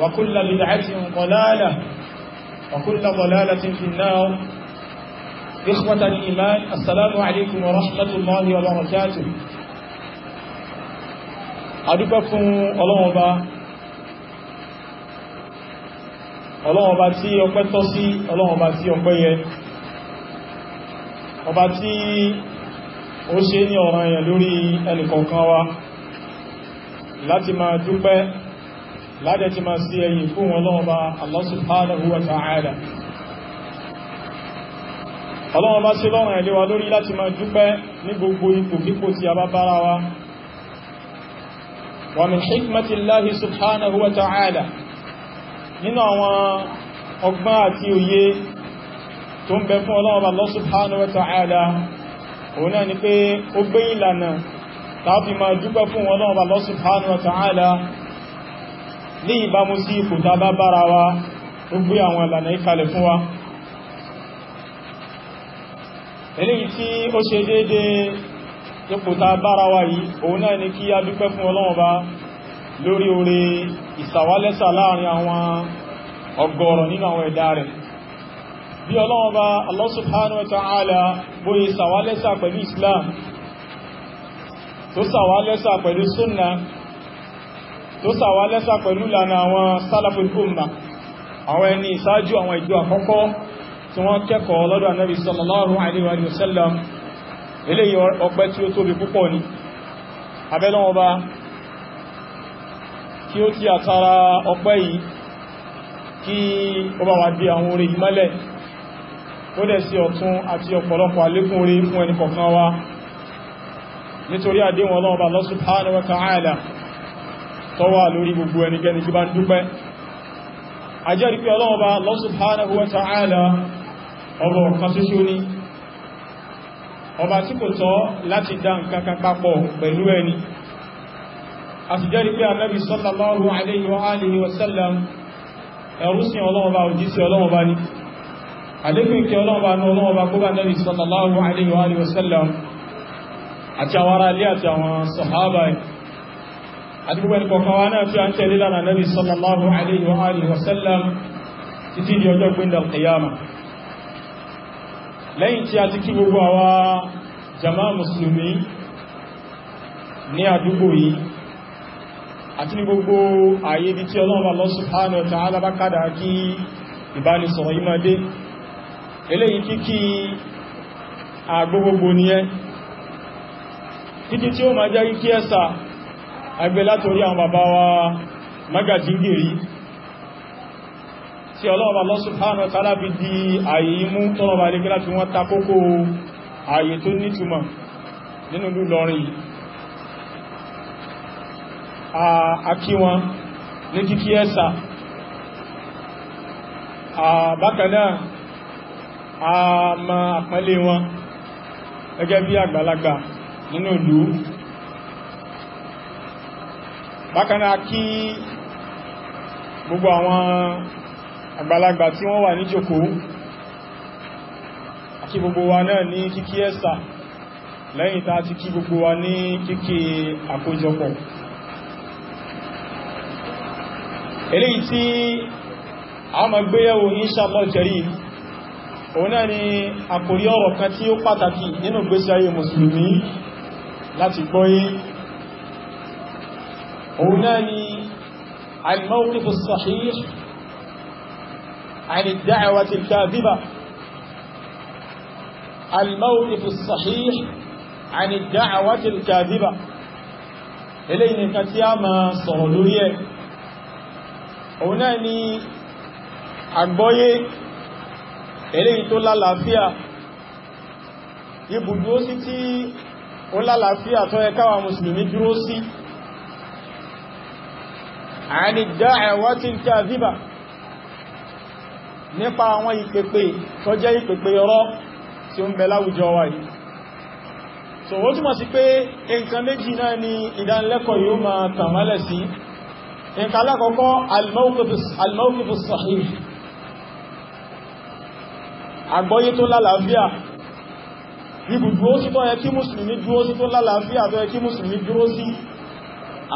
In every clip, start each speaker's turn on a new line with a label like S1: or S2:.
S1: وكل بدعة ضلالة وكل ضلالة في النار إخوة الإيمان السلام عليكم ورحمة الله وبركاته أدوكم الله وبا ọlọ́wọ́n ọba tí ọpẹ́ tọ́ sí ọlọ́wọ́n ọba tí ọpẹ́ yẹ ọba tí ó ṣe ní ọ̀ranyàn lórí ẹnìkọ̀ọ̀kan wa láti máa dúpẹ́ ládẹ̀ ti máa sí ẹ̀yìn fún ọlọ́ọ̀bá Allah subhanahu wa ta'ala ọlọ́ọ̀bá sí lọ́rùn ẹ̀lẹ́ wa lórí láti máa dúpẹ́ ní gbogbo ipò kíkò tí a bá bára wa wa min hikmati Allahi subhanahu wa ta'ala nínú àwọn ọgbọ́n àti òye tó ń ta'ala ní ìbámu sí ipò tàbá wa tó gbé àwọn ìlànà ìkalẹ̀ fún wa eléyìí tí ó ṣe déédé ipò tàbá wa yìí òun náà ni kí a dúpẹ́ fún Ọlọ́run bá lórí oore ìsàwálẹ́sà láàrin àwọn ọgọ́rọ̀ nínú àwọn ẹ̀dá rẹ̀ bí Ọlọ́run bá Allah tó sàwà lẹ́sà pẹ̀lú lànà àwọn salaful ummah àwọn ẹni ìsáájú àwọn ìjọ àkọ́kọ́ tí wọ́n kẹ́kọ̀ọ́ lọ́dọ̀ Ànábì sallallahu alaihi wa sallam eléyìí ọpẹ́ tí ó tóbi púpọ̀ ni abẹ́lọ́wọ́ bá kí ó tí àtàrà ọpẹ́ yìí kí nítorí àdéhùn ọlọ́ọ̀bà Allah subhanahu wa ta'ala tó wà lórí gbogbo ẹnikẹ́ni tí bá ń dúpẹ́ ajẹ́rì pé Ọlọ́run Ọba Allah subhanahu wa ta'ala ọba ọ̀kan ṣoṣo ni ọba tí kò tọ́ láti dá nǹkan kan papọ̀ pẹ̀lú ẹni a sì jẹ́rì pé Ànábì sallallahu alayhi wa alihi wa sallam ẹrú sí Ọlọ́run Ọba òjí sí Ọlọ́run Ọba àdúgbò ẹ̀kọ̀ọ̀kan wa náà tí a ń tẹ̀lé lára Nabi sallallahu alaihi wa alihi wa sallam títí di ọjọ́ gbíndà qiyama lẹ́yìn tí a ti kí gbogbo àwa jama'a musulmi ní àdúgbò yìí àti ní gbogbo ààyè bí tí Ọlọ́run agbé látorí àwọn bàbá wa magajingiri tí ọlọ́ọ̀bà Allah subhanahu wa ta'ala fi di ààyè imú tọ́lọ̀bà alẹ́gbẹ́ láti wọ́n takókò ààyè tó nítumọ̀ nínú ìlú Ìlọrin àkí wọn ní kíkí ẹ̀sà bákanáà a ma àpẹẹlẹ wọn gẹ́gẹ́ bí àgbàlagbà nínú ìlú bákanáà kí gbogbo àwọn àgbàlagbà tí wọ́n wà ní jókòó àti gbogbo wa náà ní kíkí ẹ̀sà lẹ́yìn tá ti kí gbogbo wa ní kíkí àkójọpọ̀ eléyìí tí a máa gbéyẹ̀wò inshallah karim òun náà ni àkòrí ọ̀rọ̀ kan tí ó pàtàkì nínú ìgbésí ayé mùsùlùmí láti gbọ́yé òun náà ni al عن الدعوة الكاذبة الموقف الصحيح عن الدعوة الكاذبة إلينا كتياما صغلورية هناني أقبوي إلينا تولا لافيا ibùdó sí tí ó lálàáfíà tó yẹ káwa àní dáẹ̀wọ́ tí ń ká zíbà nípa àwọn ìpèpè tó jẹ́ ìpèpè ọ̀rọ̀ tí ó ń bẹ láwùjọ wa yìí so ó túnmọ̀ sí pé nǹkan méjì náà ni ìdánilẹ́kọ̀ọ́ yóò máa tàmálẹ̀ sí nǹkan alákọ̀ọ́kọ́ al-mawqif as-sahih àgbọ́yé tó lálàáfíà ibùdúró sí tó yẹ kí mùsùlùmí dúró sí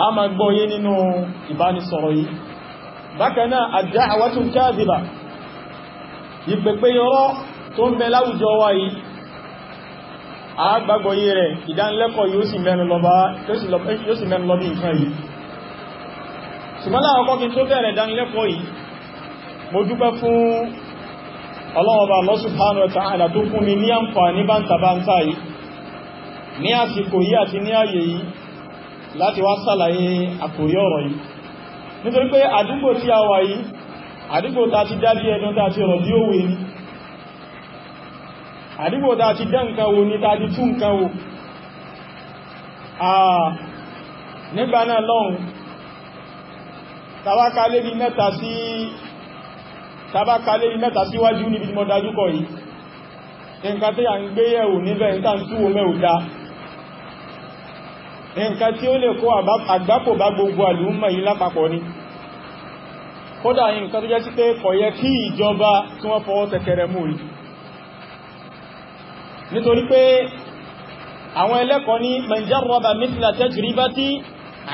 S1: a ma gbọ́yé nínú ìbánisọ̀rọ̀ yìí bákanáà ad-da'watul a. ìpẹ̀pẹ̀ yọrọ tó ń bẹ láwùjọ wa yìí a gbàgbọ́yé rẹ̀ ìdánilẹ́kọ̀ọ́ yóò sì mẹ́nu lọ nǹkan yìí ṣùgbọ́n láàkọ́ kí tó bẹ̀rẹ̀ ìdánilẹ́kọ̀ọ́ yìí mo dúpẹ́ fún ọlọ́ọ̀bà Allah subhanahu wa fún láti wá sàlàyé àkòrí ọ̀rọ̀ yìí nítorí pé àdúgbò tí a wà yìí àdúgbò ta ti dá bí ẹdún ta ti rọ̀ bí òwe ni àdúgbò ta ti dá nǹkan wo ní ta ti tún nǹkan wo nígbà náà lọ́hùn tàbákalé bí mẹ́ta sí tàbákalé bí mẹ́ta síwájú níbi mọ́dájú kọ̀ yìí nǹkan tí ó lè kó àgbákò bá gbogbo àlúmọ̀ yìí lápapọ̀ ni kódà nǹkan tó jẹ́ sí pé kò yẹ kí ìjọba tí wọ́n fọwọ́ tẹ̀kẹ̀rẹ̀ mú rí nítorí pé àwọn ẹlẹ́kọ̀ọ́ ní man jarraba mithla tajribati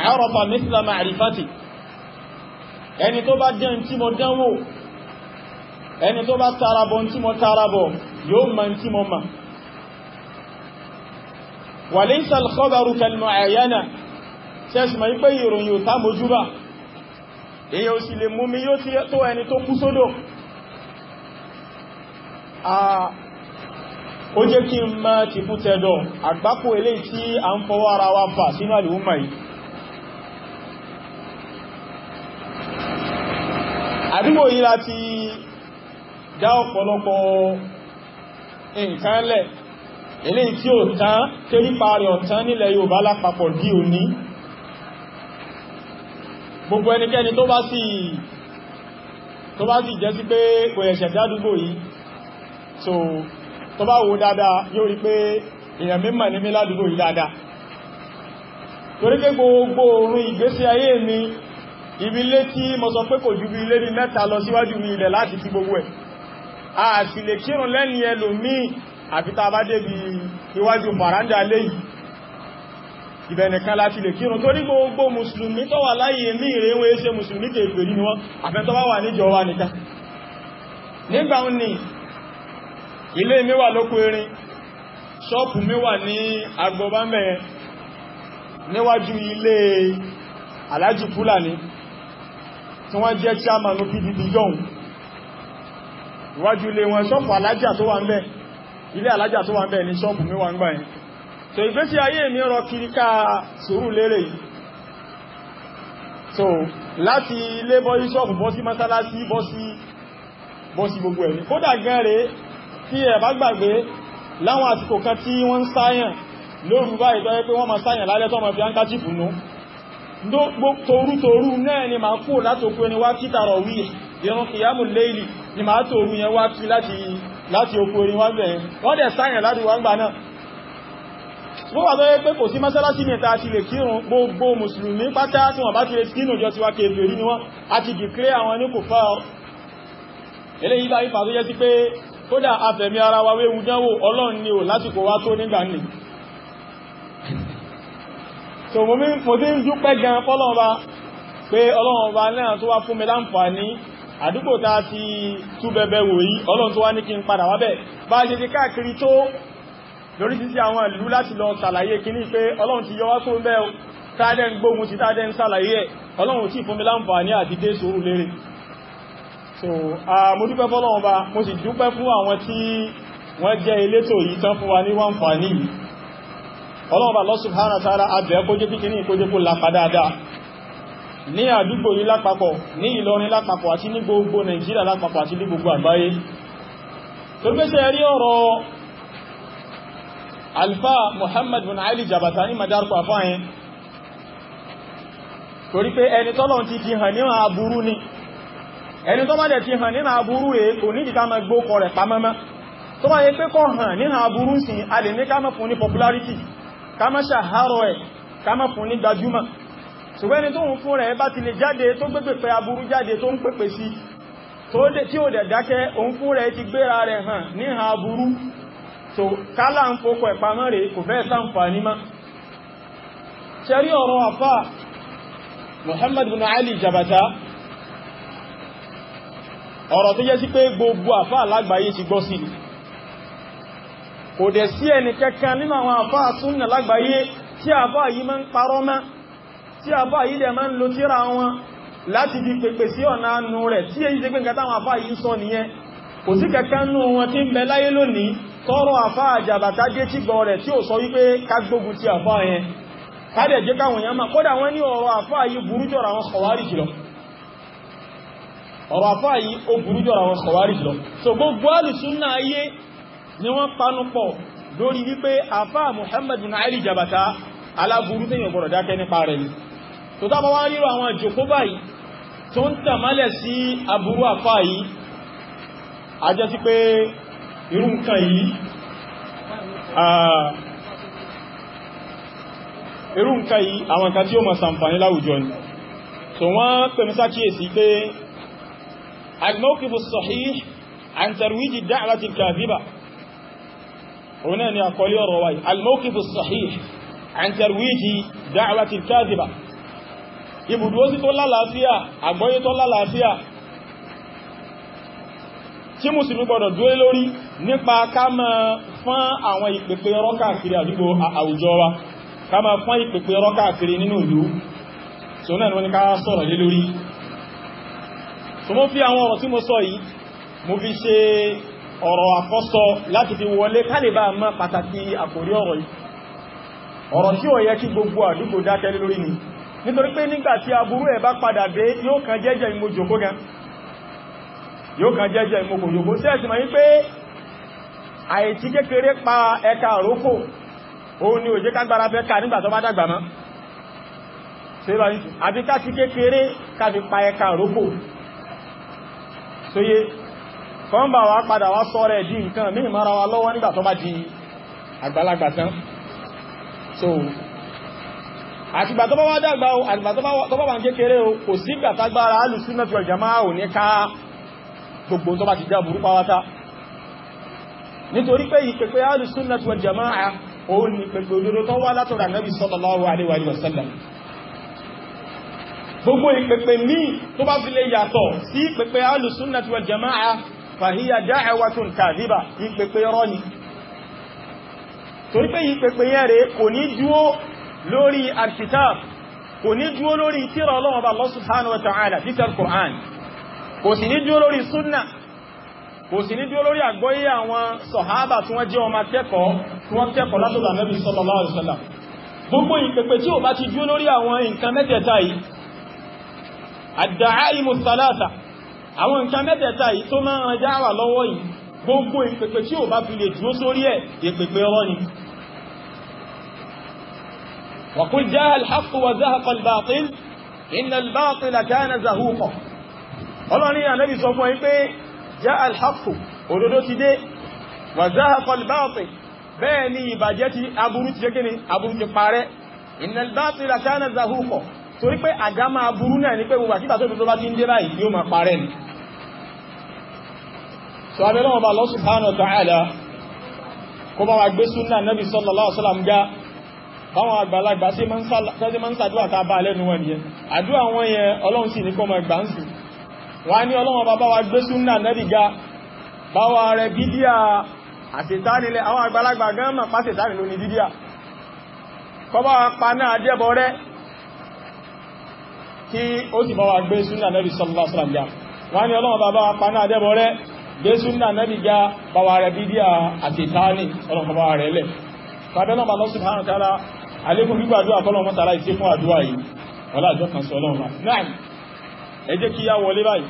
S1: arafa mithla ma'rifati ẹni tó bá dán tí mo dánwò ẹni tó وليس الخبر كالمعاينة سيسمى يبير يتام جبا èyàn ò sì lè mú mi yóò tí tó ẹni tó kú sódò ó jẹ́ kí n má ti kú tẹ́dọ̀ àgbákò ilé tí a ń fọwọ́ ara wa fà sínú àlùmọ̀ yìí àdúgbò yìí láti dá ọ̀pọ̀lọpọ̀ nǹkan lẹ̀ eléyìí tí ó tán kérípa rẹ̀ ọ̀tán nílẹ̀ Yorùbá lápapọ̀ bí o ní gbogbo ẹnikẹ́ni tó bá sì tó bá sì jẹ́ sí pé kò ẹ̀ṣẹ̀ dádúgbò yìí so tó bá wo dáadáa yóò rí pé èèyàn mímọ̀ ní mi ládúgbò yìí dáadáa torí pé gbogbo orun ìgbésí ayé mi ibi ilé tí mo sọ pé kò ju bí ilé ní mẹ́ta lọ síwájú mi ilẹ̀ láti fi gbogbo ẹ̀ a sì lè kírun lẹ́ni ẹlòmíì àfi tá a bá débi iwájú baranda léyìí ìbẹ̀nìkan láti lè kírun tó ní gbogbo mùsùlùmí tó wà láyé ní ìrẹ́wọ̀n ẹsẹ mùsùlùmí kèfèrí nínú wọn àfẹ́ntọ́ bá wà níjọ wá nìta nígbà ń ní ilé mi wà lókò erin ṣọ́pù mi wà ní agbọ́bámẹ́ níwájú ilé alájì fúlàní tí wọ́n jẹ́ chairman pdp yọ́un níwájú ilé wọn ṣọ́pù alájà tó wà ń bẹ́ẹ̀ ilé alájà tó wà ń bẹ̀ ní ṣọ́ọ̀bù mi wà ń gbà yìí so ìgbésí ayé mi rọ kiri ká sùúrù lérè yìí so láti ilé bọ́ sí ṣọ́ọ̀bù bọ́ sí mọ́sálásí bọ́ sí bọ́ sí gbogbo ẹ̀mí kódà gan rèé tí ẹ bá gbàgbé láwọn àsìkò kan tí wọ́n ń sáyàn lóru báyìí tó yẹ pé wọ́n máa sáyàn lálẹ́ tó máa fi áńkáchìfù nú torútorú náà ni máa kúrò látòkú ẹni wá kí tààrọ̀ wí ni máa tòrú yẹn wá kí láti láti okú orin wọ́n bẹ̀rẹ̀ wọ́n dẹ̀ sáyẹ̀ láti wọ́n gbà náà wọ́n wà tó yẹ pé kò sí mọ́sálásí mẹ́ta àti lè kírun gbogbo mùsùlùmí pátá tí wọ́n bá ti lè kínú jọ ti wá kèèbè orí ni wọ́n àti dìklé àwọn ní kò fáà eléyìí bá ìfà tó yẹ sí pé kódà afẹ̀mí ara wa wéwu dánwò ọlọ́run ni ò lásìkò wá tó nígbà ní so mo ti ń dúpẹ́ gan fọ́lọ́ọ̀ba pé ọlọ́run ọba náà tó wá fún mi láǹfààní àdúgbò tá a ti tú bẹbẹ wò yí ọlọ́run tó wá ní kí n padà wábẹ̀ bá a ṣe ti káàkiri tó lórí títí àwọn ìlú láti lọ ṣàlàyé kíní pé ọlọ́run ti yọ fún bẹ́ẹ̀ táàdẹ́ ń ti táàdẹ́ ń ẹ̀ ọlọ́run tí fún mi láǹfààní àti dé so mo dúpẹ́ fọ́lọ́run bá mo sì dúpẹ́ fún àwọn tí wọ́n Allah subhanahu wa ta'ala abẹ́ kójé kíní kójé ní àdúgbò yìí lápapọ̀ ní Ìlọrin lápapọ̀ àti ní gbogbo Nàìjíríà lápapọ̀ àti ní gbogbo àgbáyé tó gbéṣẹ́ rí ọ̀rọ̀ alfa Muhammad bin Ali Jabatani madarku afáyẹn torí pé ẹni tọ́lọ̀ ti fi hàn nínú aburú ni ẹni ti hàn nínú aburú rẹ̀ kò ní ìdíká rẹ̀ tó yẹ pé hàn nínú aburú sí a lè ní ká má fún ní popularity ká má ṣàhárọ̀ ẹ̀ ká má ṣùgbọ́n ẹni tó ń fún rẹ̀ bá ti lè jáde tó gbẹ́gbẹ́ pé aburú jáde tó ń pèpè sí tí ó dẹ̀ dákẹ́ òun fún rẹ̀ ti gbéra rẹ̀ hàn ní ha aburú so kálá ń fòkọ̀ ìpamọ́ rẹ̀ kò fẹ́ ṣàǹfààní má ṣẹ́rí ọ̀rọ̀ àfà Muhammad bin Ali Jabata ọ̀rọ̀ tó jẹ́ sí pé gbogbo àfà lágbàáyé ti gbọ́ sí ni kò dẹ̀ sí ẹni kankan nínú àwọn àfà súnnà lágbàáyé tí àfà yìí máa ń parọ́ máa tí àfá yìí dẹ̀ máa ń lo tíra wọn láti di pèpè sí ọ̀nà anú rẹ̀ tí èyí ṣe pé nǹkan táwọn àfá yìí sọ nìyẹn kò sí kẹ̀kẹ́ nú wọn tí ń bẹ láyé lónìí tọrọ àfá àjàbàtà dé tí gbọ́ rẹ̀ tí ò sọ wípé ká gbógun ti àfá yẹn kádẹ̀ jẹ́ káwọn yẹn máa kódà wọ́n ní ọ̀rọ̀ àfá yìí burú jọra wọn kọ̀wárì jùlọ ọ̀rọ̀ àfá yìí ó ni wọ́n panupọ̀ lórí ni tó tábà wá ríro àwọn àjòkó báyìí tó ń tàmálẹ̀ sí aburú àfá yìí a jẹ́ sí pé irú nǹkan yìí irú nǹkan yìí àwọn nǹkan tí ó máa ṣàǹfààní láwùjọ ni so wọ́n pẹ̀mí sákíyèsí pé al-mawqif as-sahih an tarwij ad-da'wah al-kadhiba al-mawqif sahih an tarwij ad-da'wah ibùdó sí tó lálàáfíà àgbọ́yé tó lálàáfíà tí mùsùlùmí gbọdọ̀ dúró lórí nípa ká máa fán àwọn ìpèpè ọ̀rọ̀ káàkiri àdúgbò àwùjọ wa ká máa fán ìpèpè ọ̀rọ̀ káàkiri nínú ìlú tí ó náà wọ́n ni ká sọ̀rọ̀ lé lórí so mo fi àwọn ọ̀rọ̀ tí mo sọ yìí mo fi ṣe ọ̀rọ̀ àkọ́sọ láti fi wọlé ká lè pàtàkì àkórí ọ̀rọ̀ yìí ọ̀rọ̀ tí ó yẹ kí gbogbo àdúgbò dákẹ́ lórí ni nítorí pé nígbàtí aburú ẹ̀ bá padà dé yóò kàn jẹ́jẹ́ ìmójòkó gan yóò kàn jẹ́jẹ́ ìmójòkó sí ẹ̀sìn wọ́n pé àìtí kékeré pa ẹka àrókò òun ni òjé kágbára fẹ́ ká nígbà tó bá dàgbà mọ́ àbí ká ti kékeré kábi pa ẹka àrókò sóyé kọ́mbà wa padà wá sọ́rẹ̀ di nǹkan mí ìmára wa lọ́wọ́ nígbà tó bá di àgbàlagbà tán so àtìgbà tó bá wá dàgbà o àtìgbà tó bá wà ń kékeré o kò sí ìgbà tágbára alùsùnà fi ọ̀jà máa ò ní ká gbogbo tó bá ti já burú pàwátá nítorí pé ìpẹ̀pẹ̀ alùsùnà fi ọ̀jà máa ò ní pẹ̀pẹ̀ òdodo tó wá látọ̀rọ̀ ànábì sallallahu alaihi wa sallam gbogbo ìpẹ̀pẹ̀ míì torí pé ìpẹ̀pẹ̀ yẹn rẹ̀ kò ní dúó lórí alkitab kò ní dúó lórí tírà Ọlọ́run Ọba Allah subhanahu wa ta'ala títà al-Qur'an kò sì ní dúó lórí súnnà kò sì ní dúó lórí àgbọ́yé àwọn sọ̀hábà tí wọ́n jẹ́ ọmọ kẹ́kọ̀ọ́ tí wọ́n kẹ́kọ̀ọ́ látọ̀dọ̀ Ànábì sallallahu alaihi wasallam gbogbo ìpèpè tí ó bá ti dúó lórí fi lè dúó sórí ẹ̀ ìpèpè ọ̀rọ̀ وقل جاء الحق وزهق الباطل إن الباطل كان زهوقا Ọlọ́run ní Ànábì sọ fún yín pé جاء الحق òdodo ti dé وزهق الباطل bẹ́ẹ̀ ni ìbàjẹ́ ti aburú ti jẹ́gẹ́ni aburú ti parẹ́ إن الباطل كان زهوقا torí pé àdámà aburú náà ní pé gbogbo àtìbà tó bá ti ń dé báyìí yóò máa parẹ́ ni so abẹ́lọ́wọ́ bá Allah subhanahu báwọn àgbàlagbà ṣe máa ń sàdúwà tá bá lẹ́nu wọn nìyẹn àdúwà wọn yẹn ọlọ́run sì ní kọ́ máa gbà ń sì wọ́n ní ọlọ́run bàbá wa gbé súnnà nẹ́bì ga báwa rẹ̀ bídíà àṣetánilẹ̀ àwọn àgbàlagbà gan mà pàṣetánì ló ní bídíà kọ́bá wa pa náà jẹ́bọ rẹ̀ kí ó sì bá wa gbé súnnà nẹ́bì sallallahu alaihi wasallam wọ́n ní ọlọ́run bàbá wa pa náà jẹ́bọ rẹ̀ gbé súnnà nẹ́bì ga báwa rẹ̀ bídíà àṣetánì ọlọ́run bàbá rẹ̀ lẹ̀ Fàbẹ́lọ́mà lọ́sùn hàn kára àlékún gbígbàdúrà kọ́lọ̀ wọn tààrà ìṣe fún àdúrà yìí wọ́lá àjọ kan sọ́lọ́ wọn náà ẹ jẹ́ kí yá wọlé báyìí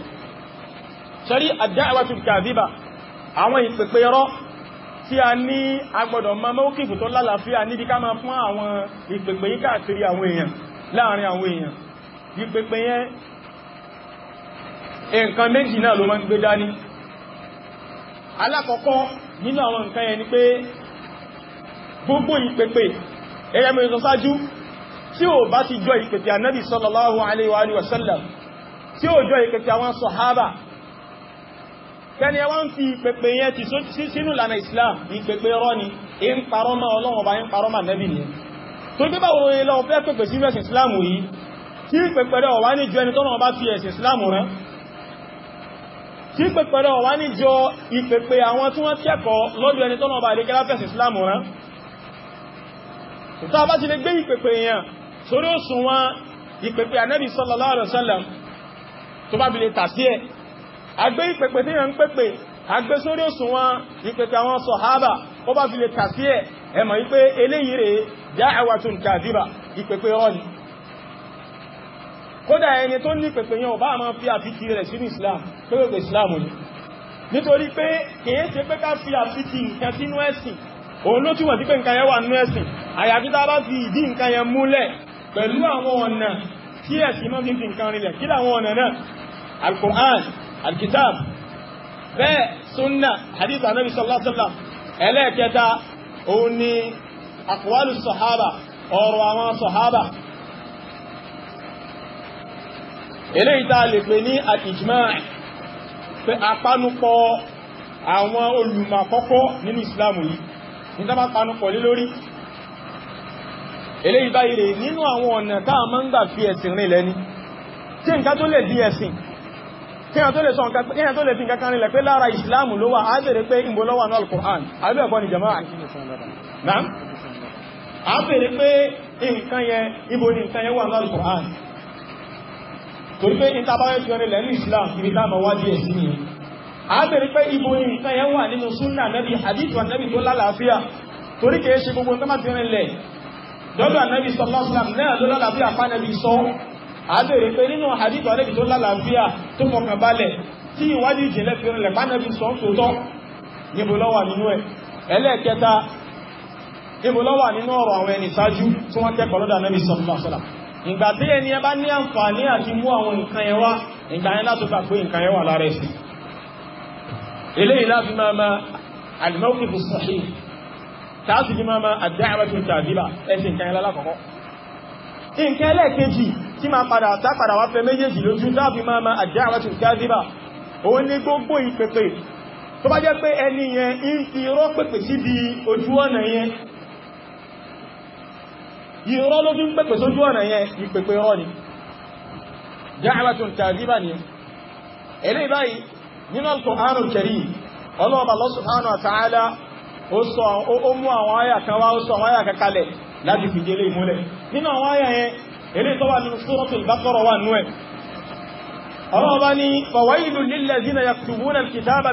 S1: ṣẹ́rí àdáwàtú kàdíbà àwọn ìpèpè rọ́ tí a ní agbọ́dọ̀ máa mọ́kìfù tó lálàáfíà níbi ká máa fún àwọn ìpèpè yìí káàkiri àwọn èèyàn láàrin àwọn èèyàn ìpèpè yẹn nǹkan méjì náà ló máa ń gbé dání alákọ̀ọ́kọ́ nínú àwọn nǹkan yẹn ni pé gbogbo ìpèpè ẹgbẹ́ mi sọ sáájú tí ó bá ti jọ ìpètè ànábì sallallahu alaihi wa sallam tí ó jọ ìpètè àwọn sọ̀hábà kẹni ẹwà ń fi ìpèpè yẹn ti sínú lànà Islam ìpèpè rọ́ ni e ń parọ́ mọ́ Ọlọ́run bá ń parọ́ mọ́ ànábì ni tó gbé bá wọ́n lọ fẹ́ pèpè sí ẹ̀sìn Islam yìí tí ìpèpè rẹ̀ ọ̀wá ní ju ẹni tọ́nà tá a bá ti lè gbé ìpèpè èèyàn sórí òsùn wọn ìpèpè ànábì sallallahu alaihi wasallam tó bá bi lè tà sí ẹ̀ àgbé ìpèpè tí yàn ń pèpè àgbé sórí òsùn wọn ìpèpè àwọn sọ̀hábà ó bá fi lè tà sí ẹ̀ ẹ mọ̀ wípé eléyìí rèé da'watun kadhiba ìpèpè rọ́ ni kódà ẹni tó ní pèpè yàn ọba àmọ́ fi àfikì rẹ̀ sínú Islam pé òkè Islam nítorí pé kìí ṣe pé fi àfikì nǹkan sínú ẹ̀sìn òun ló túnmọ̀ sí pé nǹkan yẹn wà nínú ẹ̀sìn àyàfi tá a bá fi ìdí nǹkan yẹn múlẹ̀ pẹ̀lú àwọn ọ̀nà tí ẹ̀sìn mọ́ fi ń fi nǹkan rinlẹ̀ kí làwọn ọ̀nà náà al-Qur'an al-kitab bẹ́ẹ̀ sunna hadith anabi sallallahu alaihi wasallam ẹlẹ́ẹ̀kẹta òun ni ní tó bá panu pọ̀ lé lórí eléyìí báyìí rè nínú àwọn ọ̀nà táà máa ń gbà fi ẹ̀sìn rìn lẹ́ni tí nǹkan tó lè di ẹ̀sìn kíyàn tó lè sọ kíyàn tó lè fi nǹkan kan rìn lẹ̀ pé lára ìsìláàmù ló wà á bèèrè pé ìbò a bèèrè pé ibo ni nǹkan yẹn wà nínú súnà nẹ́bí àdìtò ànẹ́bí tó lálàáfíà torí kìí ṣe gbogbo nǹkan fi rinlẹ̀ dọ́dọ̀ ànẹ́bí sọlọ́sìlám náà ló lálàáfíà pánẹ́bí sọ a bèèrè pé nínú àdìtò ànẹ́bí tó lálàáfíà tó fọkàn balẹ̀ tí ìwádìí ìjìnlẹ̀ fi sọ tòótọ́ níbo wà nínú ẹ̀ ẹlẹ́ẹ̀kẹta níbo wà nínú ọ̀rọ̀ àwọn ẹni ṣáájú tí wọ́n kẹ́kọ̀ọ́ lọ́dọ̀ ànẹ́bí ìgbà tí ẹni ẹ bá ní àǹfààní àti mú àwọn nǹkan ìgbà yẹn pé nǹkan eléyìí láti máa ma al-mawqifu sahih tààtì jí máa ma ad-da'watu al-kadhiba ẹ̀sìn kan ẹlá lákọ̀ọ́kọ́ nǹkan ẹlẹ́ẹ̀kejì tí máa padà tápàdà wá fẹ́ méjèèjì lójú tààtì máa ma ad-da'watu al-kadhiba òun ní gbogbo ìpèpè tó bá jẹ́ pé ẹni yẹn ń fi irọ́ pèpè síbi ojú ọ̀nà yẹn irọ́ ló fi ń pèpè sójú ọ̀nà yẹn ìpèpè irọ́ ni da'watu al-kadhiba ni eléyìí báyìí nínú Al-Qur'anul Karim ọlọ́ọ̀bà Allah subhanahu wa ta'ala ó sọ ó mú àwọn àyà kan wá ó sọ àwọn àyà kan kalẹ̀ láti fìdí ilé ìmúlẹ̀ nínú àwọn àyà yẹn ilé tó wà nínú Suratul Baqara wà nú ẹ̀ ọlọ́ọ̀bá ni fawailul lillazina yaktubuna al-kitaba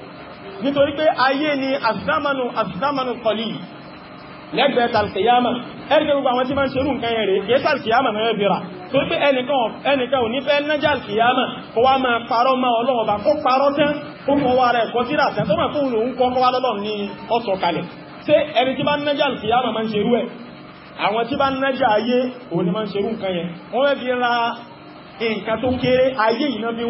S1: nítorí pé ayé ni azámanù azámanù kọlì lẹ́gbẹ̀ẹ́ tàlkìyàmà ẹ̀rìkẹ́ gbogbo àwọn tí máa ń ṣerú nǹkan yẹn rẹ̀ kìí tàlkìyàmà mẹ́rẹ̀ bìíra tó pé ẹnìkan ò ní fẹ́ nájà alkìyàmà kó wá máa parọ́ máa ọlọ́wọ́ bá kó parọ́ tán kó mọ́ wá rẹ̀ kọ́ tíra tán tó máa fún òun kọ́ wá lọ́lọ́ ní ọ̀sọ̀ kalẹ̀ ṣé ra nǹkan tó kéré ayé yìí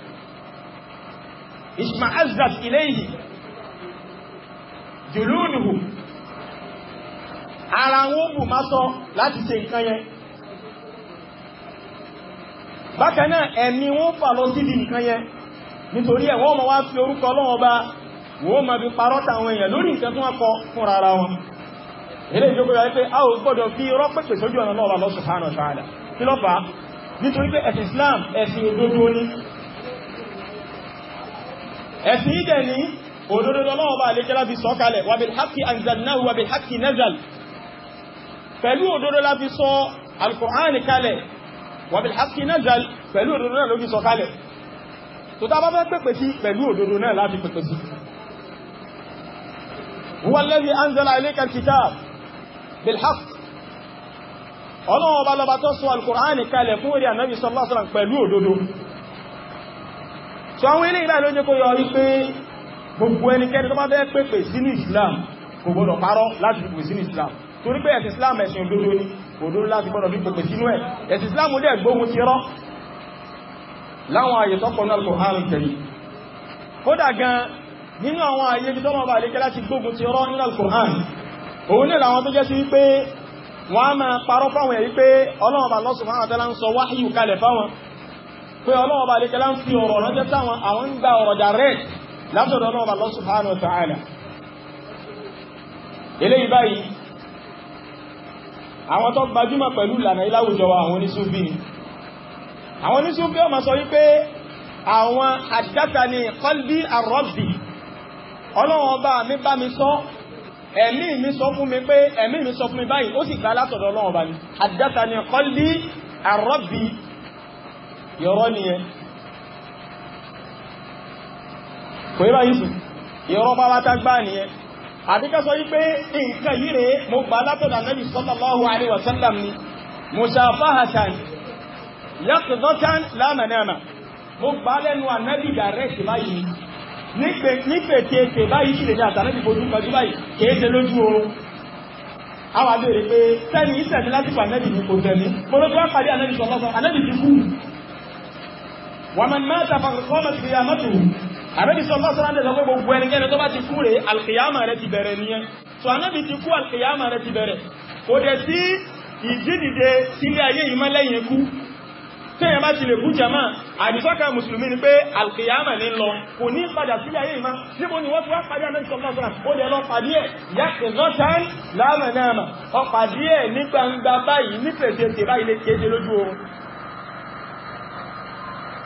S1: isma'azzat ilayhi jùlúùnù ara wọn bù má sọ láti ṣe nǹkan yẹn bákan náà ẹ̀mí wọn fà lọ síbi nǹkan yẹn nítorí ẹ̀ wọ́n ma wá fi orúkọ Ọlọ́hun Ọba wọ́n ma fi parọ́ tàwọn èèyàn lórí nǹkan tó wọ́n fún rárá wọn ilé ìjókòó yà a ò gbọ́dọ̀ fi irọ́ pẹ̀pẹ̀ sójú ọ̀nà náà lọ́sùn hàn ọ̀ṣọ́ àdá kí lọ́fà nítorí pé ẹ̀sìn Islam ẹ̀sìn òdodo ni ẹ̀sìn ìdẹ̀ ní òdodo lọ́wọ́ bá lè kẹ́lá fi sọ kalẹ̀ wà bí haqqi anzalnahu wà bí haqqi nazal pẹ̀lú òdodo la fi sọ alkùnránì kalẹ̀ wà bí haqqi nazal pẹ̀lú òdodo náà ló fi sọ kalẹ̀ tó tá bá fẹ́ pẹ̀pẹ̀ sí pẹ̀lú òdodo náà láti pẹ̀pẹ̀ sí huwa alladhi anzala pẹ̀lú òdodo so àwọn ilé ìbáyìí ló jẹ́ kó yọ wípé gbogbo ẹnikẹ́ni tó bá bẹ́ pèpè sínú Islam kò gbọdọ̀ parọ́ láti pèpè sínú Islam torí pé ẹ̀sìn Islam ẹ̀sìn òdodo ni òdodo láti gbọdọ̀ bí pèpè sínú ẹ̀ ẹ̀sìn Islam dẹ̀ gbógun ti rọ́ láwọn àyè tọ́pọ̀ náà kò hàn tẹ̀lé kódà gan nínú àwọn àyè tí tọ́mọ̀ bá lékẹ́ láti gbógun ti rọ́ nínú Al-Qur'an òun ní làwọn tó pé ọlọ́wọ́ bá lékẹ́lá ń fi ọ̀rọ̀ ránjẹ́ táwọn àwọn ń gba ọ̀rọ̀ direct látọ̀dọ̀ ọlọ́wọ́ bá Allah subhanahu wa ta'ala eléyìí báyìí àwọn tó gbajúmọ̀ pẹ̀lú ìlànà ìláwùjọ àwọn oníṣúbí ni àwọn oníṣúbí ọmọ sọ wípé àwọn mi bá mi sọ ẹ̀mí mi sọ fún mi pé ẹ̀mí mi sọ fún mi yọ̀rọ̀ nìyẹn kò yíba yìí sùn yọ̀rọ̀ pàwátá gbá nìyẹn àdíkẹ́ sọ wípé nǹkan yìí rẹ̀ mo gbà látọ̀dà Nabi sallallahu alaihi wasallam ni mushafahatan yaqzatan la manama mo gbà lẹ́nu ànábì dàrẹ́kì báyìí nípe tí ètè báyìí sí lè ní àtàrẹ́bì fojú kọjú báyìí kéèsè lójú oorun àwọn àbẹ̀rẹ̀ pé sẹ́ni ìsẹ̀mí láti pàdánẹ́bì ní kò tẹ̀mí mo ló tó wá pàdé wàmán máa tàbà kọ́mọ̀ sí àmọ́tò àrẹ́bí sọ lọ́sọ́rọ̀ àndẹ̀ lọ́gbẹ́ gbogbo ẹnikẹ́ni bá ti kú alkiyama rẹ̀ so anábì ti kú alkiyama rẹ̀ ti bẹ̀rẹ̀ kò dẹ̀ sí ìjídìde sílé ayé yìí mọ́lẹ́yìn ikú tẹ́yẹ̀ bá ti lè kú jama àdìsọ́kà mùsùlùmí ni pé alkiyama ní lọ kò ní padà sílé ayé yìí má ni wọ́n ti wá pàdé àmì sọ lọ́sọ́rọ̀ ó lè lọ pàdé ẹ̀ yá ìzọ́tán láàmà náà ọ pàdé ẹ̀ ní gbangba báyìí ní pèsè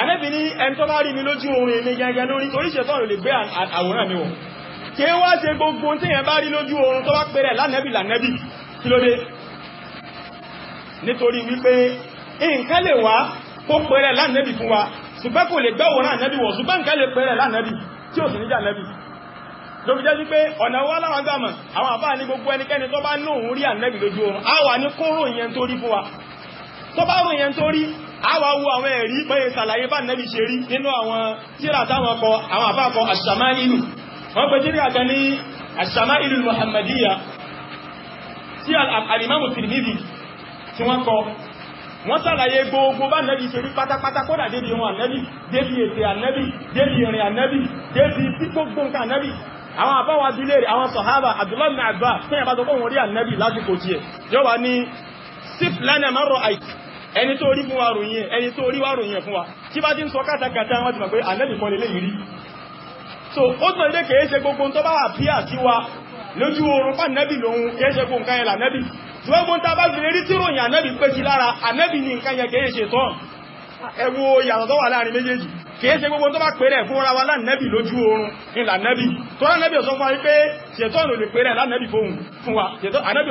S1: Ànábì ní ẹni tó bá rí mi lójú oorun èmi gẹ́gẹ́ lórí torí ṣẹ̀tọ́nù lè gbé àwòrán mi wọ̀ kí é wá ṣe gbogbo tí yẹn bá rí lójú oorun tó bá pẹ̀rẹ̀ lánẹ́bì lánẹ́bì kí ló dé nítorí wípé nǹkan lè wá kó pẹ̀rẹ̀ lánẹ́bì fún wa ṣùgbọ́n kò lè gbẹ́wòrán ànẹ́bì wọ̀ ṣùgbọ́n tó bá rùn yẹn tó rí àwa wo àwọn ẹ̀rí pé ìsàlàyé bá nẹ́bí ṣe rí nínú àwọn tíra táwọn kọ àwọn àbákọ àṣàmáìlù wọ́n pẹ̀ tíra kan ní àṣàmáìlù muhammadiyya tí alìmáàmù tìrìmìdì tí wọ́n kọ wọ́n sàlàyé gbogbo bá nẹ́bí ṣe rí pátápátá kódà débi wọn ànẹ́bí débi ètè ànẹ́bí débi ìrìn ànẹ́bí débi tí gbogbo nǹkan ànẹ́bí àwọn àbáwà dílé àwọn sọ̀hábà Abdullah ibn Abbas fún ìyàbá tó wọn ànẹ́bí ẹni tó rí fún wa ròyìn ẹni tó rí wá ròyìn fún wa tí bá ti ń sọ kátàkátà wọ́n ti mọ̀ pé kan lè rí so ó tún lè kèé ṣe gbogbo tó bá wà pí àti wa lójú oorun pa ànẹ́bì lòun kèé ṣe gbogbo nǹkan yẹn lànẹ́bì tí ni nǹkan yẹn kèé ṣe tọ́ ẹ wo ìyàtọ̀ tó wà láàrin méjèèjì kìí ṣe gbogbo tó bá pèrè fún ra wa lánàbì lójú oorun ní lánàbì tó lánàbì ọ̀sọ́ fún wa wípé ṣètọ́nù lè pèrè lánàbì fún wa ànàbì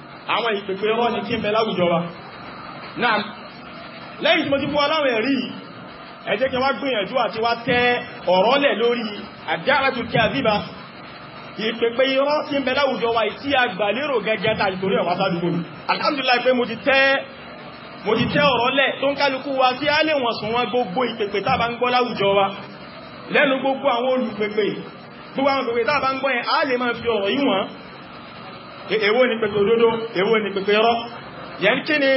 S1: àwọn ìpèpè rọ́ ní kí ń bẹ láwùjọ wa náà lẹ́yìn tí mo ti fún aláwọ̀ ẹ̀rí ẹ kí wá gbìyànjú àti wá tẹ́ ọ̀rọ̀ lẹ̀ lórí àdáratù kàdíbà ìpèpè irọ́ tí ń bẹ láwùjọ wa tí a gbà lérò gẹ́gẹ́ tàbí torí ọ̀wá sádùgbò alhamdulillah pé mo ti tẹ́ mo ti tẹ́ ọ̀rọ̀ lẹ̀ tó ń kálukú wa tí a lè wọ̀n sùn wọn gbogbo ìpèpè tàbá ń gbọ́ láwùjọ wa lẹ́nu gbogbo àwọn olùpèpè èwo ni pẹ̀pẹ̀ òdodo èwo ni pẹ̀pẹ̀ rọ́ yẹn kí ni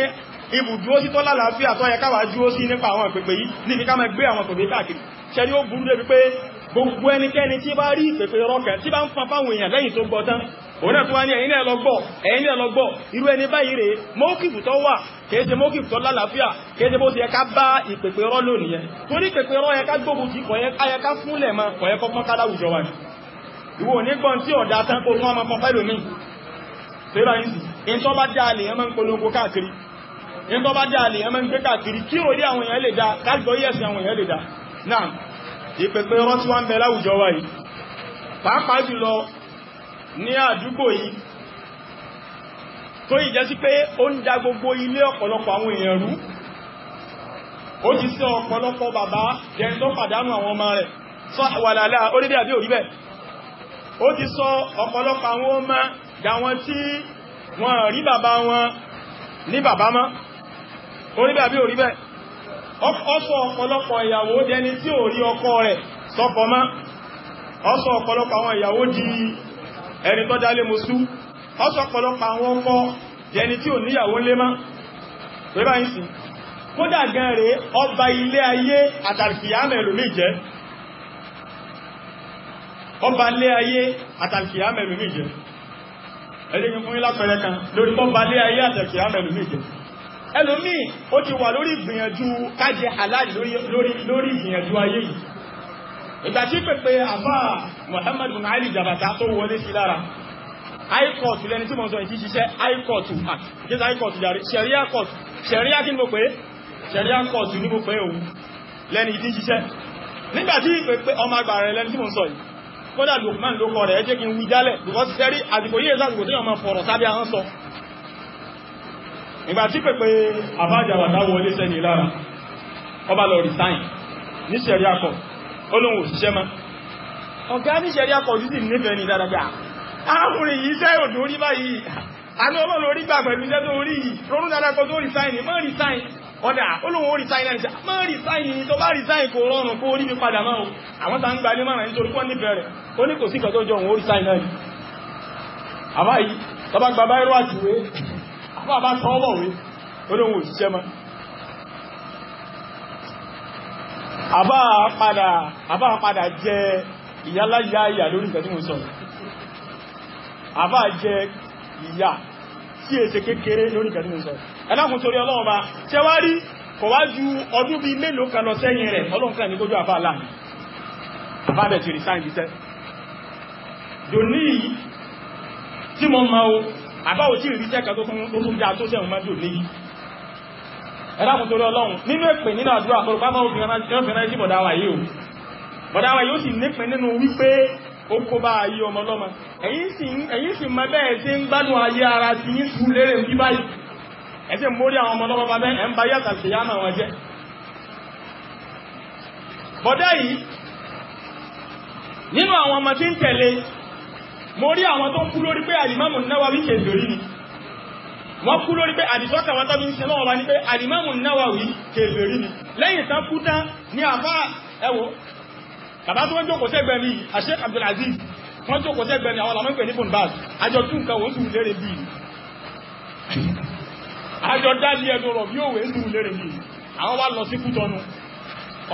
S1: ibùdúró sí tó lálàáfíà tó yẹ káwà dúró sí nípa àwọn pẹ̀pẹ̀ yìí ní kíká mẹ́ gbé àwọn pẹ̀pẹ̀ káàkiri ṣẹ́rí ó burú débi pé gbogbo ẹnikẹ́ni tí bá rí pẹ̀pẹ̀ rọ́kẹ̀ tí bá ń fapá àwọn èèyàn lẹ́yìn tó gbọ́ tán òun ẹ̀kọ́ wá ní ẹ̀yìn ẹlọgbọ́ ẹ̀yìn ẹlọgbọ́ irú ẹni báyìí rẹ̀ mọ́kìfù tó wà kéèṣe mọ́kìfù tó lálàáfíà kéèṣe bó ti ẹka bá ìpẹ̀pẹ̀ rọ́ lónìí yẹn torí pẹ̀pẹ̀ rọ́ ẹka gbógun ti kọ̀yẹ́ká fúnlẹ̀ ma kọ̀yẹ́kọ́ pọ́n kádàwùjọ wa ni ìwò onígbọ́n tí ọ̀dá tán kó fún ọmọ pọ́pẹ́lòmíì tẹ́lá ìsì in tó bá dáa lè yẹn máa ń polongo káàkiri in tó bá dáa lè yẹn máa ń gbé káàkiri kí òrí àwọn èèyàn lè dá káàkiri yẹ̀sì àwọn èèyàn lè dá náà ìpẹ̀pẹ̀ rọ́tí wá ń bẹ láwùjọ wa yìí pàápàá jùlọ ní àdúgbò yìí tó ìjẹ́ sí pé ó ń da gbogbo ilé ọ̀pọ̀lọpọ̀ àwọn èèyàn ó ti sọ ọ̀pọ̀lọpọ̀ àwọn ọmọ dàwọn tí wọ́n rí bàbá wọn ní bàbá mọ́ orí bàbí orí bẹ́ ọ̀sọ̀ ọ̀pọ̀lọpọ̀ ìyàwó dẹni tí ò rí ọkọ rẹ̀ sọ́kọ mọ́ ọ̀sọ̀ ọ̀pọ̀lọpọ̀ àwọn ìyàwó di ẹni tó dálé mosú ọ̀sọ̀ ọ̀pọ̀lọpọ̀ àwọn ọkọ dẹni tí ò níyàwó lé mọ́ pẹ́bá ń sìn kódà gan rẹ̀ ọba ilé ayé àtàlìkìyàmẹ̀ lómi jẹ́ ọba ẹlẹ́yìn fún ìlàpẹ̀rẹ kan lórí tó bá lé ayé àtẹ̀kì àmẹ́lùmí jẹ́ ẹlòmí ó ti wà lórí ìgbìyànjú kájẹ halal lórí ìgbìyànjú ayé yìí ìgbà tí pèpè àbá Muhammad bin Ali Jabata tó wọlé sí lára high lẹni tí mo sọ ìtí ṣiṣẹ́ high àti ah, high jàre sharia court sharia kí ni mo pè é sharia court ní mo pè é òun lẹni ìtí ṣiṣẹ́ nígbà tí ọmọ àgbà lẹni tí mo sọ yìí kódà Lukman ló kọ rẹ̀ ẹjẹ́ kí n wí jálẹ̀ because sẹ́rí àdìkò yíè sásìkò tí wọ́n máa fọ̀rọ̀ sábẹ́ àwọn sọ ìgbà tí pẹ̀pẹ̀ àbájáwàtá wọlé sẹ́ni lára ọba lọ resign ní sẹ̀rí akọ̀ olóhùn òṣìṣẹ́ ma ọ̀gá ní sẹ̀rí akọ̀ títì nífẹ̀ẹ́ ni dáadáa pé àárín ah, yìí sẹ́ òdò orí báyìí àná ọlọ́lọ́ orí gbà pẹ̀lú iṣẹ́ tó orí yìí ronú dáadáa kan tó resign mọ́ resign ọ̀dà olóhun ó resign náà ah, má resign tó bá resign kò rọrùn kó rí mi padà máa o àwọn tá ń gba ilé márùn nítorí wọ́n nífẹ̀ẹ́ rẹ̀ ó ní kò sí ìkọ̀tọ́ jọ òun ó resign náà ni àbá yìí tọba gba báyìí rọ àtìwé àbá bá tọ́ ọ̀bọ̀ wé olóhun òṣìṣẹ́ mọ́ àbá padà àbá padà jẹ ìyáláyà ìyà lórí nǹkan tí mo sọ àbá jẹ ìyà tí èsè kékeré lórí nǹkan tí ẹlákùn torí ọlọ́run ọba ṣe wá rí ju ọdún bíi mélòó kan lọ sẹ́yìn rẹ̀ ọlọ́run ní kójú àbá láàrin àbá bẹ̀ ti resign jíṣẹ́ dòní yìí tí mo máa o àbá ò tí já tó dòní yìí torí ọlọ́run nínú nínú àdúrà sì máa bẹ́ẹ̀ ń gbádùn ayé ara lérè bí báyìí ẹ̀sẹ̀ mórí àwọn ọmọ lọ́wọ́ babẹ́ ẹ̀ ń ba yàtà sí yàmà wọn jẹ́ bọ́dá yìí nínú àwọn ọmọ tí ń tẹ̀lé mórí àwọn tó ń kú lórí pé àlìmámù Nawawi kèfèrí ni wọ́n kú lórí pé àdìsọ́kà ni lẹ́yìn tán kú tán ní àfá ẹwọ bàbá tó wọ́n jókòó sẹ́gbẹ̀ẹ́ mi Sheikh Abdul Aziz wọ́n jókòó sẹ́gbẹ̀ẹ́ mi àwọn àjọ dáàdì ẹ̀dùn ọ̀rọ̀ bí òwe nù lérè mi àwọn wá lọ sí kútọ́nù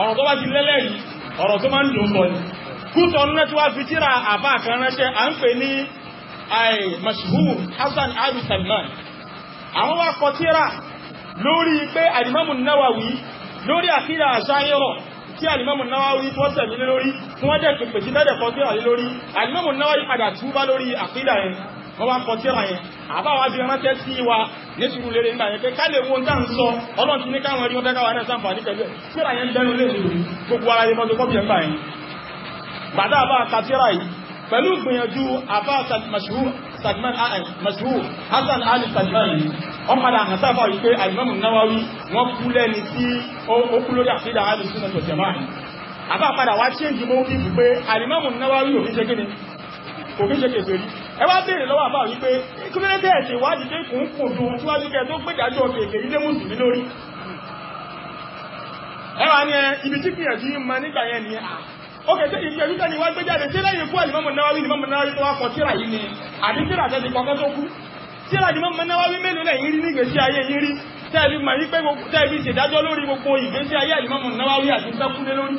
S1: ọ̀rọ̀ tó bá ti lẹ́lẹ̀ yìí ọ̀rọ̀ tó máa ń lò sọ kútọ́nù náà ti wá fi tíra àbá kan ránṣẹ́ à ń pè ní mashhur Hasan Ali Salman àwọn wá kọ tíra lórí pé alimamu Nawawi lórí àkídà àṣáyẹ̀rọ̀ tí alimamu Nawawi tó tẹ̀lé lórí tí wọ́n jẹ́ pèpè sí tíra lórí alimamu Nawawi padà túbá lórí àkídà yẹn wọ́n wá kọ tíra yẹn àbáwá bí ránṣẹ́ sí wa ní sùúrù lérè nígbà yẹn pé ká lè wo ń dáhùn sọ ọlọ́run ti ní káwọn ẹni wọ́n fẹ́ káwọn ẹni sàǹfààní pẹ̀lú ẹ̀ tíra yẹn bẹnu àbá ah, eh, Ali Salman yìí wọ́n padà hàn sáfà yìí Nawawi wọ́n kú lẹ́ni tí ó kú lórí àfihàn Ahlus Sunnah wal Jama'ah àbá padà wá ṣéǹjì Nawawi òfin ṣe kí kò kí ṣe kèfè rí ẹ wá béèrè lọ́wọ́ àbá wípé kílódé ẹ̀sìn ìwádìí dé kùn kùn dùn síwájú kẹ tó gbé ìdájọ́ kèfè rí lémùsùn mí lórí ibi tí ma nígbà yẹn ni ókè tí wá gbé jáde tí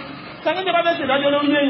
S1: lẹ́yìn ni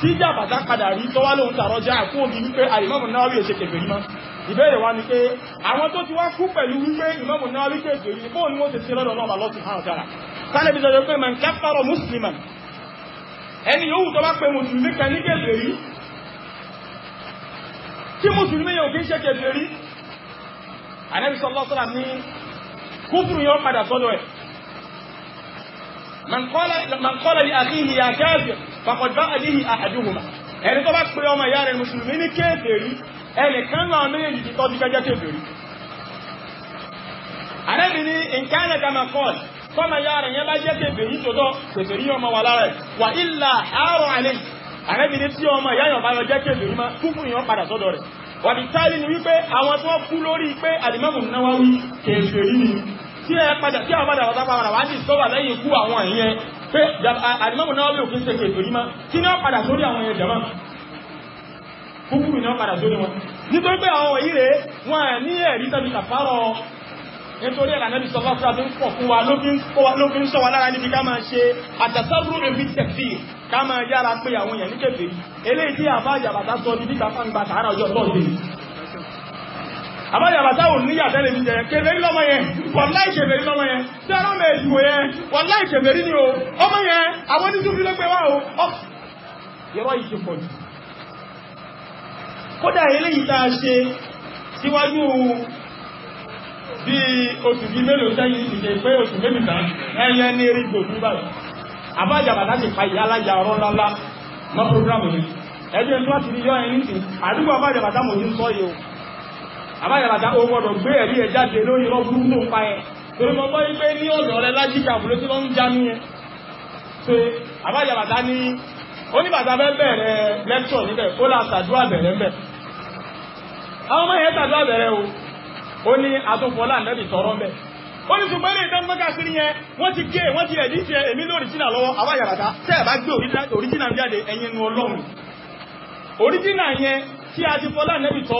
S1: tí jàbàtà padà rí tó wá lóhun tàrọjá fún omi wípé àìmọ́mù náà rí èṣe kèfèrí mọ́ ìbéèrè wa ni pé àwọn tó ti wá kú pẹ̀lú wípé ìmọ́mù náà rí kèfèrí bóò ni wọ́n ti sí lọ́dọ̀ náà lọ́sìn hàn dára kálẹ̀ bí sọ́jọ́ pé man kafara musliman ẹni yóò tó bá pé mùsùlùmí kan ní kèfèrí tí mùsùlùmí yóò kí ń ṣe kèfèrí Ànábì sallallahu alaihi ní kúfùrù yóò padà sọ́dọ̀ ẹ̀ man qala li akhihi ya kafir faqad ba'a bihi ahaduhuma ẹni tó bá pè ọmọ ìyá rẹ̀ mùsùlùmí ní kéfèrí ẹnìkan náà méjì ti tọ́jú gẹ́gẹ́ kéfèrí àrẹ́bì ní nǹkan ẹ̀dàmà kọ́ọ̀l fọ́mà ya rẹ̀ yẹn bá jẹ́ kéfèrí tòótọ́ kéfèrí ọmọ wà lára ẹ̀ wà ilà àárọ̀ àlẹ́ àrẹ́bì ní tí ọmọ ìyá yọ̀ bá yọ jẹ́ kéfèrí má tí ẹ padà tí àwọn padà wọ́n sápadà wá ní ìsọ́bà lẹ́yìn ikú àwọn ìyẹn pé àdìmọ́mù náà lè òfin ṣètò ìtòrí mọ́ kí ní wọ́n padà sórí àwọn ìyẹn jẹ̀mọ́ kúkúrú ní wọ́n padà sórí wọn nítorí pé àwọn wọ̀nyí rèé wọn ní ẹ̀rí tàbí kàfárọ̀ nítorí ẹ̀lànà bí sọlá fúra tó ń pọ̀ fún wa ló fi ń sọ wa lára níbi ká máa ṣe àtàsọ́rù èmi tẹ̀fì ká máa yára pé àwọn èèyàn ní kèfèrí eléyìí tí àbá àjàbàtà sọ ní bí ká fáǹgbà sàárà ọjọ́ tọ́ọ̀dé àbájára táwọn níyà tẹ́lẹ̀ mi jẹ́ kèfèrí lọ́mọ yẹn wàláì kèfèrí lọ́mọ yẹn tí ọ̀rọ̀ mẹ́ ìdìbò yẹn wàláì kèfèrí ni o ọmọ yẹn àwọn oníṣúfì ló pé wá o yọrọ yìí ṣe pọ̀ jù kódà eléyìí tá a ṣe síwájú bí oṣù bí mélòó sẹ́yìn ti ṣe pé oṣù mélòó tán ẹyẹ ní eré gbòkú báyìí àbájára láti pa ìyá alájà ọ̀rọ̀ ńláńlá mọ́ prógrámù yìí ẹjọ́ ìtúwàtí yọ ẹni tí àdúgbò àbájára táwọn ojú sọ yìí àbáyàbàtà ó gbọ́dọ̀ gbé ẹ̀rí ẹ̀ jáde lórí ọkùnrin tó ń pa ẹ̀ torí mọ́ bọ́ wípé ní ọ̀dọ̀ rẹ lájíkà fún ló ti ń já ní so àbáyàbàtà ní oníbàtà fẹ́ bẹ̀rẹ̀ lẹ́kṣọ̀ níbẹ̀ ó là sàdúrà bẹ̀rẹ̀ mẹ́ àwọn ọmọ yẹn sàdúrà bẹ̀rẹ̀ o ó ní atúnfọlá nẹ́bì tọrọ mẹ́ ó ní ṣùgbọ́n ní ní yẹn wọ́n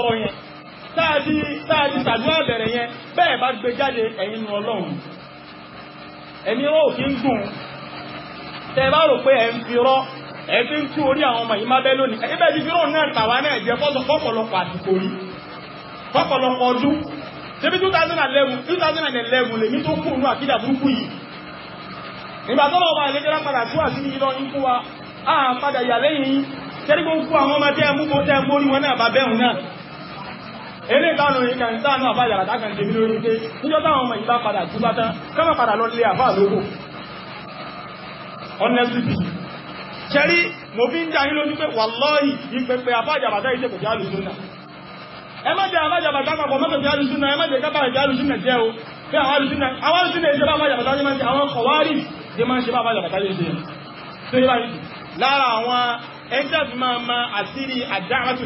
S1: ti gé táàdì táàdì sàdúrà bẹ̀rẹ̀ yẹn bẹ́ẹ̀ bá gbé jáde ẹ̀yin nu ọlọ́run ẹ̀mí rọ́ òkè ń gùn tẹ́ bá rò pé ẹ̀ ń fi rọ́ ẹ̀ fi ń tú orí àwọn ọmọ yìí má bẹ́ lónìí ẹ̀ bẹ́ẹ̀ ti fi rọ́ náà tàwa náà jẹ́ fọ́pọ̀lọpọ̀ àsìkò fọ́pọ̀lọpọ̀ ọdún lèmi tó àkídà burúkú yìí tó lọ́wọ́ àlejò tó àti a padà yà lẹ́yìn àwọn ọmọ tẹ́ eré ìbánu yìí kan sáànù àbáyàràdá kan tèmi lórí pé níjọ́ táwọn ọmọ ìbá padà tú bá tán kọ́mọ̀ padà lọ lé àfáà lóko honestly ṣẹ́rí mo fi ń dá yín lójú pé wàlọ́ọ̀yì ìpẹ̀pẹ̀ àbájàbàdá ìṣẹ́ kò jẹ́ àlùsúnà ẹ má jẹ́ àbájàbàdá papọ̀ mọ́tò jẹ́ àlùsúnà ẹ má jẹ́ kábàrà jẹ́ àlùsúnà jẹ́ o pé àwọn àlùsúnà ìṣẹ́ àbájàbàdá ní máa ń ṣe àwọn kọ̀wárì ní máa ń ṣe àbájàbàdá yìí ṣe tó yẹ báyìí lára àwọn ẹgbẹ́ máa ma àṣírí àdáhàtù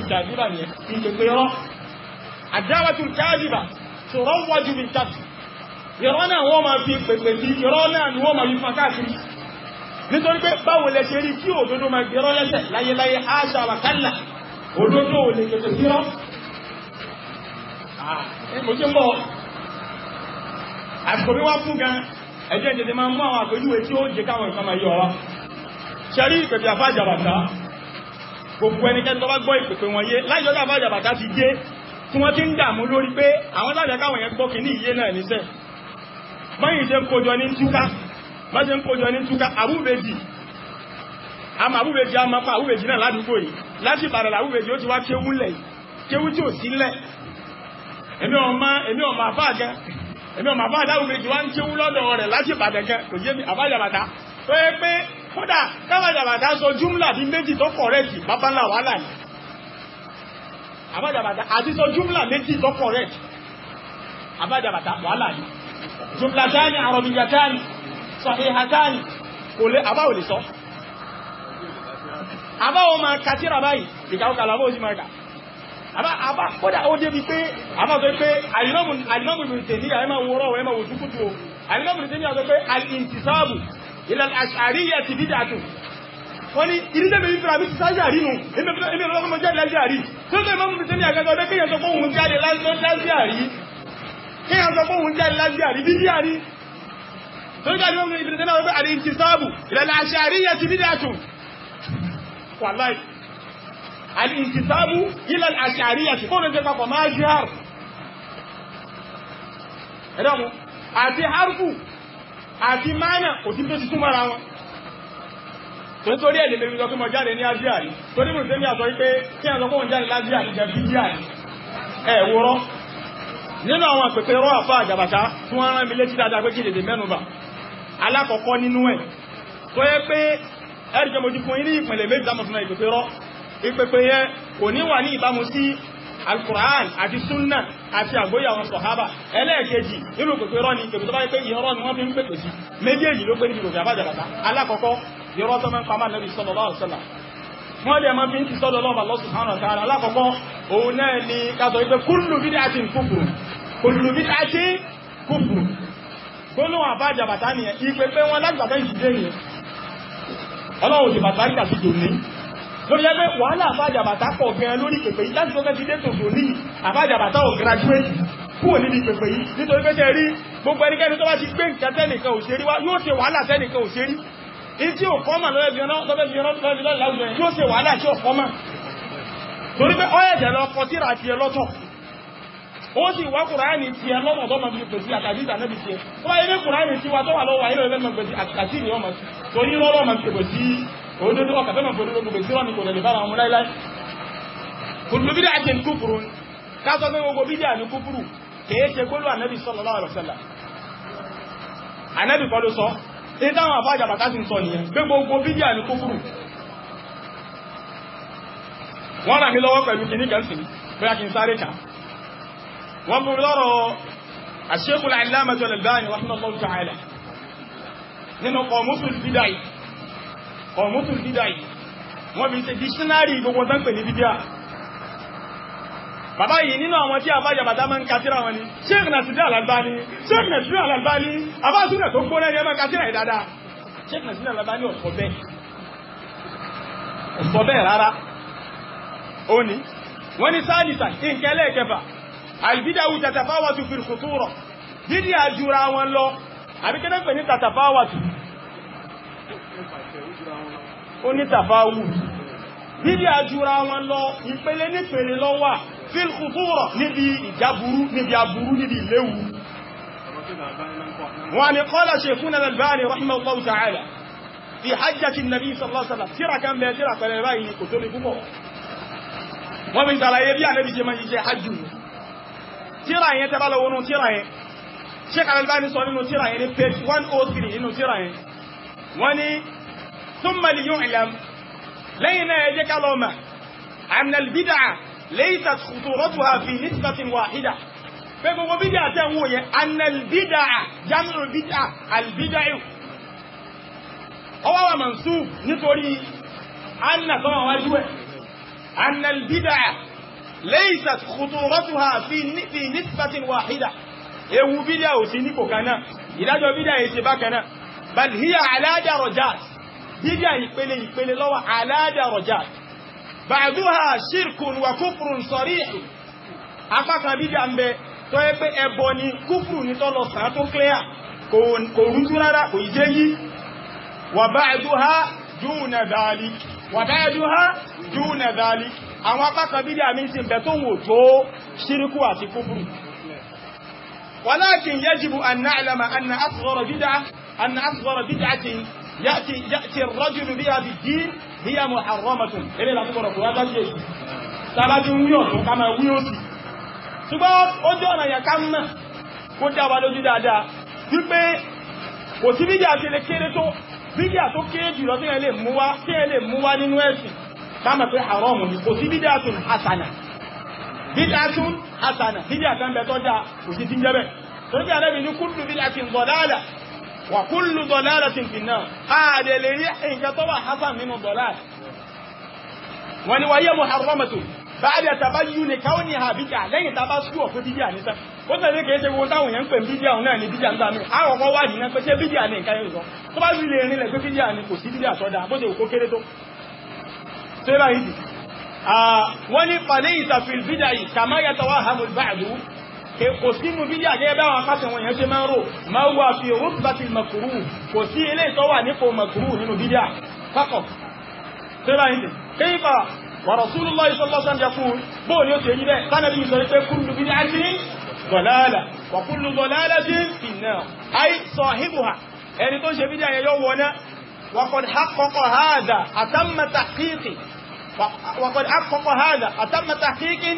S1: àdáwàtú káàdìbà sọ̀rọ̀ wájú bí tàbí ìrọ́ náà wọ́n máa fi pèpè sí ìrọ́ náà ni wọ́n máa fi fàkáàkiri nítorí pé báwo lẹ ṣe rí kí òdodo máa gbẹ̀rọ lẹ́sẹ̀ láyéláyé áṣà àwàkálà òdodo ò lè kẹ̀kẹ̀ sí rọ́ ojú ah, mọ́ àsìkò bí wá fún gan ẹjẹ́ ìjẹ̀dẹ̀ máa mú àwọn àpèjúwe tí ó ṣẹ́rí ìpèpè àfájàbàtà gbogbo ẹnikẹ́ni tó bá gbọ́ ìpèpè wọn yé láìjọ́dá àfájàbàtà ti dé tí wọ́n ti ń dààmú lórí pé àwọn láti káwọn yẹn gbọ́ kìíní iye náà níṣẹ́ báyìí ṣe ń kojọ ní túká báyìí ṣe ń kojọ ní túká àbúbejì àmà àbúbejì àmà pa àbúbejì náà ládùúgbò yìí láti ìbàdàn àbúbejì ó ti wá kéwú lẹ̀ kéwú tí ò sí lẹ̀ èmi ọmọ èmi ọmọ ọmọ àfáà dábùbejì wá ń kéwú lọ́dọ̀ àbájábàtà àti sọ júmùlà méjì tó correct àbájábàtà wàhálà ni jumla táni àrọ̀bìyà táni sọ̀hìhà táni kò lè àbáwò lè sọ àbáwò máa kàtírà báyìí ìkàwọ́kà làbáwò sí máa kà àbá àbá kódà ó débi pé àbá sọ pé àlìmọ́mù ní tèmíyà ẹ máa wo rọ́wọ́ ẹ máa wo dúkútù o àlìmọ́mù ní tèmíyà sọ pé àlìntìsáàbù wọ́n ní ìdílé mi fi sáájà rí nù èmi ọlọ́kọ́ mọ jáde rí tó lè mọ́ fi tẹ́lẹ̀ àgbẹ́gbẹ́ ọdẹ́ kíyàn sọ pé òun jáde lásìárí kíyàn sọ pé òun jáde lásìárí bíbí àrí tó lè jáde mọ́ fi tẹ́lẹ̀ àgbẹ́ àrí ti sáàbù ìrẹ̀lẹ̀ àṣàrí yẹ ti bídí àtù wàláì àrí ti sáàbù ilẹ̀ àṣàrí yẹ ti kóòrè jẹ́ papọ̀ máa jẹ́ àrù ẹ̀dọ́mù àti harfu àti mana òtí tó ti túnmọ́ra wọn tó ń torí ẹ̀lẹ́ lórí lọ́kí mọ̀ jáde ní Asia rí torí mú sí ní àsọ wípé kí àwọn ọmọ jáde lábíà ní jẹ bíbíà ní ẹ̀wòrọ́ nínú àwọn pẹ̀pẹ̀ rọ́ àfá àjàbàtà tí wọ́n rán mi létí dáadáa pé kí lè mẹ́nubà alákọ̀ọ́kọ́ nínú ẹ̀ tó yẹ pé ẹ̀rìjẹ́ mojú fún ilé ìpìnlẹ̀ méjì dámọ̀ fún ìpẹ̀pẹ̀ rọ́ ìpẹ̀pẹ̀ yẹ ni pẹ̀pẹ̀ tó bá yẹ pé ìrọ́ ni wọ́n fi ń pẹ̀pẹ̀ sí yọrọ tó máa ń pamọ́ ànábì sallallahu alaihi wasallam wọ́n dẹ̀ máa fi ń ti sọ́dọ̀ lọ́wọ́ Allah subhanahu wa ta'ala alákọ̀ọ́kọ́ òun náà ni kásọ̀ wípé kullu bid'atin kufrun kullu bid'atin kufrun gbólóhùn àbájá bàtà nìyẹn ìpè pé wọn lágbàtà ìdílé yẹn ọlọ́run ti bàtà nígbà tó dòní lórí ẹgbẹ́ wàhálà àbájá bàtà pọ̀ gan lórí pèpè yìí láti lọ́gbẹ́ ti dé tó dòní àbájá bàtà ò graduate kúrò níbi pèpè yìí nítorí pé tẹ́ gbogbo ẹnikẹ́ni tó bá ti gbé nǹkan tẹ́nìkan ò ìtí ò kọ́mà lọ́wẹ́bí yóò ṣe wàhálà tí ò kọ́mà torí pé ọ́yẹ̀dẹ̀ lọ kọ tíra ti ẹ lọ́tọ̀ ó sì wá kùránì ti ẹ lọ́nà tó ma fi pèsè àtàdí ìtànẹ́bì ti ẹ tó wáyé ní kùránì ti wa tó wà pèsè àtàdí ni ọmọ torí lọ́wọ́ ma fi pèsè òdodo ọkàfẹ́ ma fòdodo gbogbo sí wọn ni kò lè bára wọn láíláí kùdùlù bídà àti kúfùrù kásọ pé gbogbo bídà ní kúfùrù kèé ṣe gbólú ànẹ́bì sallallahu alaihi wasallam ànẹ́bì ní táwọn àfáàjà bàtà ti ń sọ nìyẹn pé gbogbo bídíà ní kúfùrù wọ́n rà mí lọ́wọ́ pẹ̀lú kìíní kẹsì bóyá kí n sáré kà wọ́n mú lọ́rọ̀ Sheikhul Allamah Al-Albani rahimahullahu bàbá yìí nínú àwọn tí àbájá bàtà máa ń ka síra wọn ni sheikh nasiru al-Albani sheikh nasiru al-Albani abáṣúrẹ̀ tó gbóná ẹni ẹ máa ka síra yìí dáadáa sheikh nasiru al-Albani ọ̀sọ̀ bẹ́ẹ̀ ọ̀sọ̀ bẹ́ẹ̀ rárá ó ní wọ́n ní sáàlìsà nǹkan ẹlẹ́ẹ̀kẹfà àìbídáwù tàtàfáwàtù fi khutura dídí àjúra wọn lọ àbíkẹ́dẹ́ pè ní tàtàfáwàtù ó ní tàfáwù dídí àjúra wọn lọ ìpele nípele lọ wà fil khutura níbi ìjáburú níbi aburú níbi ìléwu wọ́n ni qala shaykhuna al-Albani rahimahullahu ta'ala fi hajjati nabi sallallahu alaihi wasallam tírà kan bẹ́ẹ̀ tírà pẹ̀lẹ̀ báyìí kò tó ní púpọ̀ wọ́n bí sàlàyé bí ànẹ́bí ṣe máa ṣiṣẹ́ hajjú tírà yẹn tẹ́bá lọ wọnú tírà yẹn Sheikh Al-Albani sọ nínú tírà yẹn ní page 103 ليست خطورتها في نسبة واحدة فهو بدعة تنوية أن البدع جمع البدع البدع هو منصوب نتوري أن كما وجوه أن البدع ليست خطورتها في في نسبة واحدة ewu bídá ò sí nípò kaná ìdájọ́ bídá yìí ṣe bákaná bal hiya ala darajat bídá ìpele ìpele ló wà ala darajat bàdúhà ṣírkùn wà kúfùrùn sọ̀rí apákan bídà ń bẹ tó yẹ pé ẹbọ ni kúfùrù ní tọ́lọ̀ sàn tó clear kò rújú rárá kò yí jẹ́ yí wà bàdúhà dúnà dàálì wà bàdúhà dúnà ولكن يجب أن نعلم أن أصغر بدعة أن أصغر بدعة يأتي يأتي الرجل بها بالدين hiya muharramatun eré làtúkọ̀rọ̀ kò wájá sí èsì tàbájú ń yọ̀ tó ká máa wí òsì ṣùgbọ́n ó jẹ́ ọ̀nà yà ká mọ̀ kó dá wa lójú dáadáa wípé kò sí bídíà ṣe lè kéré tó bídíà tó kéré jùlọ tí ẹ lè mú wá tí ẹ lè mú wá nínú ẹ̀sìn káàmà pé haramu ni kò sí bídíà tún hasana bídíà tún hasana bídíà kan bẹ tọ́jà kò sí ti ń jẹ́ bẹ́ẹ̀ torí pé àrẹ́bìnrin kúndùn bídíà ti ń bọ̀ dáadáa wà kúlù dọ̀lára ti fi náà ààdẹ̀ lè rí nǹkan tó wà hasan nínú dọ̀lára wọ́n ni wáyé muharramatu báyà tàbá yú ni káwọn ní àbíjà lẹ́yìn tàbá sú ọ̀pẹ́ bídíà níta ó tẹ̀lé kìí ṣe gbogbo táwọn èèyàn ń pè bídíà òun náà ní bídíà níta mi àkọ́kọ́ wà nínú pé ṣé bídíà ní nǹkan yóò E kò sínú bídíà gẹ́gẹ́ bá wọn kásẹ̀ wọn yẹn ṣe máa ń rò máa wà fi rúbàtì màkúrú kò sí ilé ìtọ́ wà nípò màkúrú nínú bídíà kákọ̀ tó bá yìí kéyìfà wà Rasulullah sallallahu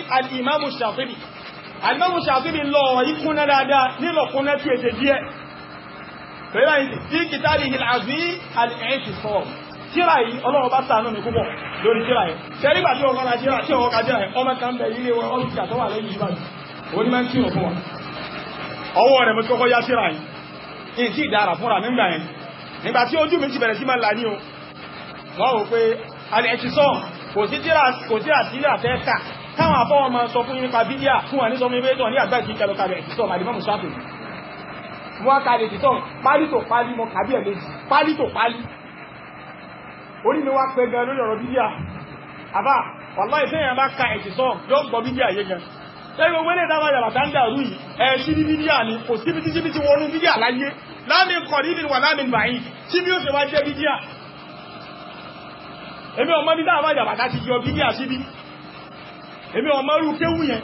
S1: alaihi wasallam àìmọ́mù ṣàfihì lọ ikúnná dáadáa nílọ kúnná tí ètè díẹ̀ pẹ̀lú àìsí tí kìtàlì ìlàzí àìsí sọ tíra yìí ọlọ́run bá sàánú mi púpọ̀ lórí tíra yìí tẹ́rígbà tí ọ̀rọ̀ nàìjíríà tí ọ̀rọ̀ kàjíríà yìí ọmọ kan bẹ̀ ilé wọn ọlọ́run tó wà lẹ́yìn ìbàdàn òní máa ń kírun fún wa ọwọ́ rẹ̀ mo ti kọ́kọ́ yá tíra yìí ní tí ìdára fúnra nígbà yẹn nígbà o wọ́n wò pé àìsí sọ kò sí tíra sílẹ̀ àtẹ́ẹ̀ta táwọn àfọ́ ọmọ sọ fún nípa bídíà fún wa ní sọ mẹ́bẹ́ tọ̀ ní àgbà ìkí kẹlọ kalẹ̀ títọ̀ àdìmọ́mù sáfì wọ́n kalẹ̀ títọ̀ pálí tó pálí mọ kàbí ẹ̀ méjì pálí tó pálí orí mi wá pẹ́ gan lórí ọ̀rọ̀ bídíà àbá wàlá ìsẹ́yìn bá ka ẹ̀sì sọ yóò gbọ́ bídíà yé gan lẹ́yìn owó eléyìí dáwà yàrá sáńdà rú yìí ẹ̀ẹ́sì ní bídíà ni kò síbi tí síbi tí wọ́n rú bídíà láyé láàmì kọ̀rí ní wà láàmì báyìí tí bí ó ṣe wá jẹ́ bídíà èmi ọmọ bí dáwà yàrá ká ti yọ bídíà síbi èmi ọmọ irú kéwù yẹn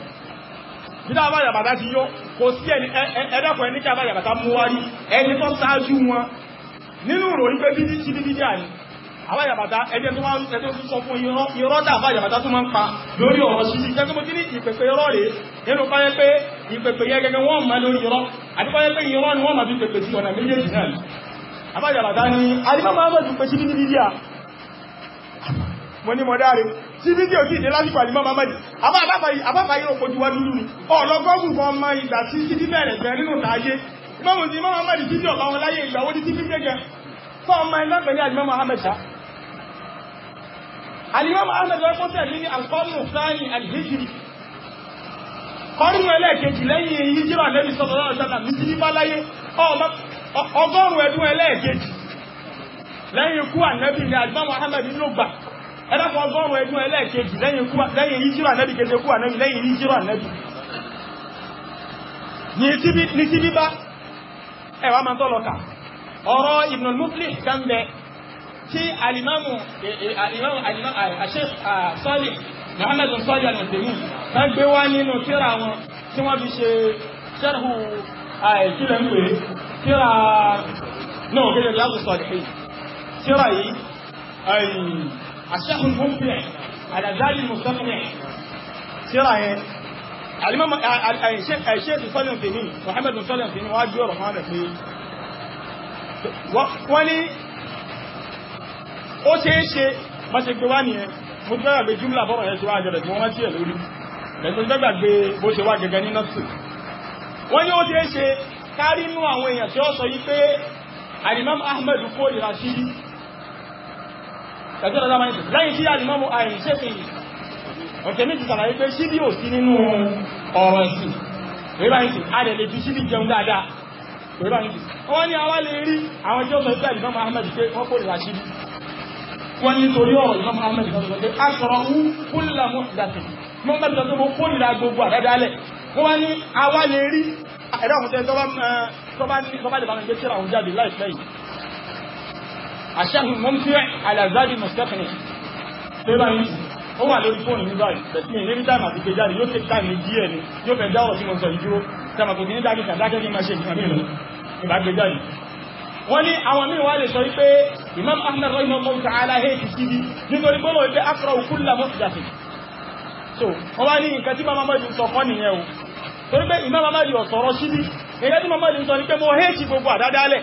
S1: jídá bá yàbàtà ti yọ kò sí ẹni ẹ̀dẹ́kọ̀ ẹni tí a bá yàbàtà mú wárí ẹni tó sáájú wọn nínú ìròyìn pé àwọn yàbàtà ẹni tó tó sọ fún irọ́ bá yàbàtà tó máa ń pa lórí ọ̀rọ̀ sí sí jẹ́kọ́ mo ní ìpèpè irọ́ rèé nínú pẹ́ pé ìpèpè yẹ gẹ́gẹ́ wọ́n mọ lórí irọ́ àti pé irọ́ ni wọ́n bí pèpè sí ọ̀nà méjèèjì náà ni alimọ́ máa mo ní mọ̀dáre tí fídíò sí ìdí lásìkò àlìmọ́ mamadi àbábà yóò fojú wá dúdú ni ọ̀lọ́gọ́gùn kan mọ ìgbà tí títí bẹ̀rẹ̀ bẹ̀rẹ̀ nínú tààyé mọ́mù ti mọ́mù mamadi títí ọ̀bá wọn láyé ìgbà wọ́n títí gẹ́gẹ́ fún ọmọ iná pẹ̀lú àlìmọ́ mohammed sá àlìmọ́ mohammed wọ́n kó tẹ̀lé ní àkọ́nù sáàni àlìhíjìrì ọdún ẹlẹ́ẹ̀kejì lẹ́yìn ìyíjìrà lẹ́yìn sọ́tọ̀lọ́ ọ̀sán àmì sí bá láyé ọgọ́rùn-ún ẹdún ẹlẹ́ẹ̀kejì lẹ́yìn ikú ànẹ́bì ní àlìmọ́ mohammed ló gbà ẹ̀dàpọ̀ ọgọ́rùn ẹdún ẹlẹ́ẹ̀kejì lẹ́yìn ìjírò ànẹ́bì kéde kú ànẹ́bì lẹ́yìn ìjírò ànẹ́bì ní tí bíbá ẹwà máa tọ́lọ̀kà ọ̀rọ̀ Ibn al-Muflih kẹ́m̀bẹ̀ tí alimamu ah, Salih Muhammadu Salih al-Mutemi tán gbé wá nínú tíra wọn tí wọ́n fi ṣe sharhu àìkílẹ̀ ń pè tíra náà kéde lágùsọ̀ tíra yìí
S2: الشيخ المبدع
S1: الأذان المستقنع سيرة هين الإمام الشيخ صلى الله محمد بن صلى الله عليه وسلم رحمه فيه wọ́n ní ó ṣe é ṣe mọ́ṣe gbé wá nìyẹn mo ti gbẹ́gbàgbé jùmlà bọ́rọ̀ ẹ̀ ṣe wá jẹ́rẹ̀ tí wọ́n rántí ẹ̀ lórí ẹ̀tọ́ gbẹ́gbàgbé bó ṣe wá gẹ́gẹ́ ní nọ́ọ̀sì wọ́n ní ó ṣe é ṣe kárí inú àwọn èèyàn tí ó sọ yí pé alimam ahmed kó ìrasí ẹ̀tọ́ ìrọ̀lá máa ní lẹ́yìn tí alìmọ́mù àìṣẹ́fì ọ̀tẹ̀ méjì sàlàyé pé síbí ò sí nínú ọ̀rọ̀ ẹ̀sìn ríbáyìntì adẹ̀lẹ̀ fi síbí jẹun dáadáa ríbáyìntì wọ́n ní àwa lè rí àwọn tí ó sọ pé alìmọ́mù ahmed pé wọ́n kó ìlà síbí wọ́n ní torí ọ̀rọ̀ ìmọ́mù ahmed kan sọ pé a sọ̀rọ̀ wú kúlà mọ́ ìdàtì mọ́ mẹ́bí sọ pé mo kó ìlà gbogbo àdádálẹ̀ wọ́n ní àwa lè rí ẹ̀dá ọ̀tẹ̀ tọ́ba lè bá mi gbé tíra òun jáde láìpẹ́ yìí àṣàhùn mọ́mfẹ́ alàzádì mọ̀sẹ́fìnì tó bá yìí ó wà lórí fóònù ní báyìí bẹ̀sí ní ní táìmù àti pé jáde yóò tẹ́kì táìmù díẹ̀ ni yóò fẹ́ dáwọ̀ tí mo sọ ìdúró tàbí kò ní dájú kàdájẹ́ ní máa ṣe ìgbà mí lọ ìbá gbé jáde wọ́n ní àwọn míì wá lè sọ wípé Imam Ahmad rahim ọmọ ìta aláhẹ́ ti sí bí nítorí pé wọ́n wípé akọrọ òkú là mọ́ ìjà sí so wọ́n wá ní nǹkan tí mamadu sọ kọ́ nìyẹn o torí pé Imam Ahmad ọ̀sọ̀rọ̀ sí bí nǹkan tí mamadu sọ ní pé mo hẹ́ẹ̀tì gbogbo àdádálẹ̀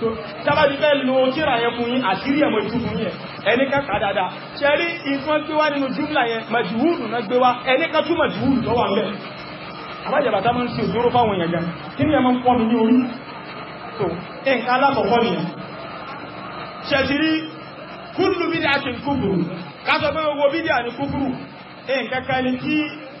S1: so tábàbí fẹ́ lo tíra yẹn fún yín àṣírí ẹ̀mọ̀ ìtú fún yẹn ẹni ká kà dáadáa ṣe rí nǹkan gbé wá nínú júmùlà yẹn màjúwùrù náà gbé wá ẹni ká tún màjúwùrù tó wà ń bẹ̀ àbájábà tá máa ń ṣe òjòrò fáwọn èèyàn gan kí ni ẹ máa ń pọ́ mi ní orí so nǹkan alákọ̀ọ́kọ́ nìyẹn ṣe ti rí kúlù bídíà ti kúkúrú ká sọ pé gbogbo bídíà ni kúkúrú nǹkan kan ni kí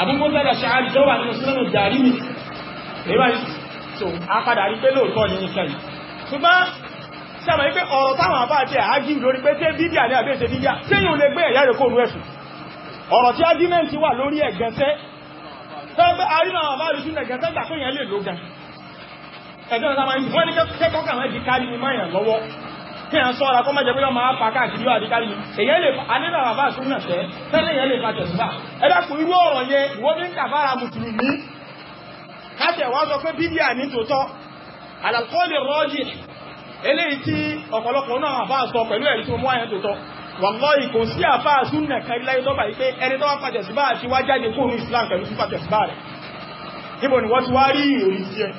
S1: àbúmọ́sá al-Ash'ari tó wà nínú sínú jàrí mi èyí wáyé tó apadà rí pé lóòótọ́ ní nǹkan yìí ṣùgbọ́n sábà wípé ọ̀rọ̀ táwọn àbá àti àágì lórí pé tẹ́ bídíà ní àbẹ́ ìṣẹ́ bídíà tẹ́yìn ò lè gbé ẹ̀yà rẹ̀ kó rú ẹ̀sùn ọ̀rọ̀ tí ágímẹ́ǹtì wà lórí ẹ̀gẹ́sẹ́ tẹ́gbẹ́ àrínà àbá àrùsùn ẹ̀gẹ́sẹ́ gbà pé yẹn lè lógan ẹ̀dọ́n kí a sọ́ra kọ́ májẹ̀ bóyá máa pàkà kiri yóò àdíkárí èyàn lè anínà bàbá àsúnà tẹ́ tẹ́lẹ̀ èyàn lè fa tẹ̀síbà ẹ̀dàkùn irú ọ̀rọ̀ yẹn ìwọ́n ní kàfàrà mùsùlùmí káṣẹ̀ wá sọ pé bídíà ní tòótọ́ àlàkọ́ọ̀lì rọ́ọ̀jì eléyìí tí ọ̀pọ̀lọpọ̀ náà àbá sọ pẹ̀lú ẹ̀rí tó mú àyẹn tòótọ́ wàlọ́ọ̀yì kò sí àbá àsúnà kan láyé lọ́ba yìí pé ẹni tó wá pàtẹ̀síbà àti wá jáde kúrò ní Islam pẹ̀lú sí pàtẹ̀síbà rẹ̀ níbo ni wọ́n ti wá rí ìròyìn sí ẹ̀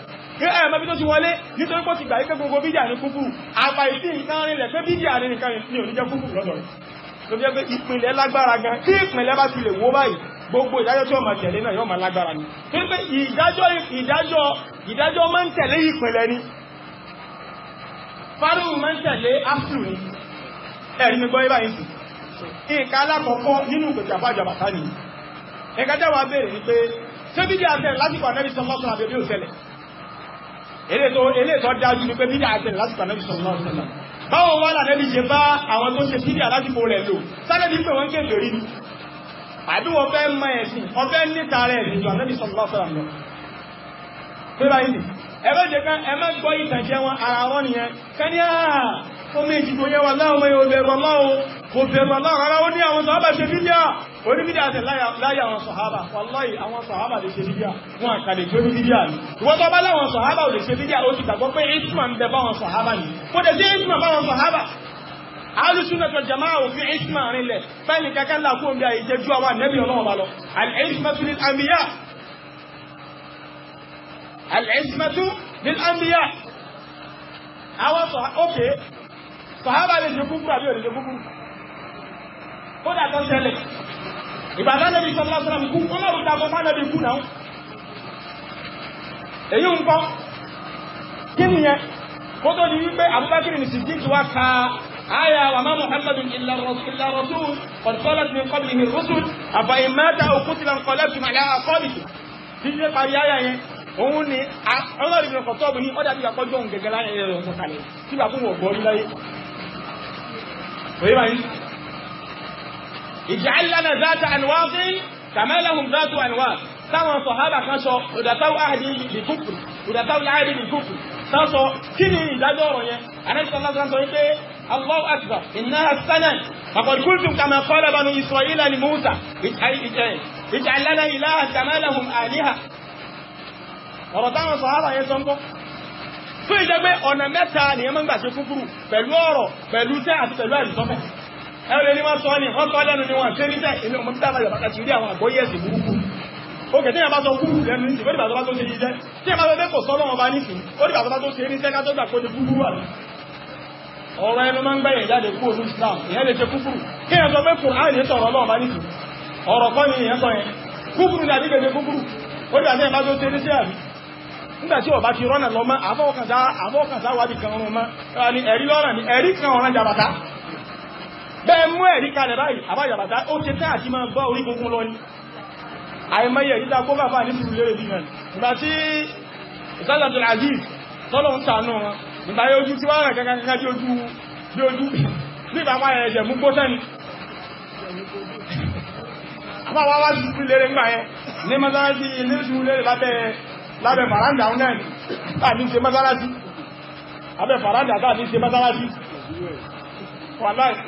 S1: ẹ̀mà bí tó ti wọlé nítorí pọ́ ti gbà ipé gbogbo bídíà ní kúkú àpá ìsí nǹkan rìnlẹ̀ pé bídíà ní nǹkan ní oníjẹ́ kúkú lọ́dọ̀ rẹ̀ tó jẹ́ pé ìpìnlẹ̀ lágbára gan tí ìpìnlẹ̀ bá ti lè wó báyìí gbogbo ìdájọ́ tí ó máa tẹ̀lé náà yóò máa lágbára ni tó pé ìdájọ́ ìdájọ́ ìdájọ́ máa ń tẹ̀lé ìpìnlẹ̀ ni fárúù máa ń tẹ̀lé áṣù ni ẹ̀rí mi gbọ́ ibáyìí sí nǹkan alákọ̀ọ́kọ́ nínú ìpèsè àbájọba sáà nìyí nǹkan tẹ́wàá béèrè ni pé ṣé bídíà tẹ̀ lásìkò ànẹ́bí sọmọ́sọ àbẹ̀bí òṣẹlẹ̀ eléètọ́ dájú ní pé bídí àjẹ́ lásìkò ànábì sallallahu alaihi wasallam báwọn wá là nẹ́bí ṣe bá àwọn tó ṣe bídí àlásìkò rẹ̀ lò sálẹ́bí pé wọ́n kéèkè rí ní àbí wọ́n fẹ́ mọ ẹ̀sìn ọfẹ́ níta rẹ̀ ni ẹ̀mẹ́ jẹ kan ẹ̀mẹ́ gbọ́ ìtànjẹ wọn ara wọn nìyẹn kẹ́ni àà ó méjì kò yẹ wà láwọn ọmọ yóò bẹ̀rù ọlọ́run kò bẹ̀rù ọlọ́run ara ó ní àwọn sọ́ọ́bà ṣe oníbídíà àti láyé àwọn sọ̀hábà wàláyé àwọn sọ̀hábà lè ṣe bídíà wọn àkàlè tó ní bídíà ní ìwọ́n tó bá láwọn sọ̀hábà ò lè ṣe bídíà ó ti gbàgbọ́ pé isma ń bẹ báwọn sọ̀hábà ní kò dẹ̀ sí isma báwọn sọ̀hábà alùsùn ẹ̀tọ̀ jama òfin isma rinlẹ̀ báyìí kankan là kóun bí a ìjẹ́ ju àwọn anẹ́bí ọlọ́wọ́ bá lọ al-ismatu lil àwọn sọ̀hábà lè ṣe kúkúrú àbí ò lè ṣe kúkúrú kódà tó ṣẹlẹ̀ ìbàdà nẹ́bí sọ́lá sọ́lá kú ọlọ́run dàgbọ́ má nẹ́bí kú náà èyí ń kọ́ kí ni yẹn kó tó di wípé abubakar ní siddiq wá ka aya wa ma muhammadun illa rasul qad khalat min qablihi rusul afa in mata aw qutila inqalabtum ala aqabikum tí ṣe parí aya yẹn òun ni ọlọ́run ìbìnrin kọ̀ tọ́ọ̀bù ní ọjà tí àkọ́jọ́ òun gẹ̀gẹ̀ láyé rẹ̀ ọ̀sán kalẹ̀ tí bàbá òun ọ̀gbọ́n láyé. òye báyìí ij'al lana zata anwaatin kama lahum zatu anwaat táwọn sọ̀hábà kan sọ òdàtàwò àhàdì lè kúkù òdàtàwò àhàdì lè kúkù tán sọ kí ni ìdájọ́ ọ̀rọ̀ yẹn anẹ́sọ̀lá sọ wípé Allahu akbar innaha sanan faqad qultum kama qala banu isra'ila li Musa ij'al lana ilahan kama lahum aliha ọ̀rọ̀ táwọn sọ̀hábà yẹn sọ ẹ̀rọ ni wọ́n sọ ní wọ́n sọ lẹ́nu ni wọ́n ṣe níta ilé ọmọ títà láyọ̀ bàtà rí àwọn àgbọ́yé ẹ̀sìn burúkú ókè tí ìyàbá sọ gúrù lẹ́nu ní ìwé ìbàtọ́bá tó ṣe ní iṣẹ́ tí ìyàbá bẹ́ẹ̀ kò sọ́lọ́wọ́ bá ní sùn ó dìbàtọ́bá tó ṣe ní tó ṣe bẹ́ẹ̀ mú ẹ̀rí báyìí àbáyàbàtà ó ṣe tẹ́ àti máa gbọ́ orí gbogbo lọ ní àìmọye ẹ̀rí tàbí bàbá ní ṣùgbọ́n lérè bíyàn nígbà tí ìsáàlàtò aziz tọ́lọ̀ ń sànú wọn nígbà yóò ojú tí wọ́n rẹ̀ kankan bí ojú bí ojú nígbà pa ẹ̀jẹ̀ mú gbó sẹ́ni àbáwá wá lérè ńgbà yẹn ní mọ́sálásí lérè lábẹ́ faranda ṣe mọ́sálásí faranda ṣe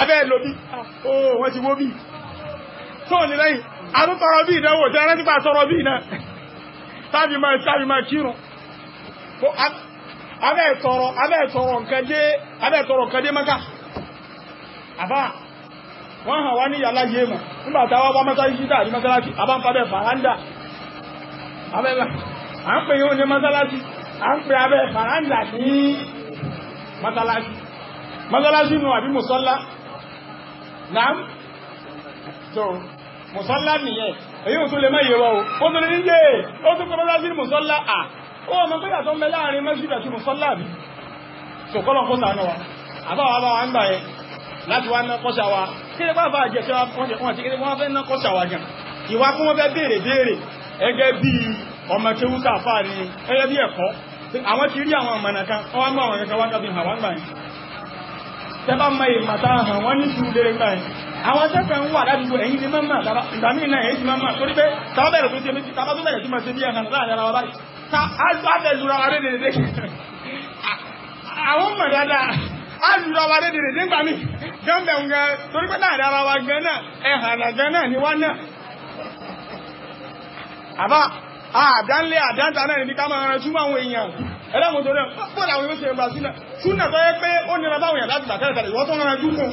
S1: abẹ́ lò bí ooo wọ́n ti wó bí tó ní lẹ́yìn àtútọrọ bí ìdánwò tí ẹran nípa tọrọ bí iná tàbí máa máa kírun abẹ́ tọrọ abẹ́ tọrọ àbá wọ́n hàn wá ní yàrá yé mọ̀ nígbà táwa wá mọ́sálásí tàbí mọ́sálásí àbá ń pa bẹ́ẹ̀ a ń pè yóò ní a ń pè abẹ́ ní nù àbí náàm so mùsọ́lá nìyẹn èyí ò tún lè mẹ́yẹ wọ́ o tún ní yé ó tún kọ́ bá sí mùsọ́lá à ó ọmọ pé yàtọ̀ mẹ́ láàrin mẹ́sìdà sí mùsọ́lá bí so kọ́lọ̀ kó sànú wa àbáwà bá wa ń gbà yẹn láti wá ná kọ́ṣà wa kí ni bá bá jẹ́ ṣẹ́wà pọ́njẹ́ wọn ti kí ni wọ́n fẹ́ ná kọ́ṣà wa gan ìwà kún wọn fẹ́ béèrè béèrè ẹgẹ́ bí ọmọ kéwúsà fáà ni ẹgẹ́ bí ẹ̀kọ́ àwọn ti rí tẹ́bá mọ ìmọ̀ta hàn wọ́n ní ṣùgbọ́n lè gbà ẹ̀ àwọn tẹ́fẹ̀ ń wà ládùúgbò ẹ̀yìn ni mọ́mọ́ ìgbà míì náà èyí ti mọ́mọ́ torí pé tàbá bẹ̀rẹ̀ tó ṣe méjì tàbá tó bẹ̀rẹ̀ tó máa ṣe bí ẹ̀hàn láàrin ara wa báyìí ta alùpàfẹ́ lura wa rédèrè dé
S2: àwọn mọ̀ dáadáa alùra
S1: wa rédèrè dé gbà mí gánbẹ̀ ń gan torí pé láàrin ara wa gan náà ẹ̀hàn gan náà ni wá náà Ah, àdánlé àdáńtà náà ní ká máa rán túnmọ̀ àwọn èèyàn ẹ̀dàmù tó rẹ̀ pọ̀lá àwọn ìwéṣẹ̀ ìgbà sílẹ̀ súnà tó yẹ pé ó nira báwọn èèyàn láti bàtẹ́rẹ̀ tẹ̀lẹ̀ ìwọ́n tó rán dúkùn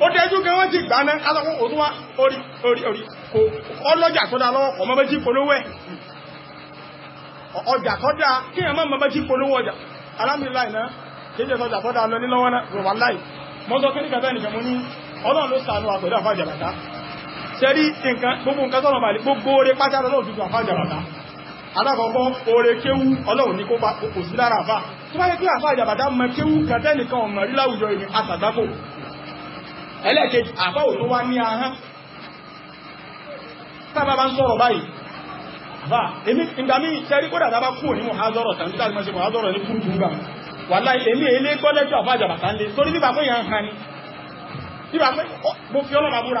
S1: ó tẹ́jú gan wọ́n ti gbà náà alọ́kùn òtún wá orí orí orí kò ọlọ́jà tó dá lọ́wọ́ kọ̀ mọ́bẹ́jì polówó ẹ̀ sẹ́rí gbogbo nǹkan tọ́nà bàlẹ̀ gbogbo oore pátá lọ́wọ́ tuntun àfájàbàtà alákọ̀ọ́kọ́ oore kéwú ọlọ́run ní kó bá kò sí lára àfá tó bá yẹ pé àfájàbàtà mọ kéwú kàtẹ́nìkan ọmọ rí láwùjọ ìní àtàgbákò ẹlẹ́ẹ̀kejì àfá ò tó wá ní ahán tábà bá ń sọ̀rọ̀ báyìí àfá èmi ìgbà mí sẹ́rí kódà tábà kú ní mọ̀házọ́rọ̀ tàbí tàbí mọ̀ṣe mọ̀házọ́rọ̀ ní kúrú kúrú gbàmù wàláì èmi èlé gbọ́lẹ́jọ́ mo fi ọlọ́mà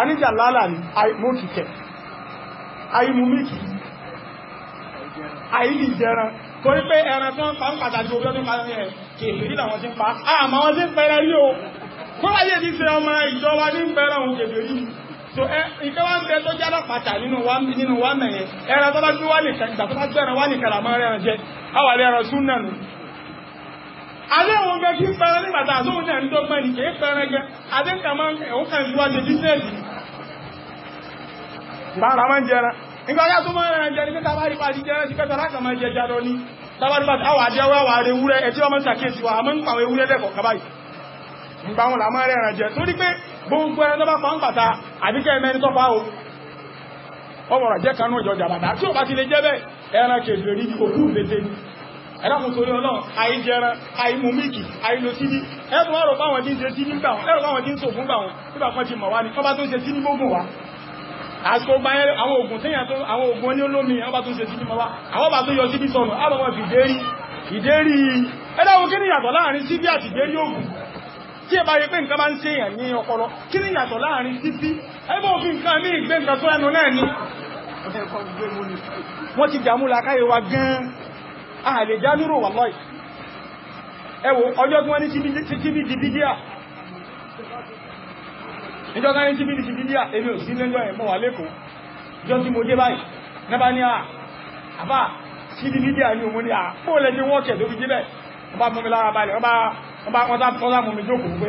S1: àníjà lálà ní àìmókìkẹ̀ àìmúmíkì àìlì jẹran torí pé ẹran tán pa ń pàtàkì obi ọdún kan rẹ̀ kèfèrí làwọn ti ń pa ah, àmà wọn ti ń pẹ̀rẹ̀ rí o fún ayé ti ṣe ọmọ ìjọba ní pẹ̀rẹ̀ òun kèfèrí so ìkẹ́ wá ń bẹ tó jádọ̀ pàtà nínú wa nínú wá mẹ̀yẹn ẹran tó bá gbé wá nìkan ìgbà tó bá gbẹ̀rẹ̀ wá nìkan làmọ́ alẹ́ òun gẹ́ kí pẹran bata àtòun náà ń dọ́gbọ́n ní kìí pẹran gẹ́ adéka máa ń ẹ̀wọ́n kan ìlú ajé bísẹ́ẹ̀sì bára máa ń jẹra nígbà yá tó máa ń jẹ ní pé tábàrí bá ti wa àmọ́ ń pa àwọn ewúrẹ́ lẹ́kọ̀ọ́ kábàyì nígbà wọn làmọ́ rẹ̀ rẹ̀ jẹ torí pé gbogbo ẹran tó bá pa ń pàtà àbíkẹ́ mẹ́rin tó pa ẹ̀dàkùn torí ọlọ́run àìjẹran àìmú mílìkì àìlò síbí ẹ̀dùn ọ̀rọ̀ báwọn dín ṣe síbí gbà wọn ẹ̀rọ báwọn dín ṣògùn gbà wọn nígbà kan ti mọ̀ wá ní ọba tó ń ṣe síbí gbógun wá àsìkò gba àwọn ògùn téèyàn tó àwọn ògùn ní olómi ọba tó ń ṣe síbí mọ́ wá àwọn ọba tó yọ síbí sọnù àbọ̀wọ̀ ni yàtọ̀ láàrin síbí àti ìdérí ògùn tí ẹ bá yẹ pé nǹkan bá ń ṣe èèyàn ní ọpọlọ kí ni yàtọ̀ láàrin síbí ẹgbẹ́ òfin nǹkan ní ìgbé nǹkan tó ẹnu náà ni wọ́n ti dààmú làkáyé wa gan-an ààlè jálúrò wà lọ́ì ẹwò ọjọ́ tí wọ́n ní tíbí di bídíà ìjọba ní tíbí di bídíà èmi ò sí lẹ́jọ́ ẹ̀mọ́ wà lẹ́kọ̀ọ́ jọ tí mo dé báyìí nẹ́bá ní àbá sí di bídíà ní òun ní àpóòlẹ́ ní wọ́n kẹ̀ tó fi jíbẹ̀ ọba mú mi lára balẹ̀ ọba wọn tá tọ́lá mú mi jókòó pé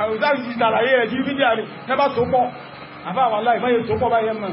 S1: àwọn ìsáàbì ti sàlàyé rẹ̀ di bídíà ní nẹ́bá tó pọ̀ àbá wà láì báyìí tó pọ̀ báyìí mọ̀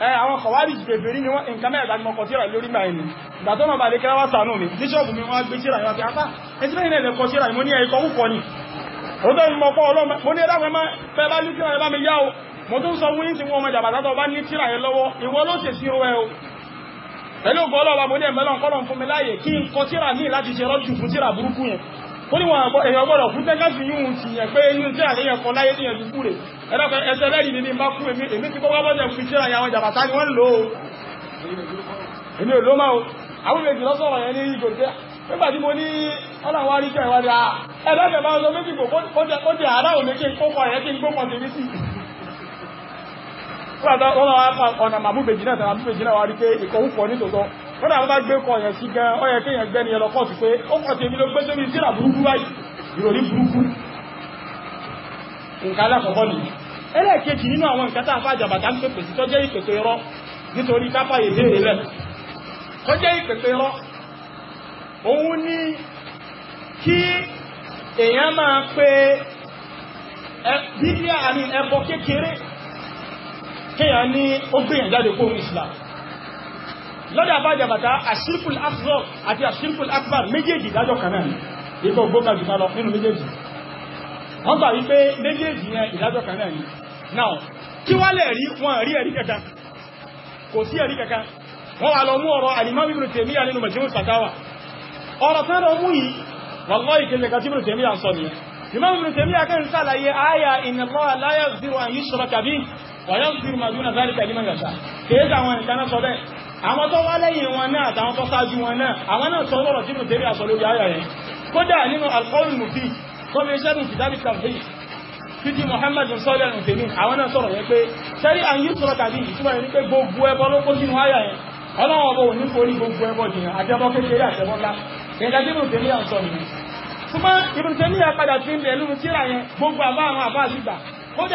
S1: àwọn kọ̀wárìjì pèfèrí ni wọ́n nǹkan mẹ́rin láti mọ́kọ̀ tíra lórí máa ẹni ìgbà tó mọ̀ bà lè kíra wá sànú mi bíṣọ́ọ̀bù mi wọ́n gbé tíra ìwọ́n fi apá ẹtí mẹ́rin lè kọ tíra ní ẹ̀kọ́ púpọ̀ ni ó tó mọ̀ pọ̀ ọlọ́mọ mo ní ẹ̀dá pẹ́ máa fẹ́ bá ní tíra mo tún sọ wíyí tí wọ́n mọ jàbàtà tó bá ní tíra ẹ̀ lọ́wọ́ ìwọ mo ní ẹ̀mẹ́lọ́n kọ́lọ̀ fún mi láàyè kí n kọ tíra míì láti ṣe ó ní wọn èèyàn gbọ́dọ̀ fún tẹ́kàsì yíò ti yẹn pé inú tí àléyàn kan láyé níyàn dúkú rẹ̀ ẹ̀dọ́kọ̀ ẹsẹ̀ lẹ́rì ní bá kú èmi tí kọ́kọ́ bọ́jẹ̀ fi ṣẹ́ra àwọn jàbàtà ni wọ́n lò ó èmi ò ọ̀nà màbúbèjì náà tàbí màbúbèjì náà wá rí pé kódà wọ́n bá gbé kọ yẹn sí gan ó yẹ kéèyàn gbẹ́ni ẹ lọ pé ó kọ̀ tèmi ló gbé sórí síra burúkú báyìí ìròrí burúkú nǹkan alákọ̀ọ́kọ́ ni ẹlẹ́ẹ̀kejì nínú àwọn nǹkan tá a fàjà bàtà ń pèpè sí tó jẹ́ ìpèpè irọ́ nítorí kápá yìí léèrè lẹ̀ tó jẹ́ ìpèpè irọ́ òun ni kí èèyàn máa pe bíbí àmì ẹbọ kékeré kéèyàn ní ó gbìyànjáde lọ́dọ̀ àbájàbàtà àṣírkùl asghar àti àṣírkùl akbar méjèèjì ìdájọ́ kan náà ikọ̀ gbóga jùta lọ nínú méjèèjì wọ́n gbà wípé méjèèjì yẹn ìdájọ́ kan náà ni now kí wá lè rí wọn rí ẹ̀rí kankan kò sí ẹ̀rí kankan wọ́n wà lọ mú ọ̀rọ̀ al-Imam Ibn Taymiyyah nínú Majmu' Fatawa ọ̀rọ̀ tán lọ mú yìí wallahi ìkẹlẹ̀ kan tí Ibn Taymiyyah sọ nìyẹn Imam Ibn Taymiyyah kan sàlàyé àyà inna Allaha la yaghfiru an yushraka bihi wa yaghfiru ma duna dhalika liman yasha' kéèkà àwọn ìkaná sọ bẹ́ẹ̀ àwọn tó wá lẹ́yìn wọn náà àtàwọn tó sáájú wọn náà àwọn náà sọ lọ́rọ̀ sínú tẹ́lẹ̀ àsọ lórí ayà yẹn kódà nínú alkọ́rin mùfí tó fi ṣẹ́rù kìtàbí tàbí títí Muhammad sọ́lẹ̀ ìtẹ̀mí àwọn náà sọ̀rọ̀ yẹn pé sẹ́rí àyí sọ̀rọ̀ tàbí ìtumọ̀ ní pé gbogbo ẹbọ ló kó sínú ayà yẹn ọlọ́wọ́ bọ̀ ní kò ní gbogbo ẹbọ jìyàn àjẹbọ tí Ibn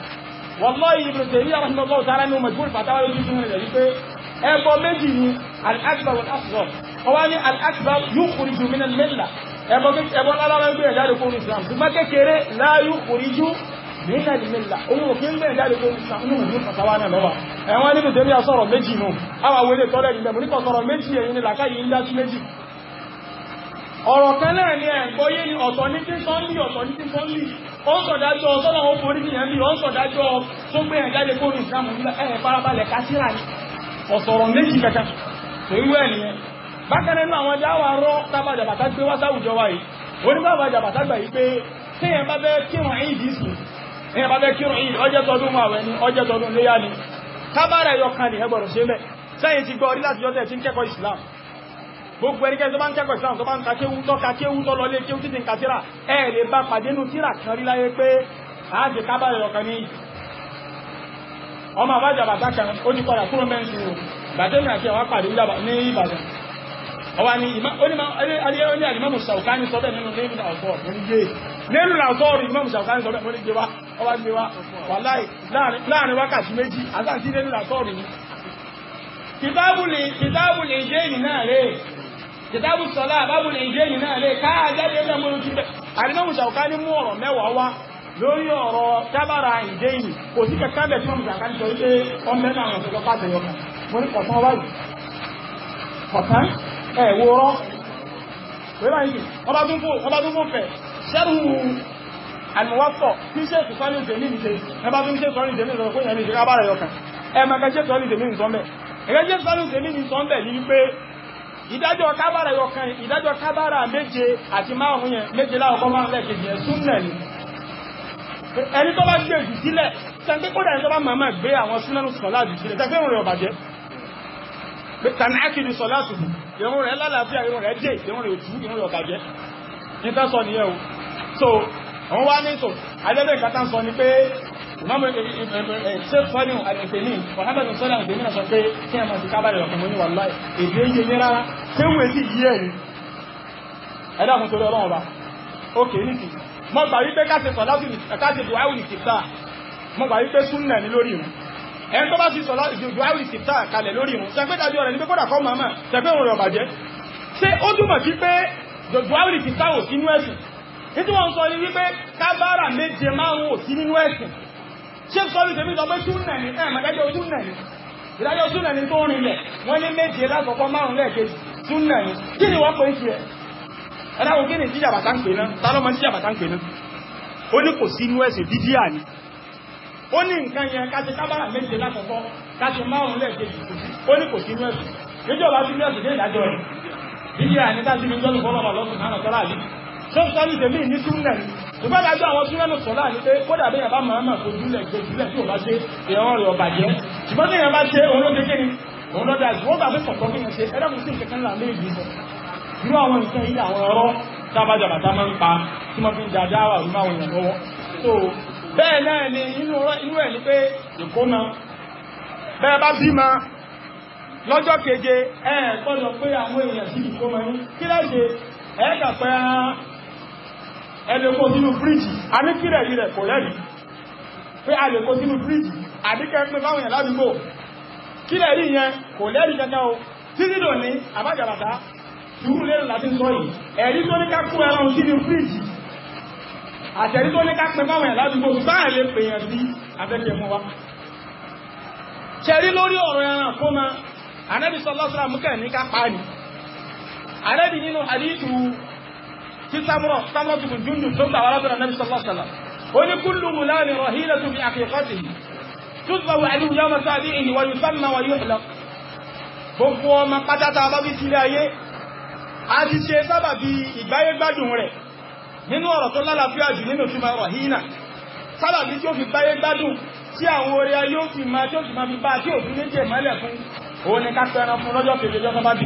S1: wallahi Ibn Taymiyyah rahimahullahu ta'ala ní majmuu fatawa lójú fún rẹ̀ wípé ẹbọ méjì ni al-akbar wal asghar ọwá ní al-akbar yukhriju min al-millah ẹbọ lálára ń gbìyànjú àdókò ní islam ṣùgbọ́n kékeré la yukhriju min al-millah òun ò kí ń gbìyànjú àdókò ní islam ní majmuu fatawa náà lọ́wọ́ ẹ̀wọ́n ní Taymiyyah sọ̀rọ̀ méjì nù àwọn awele tọ́lẹ̀ nígbà mọ̀ nípa sọ̀rọ̀ méjì ẹ̀yìn ó ń ọsọlọ tọ́lọ̀ ó ndị nìyẹn bí ó ń tó gbé ẹ̀jáde kó ní ìsìlámù nílẹ̀ ẹ̀ farabalẹ̀ kásíra ni ọ̀sọ̀rọ̀ méjì kankan tó ń àwọn gbé wá sáwùjọ wa yìí onígbàbàjà gbà yìí pé téèyàn bá fẹ́ kírun ẹ̀yìn dì sí bá fẹ́ kírun ẹ̀yìn ọjọ́ tọdún àwẹ̀ ni tọdún léyà ni kan gbogbo ẹnikẹ́ni tó bá ń kẹ́kọ̀ọ́ islam tó bá ń ka kéwú tó ka kéwú tó lọ lé kéwú títí ń ka tíra ẹ lè bá pàdé nu tíra kan rí láyé pé àájẹ kábàlẹ̀ ọ̀kan ní ọmọ àbájá bàtà kan ó ní padà kúrò mẹ́rin o bàtẹ́ mi àti ẹ̀wà pàdé ní Ìbàdàn ọwá ni alimamu saukani sọ bẹ́ẹ̀ nínú nínú àwọ̀tọ́ onígbé nínú àwọ̀tọ́ imamu saukani sọ bẹ́ẹ̀ onígbé wá ọwá gbé wá wàláì láàrin wákàtí méjì àtàkì nínú àwọ̀tọ́ rí kìtàbùlì ìjẹ́ ìnáà rẹ̀ kìtàbù sọlá bábù lè jẹ́ yìí náà lè káà jáde ẹgbẹ́ mú ti bẹ̀ àrínáwù sàkà ní mú ọ̀rọ̀ mẹ́wàá wá lórí ọ̀rọ̀ tábàrà ìdẹ́yìn kò sí kẹta bẹ̀ tí wọ́n sàkà ní sọ wípé
S2: ọmọ ẹ̀nà àwọn ọ̀sẹ̀ lọ́pàá tẹ̀yọ kan mo ní kọ̀tán wáyé kọ̀tán ẹ̀ wo rọ́ wíwá yìí ọba tó fò fẹ̀ sẹ́rù
S1: àmúwápọ̀ tí ṣe kù sọ́lì ìdè níbi ṣe ẹbá tó ń ṣe sọ́lì ìdè níbi ìrọ̀kún ìyẹn ní ìṣẹ́ sọ́mbẹ̀ ní wípé ìdájọ́ kábàrà yọkan ìdájọ́ kábàrà méje àti márùn yẹn méje láwọ́kọ́ máa lẹ́kejì yẹn súnnà ni ẹni tó bá gbé jù sílẹ̀ tàbí kódà ẹni tó bá màmá gbé àwọn súnnà sọ̀lá jù sílẹ̀ tàbí ìrùn rẹ̀ ọ̀bàjẹ́ tàbí ákìlì sọ̀lá sùn ìrùn rẹ̀ so àwọn wá ní tò àjẹ́bẹ̀ ìkàtà ìmọ̀mù ṣẹ́fọ́nì àgbẹ̀tẹ̀mí ọ̀hábẹ̀tẹ̀ sọ́lá àgbẹ̀mí náà sọ pé kí a máa ti kábàlẹ̀ ọ̀kan mọ́ ní wàlá èdè yé ní rárá tí wọ́n sì yí ẹ̀rí ẹ̀dá mú torí ọlọ́run ọba ókè ní ti mọ́ gbà wípé káṣe sọ̀láṣì káṣe duwáwìlì kìtà mọ́ gbà wípé súnnà ní lórí ìrun ẹni tó bá sì sọ̀lá duwáwìlì kìtà kalẹ̀ lórí ìrun sẹ́gbẹ́ dájú ọ̀rẹ́ ní pé kódà kọ́ màmá sẹ́gbẹ́ òun rẹ̀ ọ̀bàjẹ́ ṣé ó túmọ̀ sí pé duwáwìlì kìtà ò sínú ẹ̀sìn nítorí wọn sọ ní wípé kábàárà méje márùn-ún ò sí nínú ẹ̀sìn ṣé sọ́lù tèmi sọ pé súnà ní ẹ̀ ìdájọ́ súnà ní tó rinlẹ̀ wọ́n ní méje lákọ̀ọ́kọ́ márùn lẹ́ẹ̀kejì súnà kí ni wọ́n pè é tiẹ̀ kí ni bàtà ń pè náà tálọ́mọ bàtà ń pè náà ó ní kò sí ni ó ní nǹkan yẹn káṣe kábàrà méje lákọ̀ọ́kọ́ káṣe márùn lẹ́ẹ̀kejì sọ́kùtàlì tèmi ní súnlẹ̀ ṣùgbọ́n lájọ́ àwọn súnlẹ̀nù sọ́lá ní pé kódà bí yàbá máa mà fojú lẹ̀ gbé sílẹ̀ tí ò bá ṣe èèyàn rẹ̀ ọ̀bà jẹ́ ṣùgbọ́n tí yàbá ṣe òun ló ṣe kí ni òun lọ́dà ìwọ́n bá fẹ́ sọ̀tọ́ kí ni ṣe ẹ̀rọ mi sí ìkẹ́kẹ́ ńlá méjì sọ irú àwọn nǹkan yìí àwọn ọ̀rọ̀ tábàjàbà tá máa ń pa tí wọ́n fi ń da dáwà rú máa wọ̀nyàn lọ́wọ́ so bẹ́ẹ̀ náà ni inú ẹ̀ ni pé ìkómọ bẹ́ẹ̀ bá bímọ lọ́jọ́ keje ẹ̀ gbọ́dọ̀ pé àwọn èèyàn sí ìkómọ yín kí lẹ́ṣe ẹ̀ẹ́dà pẹ́ ẹlẹ́kọ́ sínú fíríjì a ní kí rẹ̀ rẹ̀ kò lẹ́rìí pé a lè kó sínú fíríjì àdíkẹ́ pé báwọn yẹn ládùúgbò kí rẹ̀ rí yẹn kò lẹ́rìí kankan o títí dò ní àbájàbàtà dúró lẹ́nu láti sọ yìí ẹ̀rí tó ní ká kó ẹran sínú fíríjì àtẹ̀rí tó ní ká pẹ báwọn yẹn ládùúgbò báà lè pè yàn sí afẹ́fẹ́ mú wa ṣẹ̀rí lórí ọ̀rọ̀ ẹran fún ma Ànábì sallallahu alaihi wasallam mú kẹ́ ní ká pa tí sámúrọ̀ sámúrọ̀ tó kùn júndùn tó gbà wà lábẹ́rẹ̀ nàbí sọ́lọ́sọ́lọ́ ó ní kúlù mùláàmì rọ̀hílẹ̀ tó fi àkíkọ́tì tóṣùpá wà ní ìyá ọmọta bí ìyí wọ́n yóò sánmà wọ́n yóò lọ gbogbo ọmọ pátátá bá bí sílé ayé a ti ṣe sábà bí ìgbáyé gbádùn rẹ̀ nínú ọ̀rọ̀ tó lálàáfíà jù nínú túnmọ̀ rọ̀hínà sábà bí tí fi gbáyé gbádùn tí àwọn orí ayé fi máa tí ó fi máa fi bá tí òfin méjì mọ́lẹ̀ fún òun ni ká fẹ́ràn fún lọ́jọ́ kejì ọjọ́ tó bá bí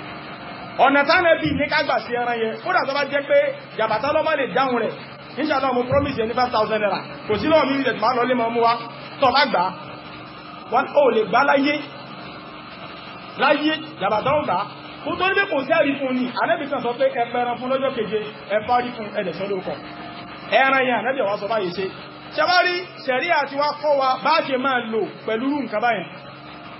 S1: ọ̀nà tánẹ́bì ní kágbà sí ẹran yẹn kódà tó bá jẹ́ pé jàbàtà lọ́mọ́ lè dáhùn rẹ̀ inshallah mo promise ẹni 5000 naira kò sí lọ́wọ́ mímí tẹ̀tùmá lọ lé mọ́ mú wa tọ́ bá gbà wọ́n ó lè gbá láyé láyé jàbàtà ọ̀gbà kó tó níbẹ̀ kò sí ẹ̀rí fún ni ànẹ́bì kan sọ pé ẹpẹran fún lọ́jọ́ keje ẹfá rí fún ẹ̀dẹ̀ sọ́dọ̀ kọ ẹran yẹn ànẹ́bì ọwọ́ sọ báyìí ṣe ṣẹwárí ṣẹ̀rí àti wá kọ́ wa bá ṣe máa lò pẹ̀lú nǹkan báyìí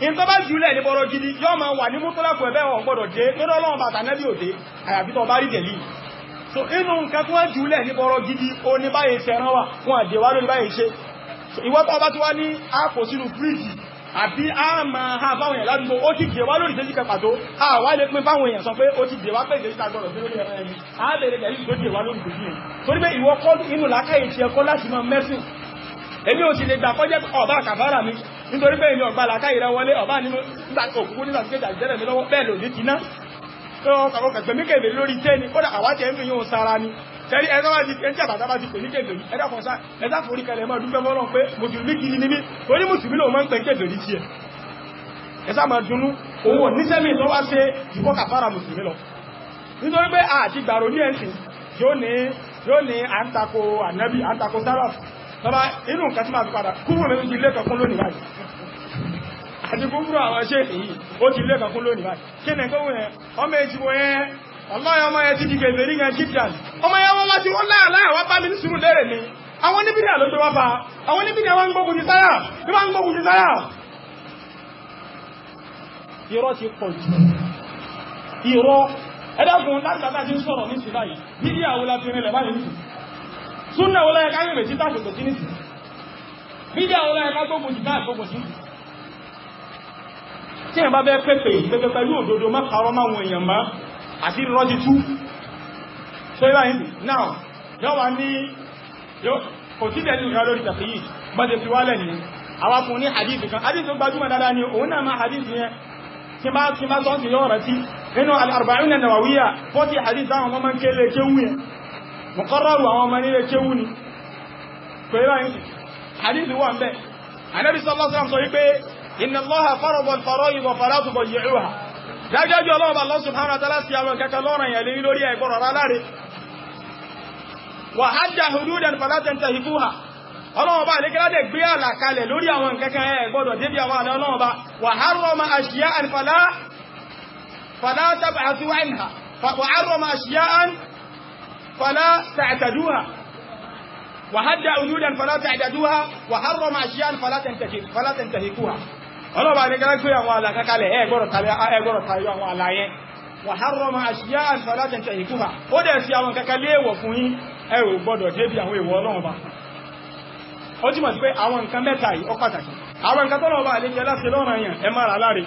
S1: in tó bá jùlẹ̀ ní bọ́rọ̀ gidi yọ́ ma wà ní mútọ́lápù ẹ̀bẹ́ wọn gbọ́dọ̀ dé tó lọ́wọ́ bàtà nẹ́bí òde àyàbí bá rí dẹ̀lì so inú nǹkan tó wọ́n jùlẹ̀ ní bọ́rọ̀ gidi ó ní báyìí ṣe rán wà wọn àdè wá a máa ha báwọn èèyàn ládùúgbò ó ti dè a wá lè pín báwọn èèyàn sọ pé ó ti dè wá pé ìṣẹ́jú tagbọ̀rọ̀ sí lórí ẹ̀rọ ẹni a bèèrè pẹ̀lú tó dè wá lórí ìṣẹ́jú nítorí pé èmi ọ̀gbà làkáyìrẹ wọlé ọ̀bá ní òkú nígbà tí kéjà ìjẹ́rẹ̀ mi lọ́wọ́ bẹ́ẹ̀ lò ní kíná tó ọkọ̀ kẹgbẹ̀mí kèbè lórí tẹ́ ni kódà àwátì ẹ̀mí yóò sára ni tẹ́rí ẹ̀rọ bá ti pé tí àbàtà bá ti pè ní kèbè rí ẹ̀dá kan sá ẹ̀dá forí kalẹ̀ máa dúpẹ́ mọ́lọ́ pé mùsùlùmí kiri ni mí orí mùsùlùmí lòun máa ń pè kèbè rí tọ́lá inú nǹkan tí máa fi padà kúrò nínú ti lẹ́kọ̀ọ́kún lónìí báyìí àti kúrò àwọn ṣe èyí ó ti lẹ́kọ̀ọ́kún lónìí báyìí kí ni kó wùn ọmọ èjì wọ ọlọ́yà ọmọ ẹ ti di gèbè ní ọmọ yẹn wọ́n láti wọ́n láyà wá bá mi ní sùúrù àwọn àlọ́ ti sáyà gbógun ti sáyà ti pọ̀ jù súnà wọlé ẹ̀ká yìí mẹ̀tí tàṣòtò sí nìtì bídíà wọlé ẹ̀ká tó gbòjì náà tó gbòjì tí ẹ̀ bá bẹ́ pẹ́pẹ́ ìpẹ́pẹ́ pẹ̀lú òdodo ma parọ́ má wọn èèyàn má tu so yíwa yìí now yọ́wà ní kò sí tẹ̀lú ìrà lórí tafiyi yìí ti fi wálẹ̀ awa àwọn ni hadith kan hadith ma dada ni o na ma hadith yẹn al an 40 hadith mùkọ́rọ̀rù àwọn ọmọ nílé kéwú ni kò yíra ní hadith wà ń bẹ́ anábi sọ́lọ́sọ́lọ́m sọ wípé inna Allaha farada al-fara'id fala tudayyuha dájájú ọlọ́ọ̀bà Allah subhanahu wa ta'ala sí àwọn kẹta lọ́rọ̀ yẹn lè lórí ẹgbọ́rọ̀ ráláre wa hajja hududan fala tantahifuha ọlọ́ọ̀bá àlékẹ́ládẹ̀ gbé àlàkalẹ̀ lórí àwọn kẹkẹ́ ẹgbọ́dọ̀ débi àwọn àlẹ́ ọlọ́ọ̀bá wa harrama ashya'an fala tab'athu anha فلا تعتدوها وهدى حدودا فلا تعتدوها وحرم أشياء فلا تنتهك فلا تنتهكوها ọlọ́ba àdẹ́gẹ́lẹ́ pé àwọn àlàkákalẹ̀ ẹgbọ́rọ̀ tàbí àwọn àlàyé wàhárọ̀mà àṣíyá àṣàlátẹ̀ntẹ̀ ìkúhà ó dẹ̀ sí àwọn kẹkẹlẹ́ èwọ̀ fún yín ẹ ò gbọ́dọ̀ débi àwọn èwọ̀ ọlọ́ọ̀ba ó túnmọ̀ sí pé àwọn nǹkan mẹ́ta yìí ó pàtàkì àwọn nǹkan tọ́nà ọba àlejò láti lọ́rọ̀ èèyàn ẹ mára láre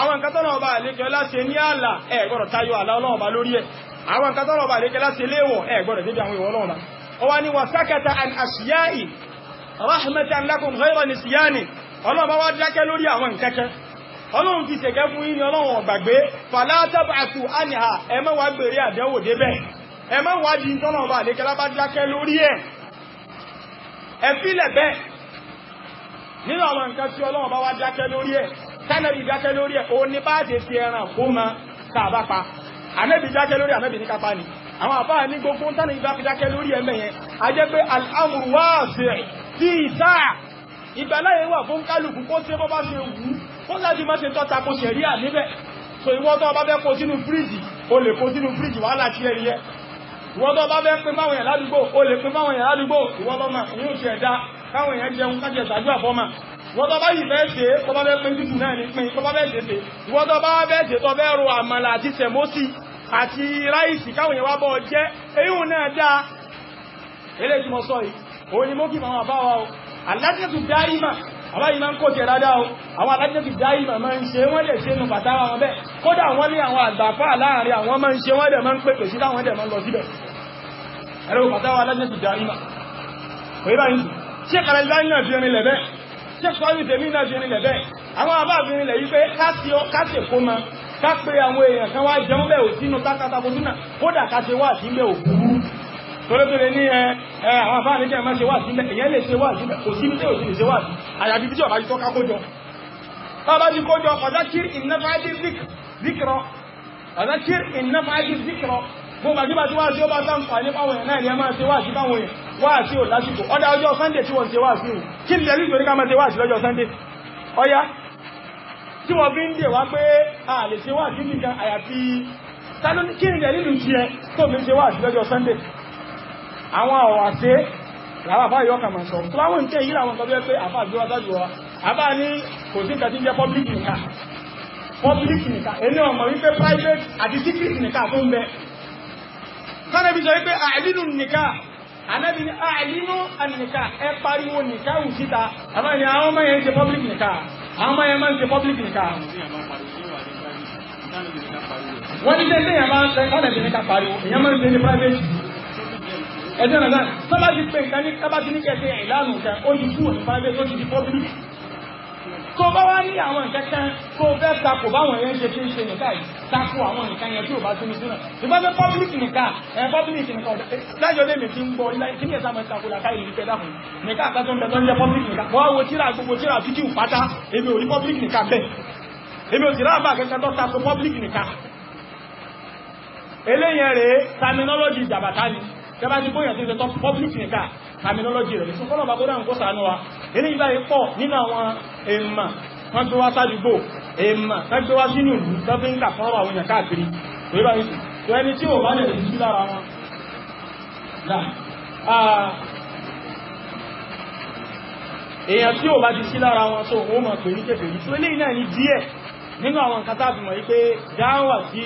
S1: àwọn nǹkan tọ́nà ọba àlejò láti ní àlà ẹ gbọ́dọ̀ tayọ àlà ọlọ́ọ̀ba lórí ẹ̀ àwọn nǹkan tọ́lọ̀ bá lékẹ́ láti léwọ̀ ẹ gbọ́dọ̀ débi àwọn ìwọ̀n lọ́wọ́ ó wá ní wa sakata an ashiya'i rahmatan lakum ghayra nisyani ọlọ́run bá wá dákẹ́ lórí àwọn nkẹ́kẹ́ ọlọ́run ti ṣẹ̀kẹ́ fún yín ni ọlọ́run ọ̀gbàgbé fala tab'athu anha ẹ má wá gbèrè àdẹ́wò débẹ̀ ẹ má wá di tọ́lọ̀ bá lékẹ́ lá bá dákẹ́ lórí ẹ̀ ẹ nínú àwọn nǹkan tí ọlọ́run bá wá dákẹ́ lórí ẹ̀ tánàbí dákẹ́ lórí ẹ̀ òun ni bá ṣe fi ẹran kó ma tàbá ànábì dákẹ́ lórí ànábì ní kápá ni àwọn àfáà ní gbogbo ń tánà ìbá fi dákẹ́ lórí ẹ̀mẹ́ yẹn a jẹ́ pé al'amru wasi'i tí ìsá ìgbàláyé wà fún kálùkù kó tí ó bá ṣe wù ó láti má ṣe tọ́ta kó ṣẹ̀ríà níbẹ̀ so ìwọ́n tó bá fẹ́ kó sínú fíríjì o lè kó sínú fíríjì wàhálà tí ẹ̀rí yẹ ìwọ́n tó bá fẹ́ pín máwọn èèyàn ládùúgbò o lè pín máwọn èèyàn ládùúgbò ìwọ́n tó mà ní òṣèdá káwọn èèyàn jẹun kájẹ̀ wọ́n tó bá yìí fẹ́ ṣe tó bá fẹ́ pín tútù náà ní pín tó bá fẹ́ ṣe ṣe wọ́n tó bá fẹ́ ṣe tó fẹ́ ro àmàlà àti sẹ̀mọ́sì àti ráìsì káwọn èèyàn wá bọ́ jẹ́ eyín náà dáa eléyìí tí mo sọ yìí òun ni mo kí àwọn àbá wa o alájẹ́tù dáìmà àwọn yìí máa ń kóòtì ẹ̀dáadáa o àwọn alájẹ́tù dáìmà máa ń ṣe wọ́n lè ṣe nù bàtà wọn bẹ́ẹ̀ kódà wọ́n ní àwọn àgbàfà ṣẹ́kọ̀ọ́ ayúdèmí náà fi rinlẹ̀ bẹ́ẹ̀ àwọn àbá fi rinlẹ̀ yìí pé káṣe kó ma ká pé àwọn èèyàn kan wá jẹun bẹ́ẹ̀ ò sínú kákàtàkùnúnà kódà káṣe wà sí ilé òkúrú torótóré ní ẹ àwọn àbá ní kẹ́ẹ̀má ṣe wà sí ilẹ̀ èèyàn lè ṣe wà sí ilẹ̀ kò sí ilé òsì lè ṣe wà sí àyàfi bí ọba jítọ́ kákójọ wáàsí ò lásìkò ọdá ọjọ́ sunday tí wọ́n ṣe wáàsí ò kí ni lẹ́lú ìgbèríkà máa ṣe wáàsí lọ́jọ́ sunday ọya tí wọ́n fi ń dè wá pé a lè ṣe wáàsí nìkan àyàfi kí ni lẹ́lú ti ẹ tó fi ṣe wáàsí lọ́jọ́ sunday àwọn ọ̀wàṣe làwọn àfáà yọ kàmà sọ tó láwọn nǹkan yìí làwọn tọ́jú pé àfáà gbé wájú wa àbá ní kò sí nǹkan tí ń jẹ́ public nìkan public private àti secret nìkan tó ń bẹ kọ́nà bí sọ wípé àìlínú anábì ní àìlínú ah, ànìkà ẹ pariwo nìkà wù síta àbá ni àwọn ọmọ yẹn ń ṣe public nìkà àwọn ọmọ yẹn máa ń ṣe public nìkà.
S2: wọ́n ní sẹ́yìn sẹ́yìn máa ń sẹ́yìn kọ́nà ìdílé ká pariwo èèyàn máa ń ṣe ní private. ẹ̀jẹ̀ nàdá
S1: sábà ti pè nǹkan ní sábà ti ní kẹsẹ̀ ìlànà nǹkan ó ti kú òní private ó di public tó bá wá rí àwọn nǹkan kan tó fẹ́ takò báwọn yẹn ṣe fi ń ṣe nìkan yìí takò àwọn nǹkan yẹn tí ò bá tún ní súnà ìgbà pé public nìkan ẹ public nìkan lẹ́yìn olè mi ti ń bọ̀ kí ni ẹ̀sán mọ̀ takò làkà yìí ní pẹ́dà fún nìkan àtàtún bẹ̀ tó ń public nìkan wọ́n wo tíra gbogbo tíra fíkì pátá èmi ò public nìkan bẹ́ẹ̀ èmi ò sì rá àbá kẹ́kẹ́ tó takò public nìkan eléyẹn terminology ìjàbàtà ni tẹ́bá ti bóyá tó ń ṣe public terminology rẹ̀ so kọ́lọ̀ bàbá dáhùn kó sànú wa ilé ìgbà pọ̀ nínú àwọn èèmà wọ́n gbé wá sádùgbò èèmà wọ́n gbé wá sínú ìlú tó fi ń kà fọ́rọ̀ àwọn èèyàn káàkiri wíwá yìí tó ẹni tí ò bá lè rí lára wọn èèyàn tí ò bá ti sí lára wọn tó ó mọ̀ pé ní kéfèé tó ilé náà ní díẹ̀ nínú àwọn nǹkan tábì mọ̀ wípé dáwà tí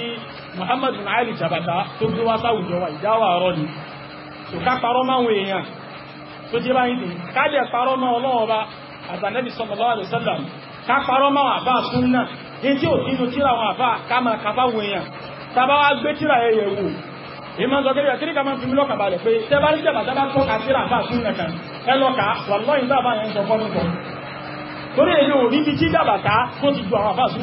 S1: Muhammadu Ali Jabata tó gbé wá sáwùjọ wa ìdáwà ọ̀rọ̀ ni tò ká parọ́ máwọn èèyàn tó jẹ́ báyìí dé ká dẹ̀ parọ́ mọ́ ọlọ́wọ́ bá àtànẹ́bí sallallahu alaihi wasallam ká parọ́ mọ́ àbá fún náà èyí tí ò nínú tíra àwọn àbá ká máa kápá wo èèyàn tábá wá gbé tíra ẹyẹ wò èyí máa ń sọ pé ẹ̀kí nígbà máa ń fi mí lọ́kàn balẹ̀ pé tẹ́bá ní jẹ̀bà tábá tọ́ ka tíra àbá fún nìkan ẹ lọ́ka wà lọ́yìn tá àbá ń sọ fọ́ nìkan torí èyí ò níbi tí dàbà ká tó ti ju àwọn àbá fún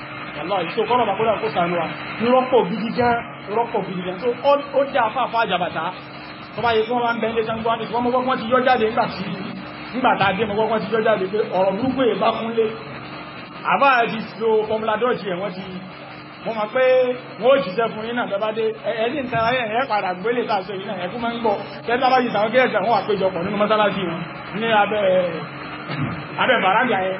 S1: wàláhì so kọ́nà bá kọ́nà kó sànú wa rọ́pọ̀ gidi gan rọ́pọ̀ gidi gan so ó dá afáfá àjàbàtà tó bá yẹ kí wọ́n bá ń bẹ́ ilé sango àti wọ́n mọ́gbọ́n ti yọ jáde nígbà tí nígbà tá a dé mọ́gbọ́n ti yọ jáde pé ọ̀rọ̀ burúkú yẹn bá fún lé àbá ti so formula dodge yẹn wọ́n ti wọ́n mọ̀ pé wọ́n ó jíṣẹ́ fún yín náà tọ́ba dé ẹ̀ẹ́dì ń tara ẹ̀ ẹ̀ padà gbélé tàṣọ yìí náà ẹ̀kú máa ń gbọ́ tẹ́lá bá yìí sàwọn gẹ́ẹ̀sì àwọn àpéjọpọ̀ nínú mọ́sálásí wọn ní abẹ́ abẹ́ bàrágà yẹn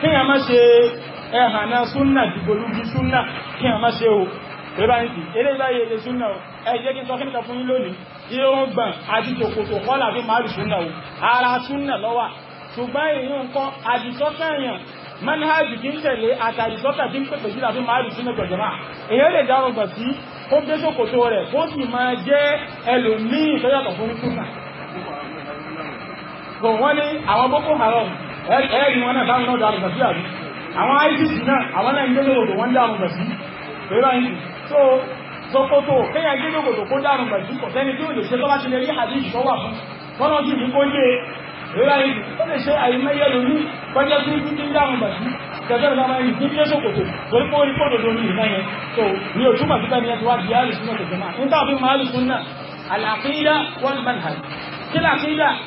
S1: kí a má ṣe ẹ̀hànà súnnà dìgbòlúgi súnnà kí a má ṣe o rẹ̀báyìntì eré ìbáyé ilé súnnà o ẹ̀jẹ́ kí n sọ kí n sọ fún yín lónìí yíó ń gbọ̀n àti tòkòtò kọ́là fi máa rí súnnà o ara súnnà lọ́wà ṣùgbọ́n èyí ń kọ́ àdìsọ́kànyàn manhajì kí ń tẹ̀lé àtàdìsọ́kà tí ń pèpè sí àfi máa rí súnnà pẹ̀jọ́mà èyí lè dárò gbà sí ó gbé sókòtò rẹ̀ ó àwọn boko haram ẹ̀ẹ́rì wọn náà báwọn náà dáàrùn gbàsí àrí àwọn ICC náà àwọn náà ń gbé so sọkótó kẹ́yà gbé lóòdò kó dáàrùn gbàsí kò sẹ́ni tí ó lè ṣe tọ́lá ti lè rí àdéhùn tó wà fún tọ́lá sì ní kó lé pẹ̀lú àyíkù ó lè ṣe àìmẹ́yẹ lórí kọjá sí títí dáàrùn gbàsí kẹfẹ́ bàbá yìí ní ilé sókòtò torí kó rí kódòdó ní ìlànà yẹn so ní o túmọ̀ sí tẹ́lẹ̀ wá di àlùsùn náà tẹ̀jẹ̀ máa ń tàbí máa lùsùn náà àlàkídà wal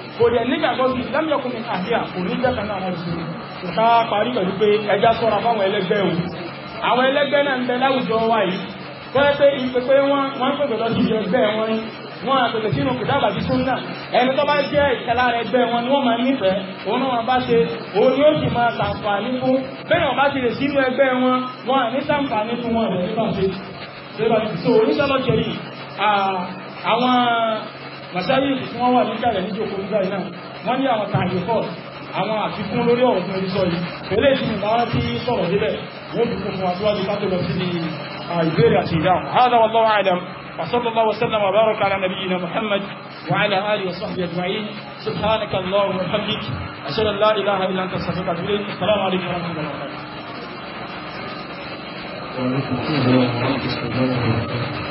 S1: kò dẹ̀ nígbàgbọ́ sí lámìọkùnrin àdíà kò ní jẹ́kàn náà wọ́n sí ìta parí pẹ̀lú pé ẹjá sọ́ra fáwọn ẹlẹ́gbẹ́ o àwọn ẹlẹ́gbẹ́ náà ń bẹ láwùjọ wa yìí tọ́lẹ́ pé ìpẹ́pẹ́ wọn wọ́n pẹ̀lú lọ sí ẹgbẹ́ wọn wọn àpèlè sínú kìtàbà sí súnà ẹni tó bá jẹ́ ìkẹlá rẹ ẹgbẹ́ wọn ni wọ́n máa nífẹ̀ẹ́ òun wọn bá ṣe òun yóò sì máa ṣàǹfààní fún bẹ́ẹ̀ wọn bá ti lè sínú ẹgbẹ́ wọn wọn à ní ṣàǹfààní fún wọn rẹ̀ nípa ṣe. ṣé bá ti so oníṣẹ́ lọ́jọ́ yìí àwọn masáyé tí wọ́n wà níkàlẹ̀ níjòkó nígbà yìí náà wọ́n ní àwọn tàǹdì pọ̀ àwọn àfikún lórí ọ̀rọ̀ fún ẹjọ́ yìí eléyìí tí ìbára tí sọ̀rọ̀ débẹ̀ wọ́n dùn fún wa síwájú ká tó lọ sí ìbéèrè àti ìdáhùn hádà wallahu a'lam وصلى الله وسلم وبارك على نبينا محمد وعلى اله وصحبه اجمعين سبحانك اللهم وبحمدك اشهد ان لا اله الا انت استغفرك واتوب اليك السلام عليكم ورحمه الله وبركاته
S2: وعليكم السلام ورحمه الله وبركاته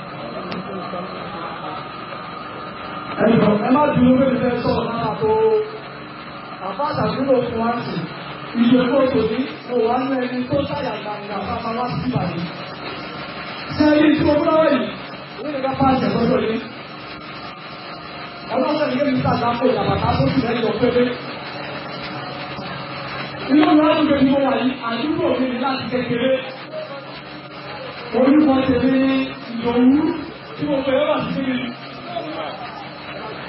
S2: ẹ má dùnú pé ìfẹ́ sọ̀rọ̀ náà tó àfáàsà tí mo fún wa sí iye owó tòní mo wà nínú ẹni tó sáyà gbangba pápá wá sí ìbàdí. ṣé ilé tí mo fúnra wẹ̀yìn owó lè bá pàṣẹ lọ́jọ́ yìí. ọlọ́sẹ̀ ní kébí sáà dáko ìdàbàtà tó sì lẹ́yìn lọ pépé. inú mi wá dùgbẹ́ ni mo wà yìí àdúgbò mi ní láti kékeré. orúkọ tèmi ìyòwú tí mo fẹ́ yọ̀ wá sí mi.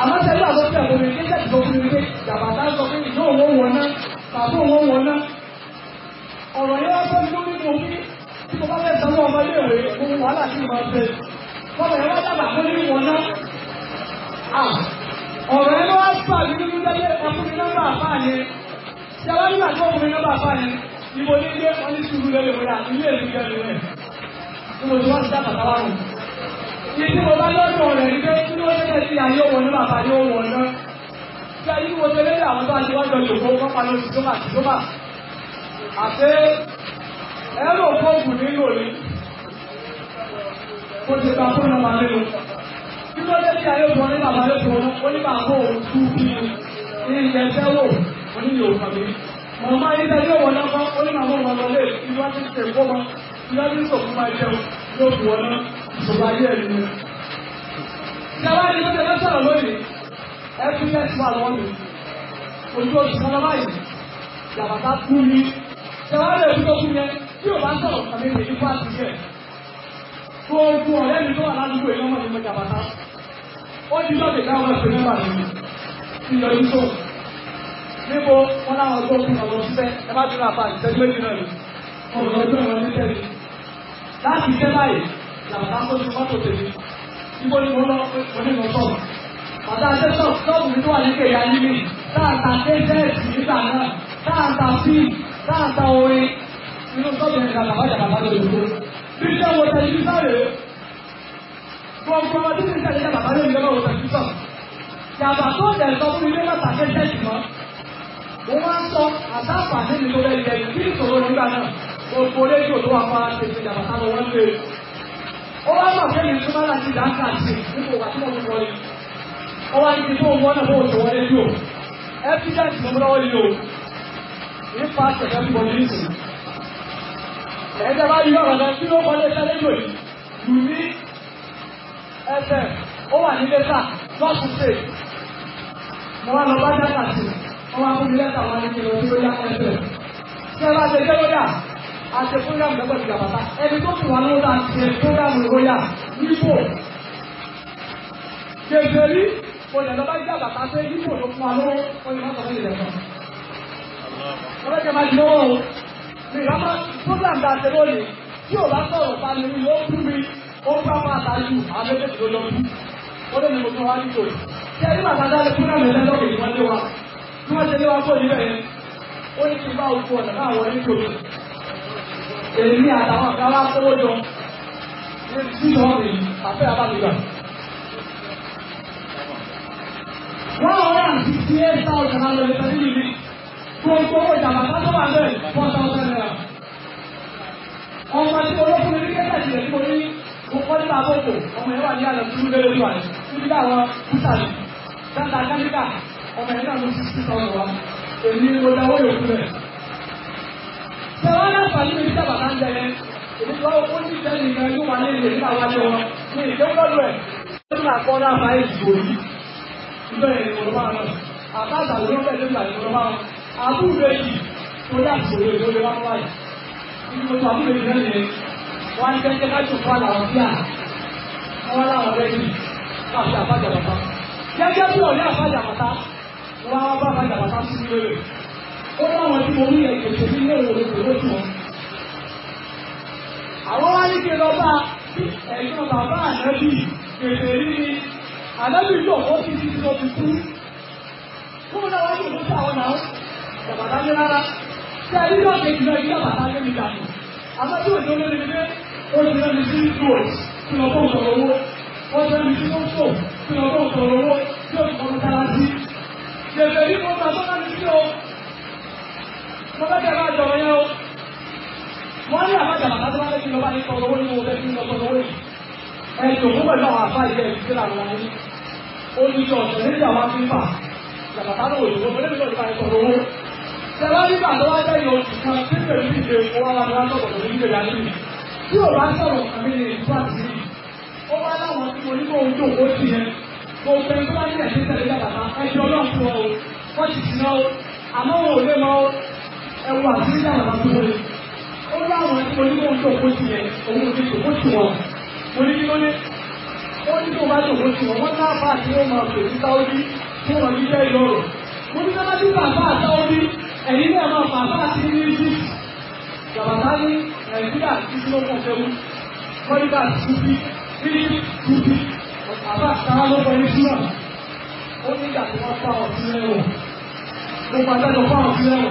S2: àmọ́ sẹ́yìn àlọ́ sí àwọn obìnrin kéjì àti obìnrin pé sọ pé ìjọ òun wọn ná tàbí òun wọn ná ọ̀rọ̀ yẹn wá sọ́ni lórí mi òbí tí mo bá fẹ́ sanwó ọmọ iléèwé gbogbo wàhálà sí ìmọ̀ ọ̀sẹ̀ ọ̀rọ̀ yẹn wá dábàá pé ní wọn ná ọ̀rọ̀ yẹn wá sọ àbí nínú dẹ́lẹ́ ọkùnrin nọ́mbà àfáà tí a wá nígbà tó ọkùnrin nọ́mbà àfáà ìbò ní ilé wọn ṣe tí mo bá lọ́dún ọ̀rẹ́ rí pé tí wọ́n tẹ̀lé sí ayé wọn náà bàbá yóò wọ̀ náà. Ṣé ayé wo tẹ́lẹ̀ ní àwọn tó aṣọ wájọ yòókù kọ́ pa lóṣù tó bà tó bà? Àṣé ẹ̀rọ kọ́ọ̀bù nílò ni mo ti gba fóònù ọmọ mi lò. Tí wọ́n tẹ̀lé sí ayé wọn ní bàbá yóò tó ó ní bàbá òun tú bí ní ilẹ̀ fẹ́wò onílò kàbí. Màmá yìí tẹ̀lé wọn náà kọ́ ó ní màmá wọn lọ lé ìwádìí ṣe fọ́ ṣùgbọ́n ayé ẹ̀ nínú. Ṣẹ̀wá ni lóde ẹ sọ̀rọ̀ lónìí, ẹ fi fẹ́ẹ̀sì wà lọ́wọ́ mi. Ojú oṣù kan lọ́wọ́ yìí, yàbàtà kú mi. Ṣẹ̀wá lè fi tó kú yẹn, tí ò bá sọ̀rọ̀ kàmí lè ní fáàtì yẹn. Gbogbo ọ̀rẹ́ mi tó wà ládùúgbò yìí lọ́mọ ni mo yàbàtà. Ó ti lọ́ọ̀dì káwọn ẹ̀fẹ̀ mẹ́fà mi. Ìyọ̀ yìí tó. Níbo wọn láwọn ọgbọ́n fún ọmọ ṣiṣẹ́, ẹ má dúró àpá ìṣẹ́jú méjì náà ni. Ọ̀rọ̀ ọdún ọ̀rọ̀ ní Láti ṣẹ́ báyìí, làbàtà ń bójú mọ́tò tèmi ibo ni mo lọ onímọ̀ sọ̀rọ̀ bàtà àtẹ́sọ̀ sọ́ọ̀bù mi tó wà lẹ́kẹ̀ẹ́ ìyá yín mi táàtà kẹ́sẹ̀ẹ̀sì nígbà náà táàtà fíìm táàtà orin inú sọ́ọ̀bù yẹn kà bàbá jàbàbá lórí ìlú bí iṣẹ́ wo tẹlifíṣàn rèé gbogbo ọdún tí ìṣẹ̀lẹ̀ bàbá lórí ìlú ọ̀wọ̀ tẹlifíṣàn yàtọ̀ tó ń dẹ̀ sọ fún ilé náà tàkẹ́sẹ̀ẹ̀sì mọ́ mo máa ń sọ àtàkùn àti ìṣòro ẹ̀jẹ̀ kí ìṣòro nígbà náà gbogbo rédíò tó wà fún ara ṣe ṣe jàbàtà lọ wọ́n lé ó wá mọ̀ pé mi tó bá láti dá ká sí nípò wà tí wọ́n ń wọlé ó wá ní tó wọ́n náà bóun tó wọlé ní o evidence ló múlọ́wọ́ ní o ní pàṣẹ fẹ́ fún ọdún nìsín ẹ̀ẹ́dẹ́ bá yọ ọ̀rọ̀ náà kí ló wọlé sẹ́lẹ̀ lónìí lù ní ẹsẹ̀ ó wà ní lẹ́tà lọ́sùn ṣe mo wá lọ bá dákà sí wọ́n wá fún mi lẹ́tà wọn ní kí lọ sí lórí a ṣe fúngáàmù lọ́pọ̀ sí gàbàtà ẹni tó sì wà ní ọ̀dà ṣe fúngáàmù royal nípò kèfèrí olè lọ́ba jẹ́ àbàtà pé nípò ló fún wa lọ́wọ́ olè má sọ fún ilẹ̀ kan. ọ̀rẹ́ kẹ́ máa jẹ́ wọ́n o ní ìlànà fúngáàmù dà ṣe lónìí tí ò bá sọ̀rọ̀ pa ni yóò kú mi ó bá máa dájú àwọn ẹgbẹ́ tó lọ kú ó lè ní mo tún wá nípò ṣé ẹni màtá dá lé fúngáàmù ẹlẹ́dọ́gbẹ̀ ìwọ́n lé wa bí wọ́n ṣe lé wa kó níbẹ̀ yẹn ó ní kí n bá òkú ọ̀nà èmi àtàwọn kan wá kówó jọ níbi ọ̀rẹ́ yìí àfẹ́ abájọba. wọ́n ọ̀rẹ́ àti tí ẹ̀ ta ọ̀sán náà lọ lẹ́sẹ̀ nínú ibi gbogbo owó ìjàmbá bá tó wà bẹ́ẹ̀ fún ọ̀sán ọ̀sán náírà. ọmọ tí mo lọ́kùnrin ní kẹ́kẹ́ ìdílé tí mo ní mo kọ́ nípa àkókò ọmọ yẹn wà ní àlọ́ tó lé lórí wa níbi táwọn bùsàlì dáńtà káníkà ọmọ yẹn náà ló ti sí sọ́ọ̀rọ̀ wa èmi mo dáwọ́ yòókù rẹ̀ tẹ̀wá láǹfààní mi sábà máa ń jẹrẹ èmi tó ó ti jẹ́ nìkan yóò wà nílé nígbà wá jọ ní ìdókòlù ẹ̀ ó ti máa kọ́ láfa èso yìí ìbẹ̀rẹ̀ ìwọ̀nba náà àbáta ló ń bẹ̀ nígbà ìwọ̀nba wọn àbúrò èyí tó yà sòrò èdè olè wá wáyé nínú tó àbúrò èyí náà yẹn wọ́n á jẹ́ jẹ́ kájú fún àlàó bíà wọ́n láwọn rẹ̀ yìí káàkiri àbájá bàtà gẹ́gẹ́ bí ọ̀lẹ́ àbájá bàtà wọ́n á wá bá àbájá bàtà sí ilé rẹ̀ ó láwọn tí mo ní ètò sí ilé ìwòye kò lójú wọn. àwọn wá ní kí lọ́ba ẹ̀gbọ́n bàbá ànábì kèdè rí ni ànábì yóò wọ́n ti di lọ fi kú. fún náà wáyé òun sí àwọn náà bàbá dájú rárá. tí a nílò kejì náà yíyá bàbá dájú mi dànù. àmọ́ tí òjò lórí mi dé ó ti rẹ́ mi sí ìdúró kí lọ́ bọ̀ sọ̀rọ̀ owó. wọ́n ti rẹ́ mi sí tó ń sọ̀ kí lọ́ bọ̀ sọ̀rọ̀ owó tí ó ti kọ́ tọ́lọ́tẹ̀ bá jọ̀rọ̀ yẹn o wọ́n ní àbájá bàtà tó bá fẹ́ kí lọ́ba ní sọ̀rọ̀ owó nínú ọ̀fẹ́ kí ní sọ̀rọ̀ owó yìí ẹ̀yìn òkú pẹ̀lú àwọn àfáà ìjẹ́ ìdílé àwọn ayé ó ní ọ̀sẹ̀ méjì àwọn akínfà làbàtà ló òyìnbó pẹ̀lú ìjọ ìbá ìsọ̀rọ̀ owó tẹ̀lá nígbà tó wá jẹ́ ìyọ̀ oṣù tí pẹ̀lú ìdè owó ẹwọ àtúndà àwọn tó rẹ ó ní àwọn onímọ̀ ń tòkó tiẹ̀ òun ti tòkó tì wọ́n mo ní kí ló dé ó ní tó bá tòkó tì wọ́n wọ́n náà bá àti wọ́n máa pè ní sáwọ́dí tí wọ́n ní bẹ́ẹ̀ lọ́rọ̀ mo ní sábà tí bàbá àtàwọ́dí ẹ̀yìn náà máa bàbá àti ní ìlú jàbàtà ní nàìjíríà tí tí wọ́n kọ́ fẹ́wọ́ kọ́ríkà tupi tírí tupi àbá àtàwọn ló kọ́ ní súnà ó ní ìgbà tí wọ́n fáwọn sílẹ̀ wọ̀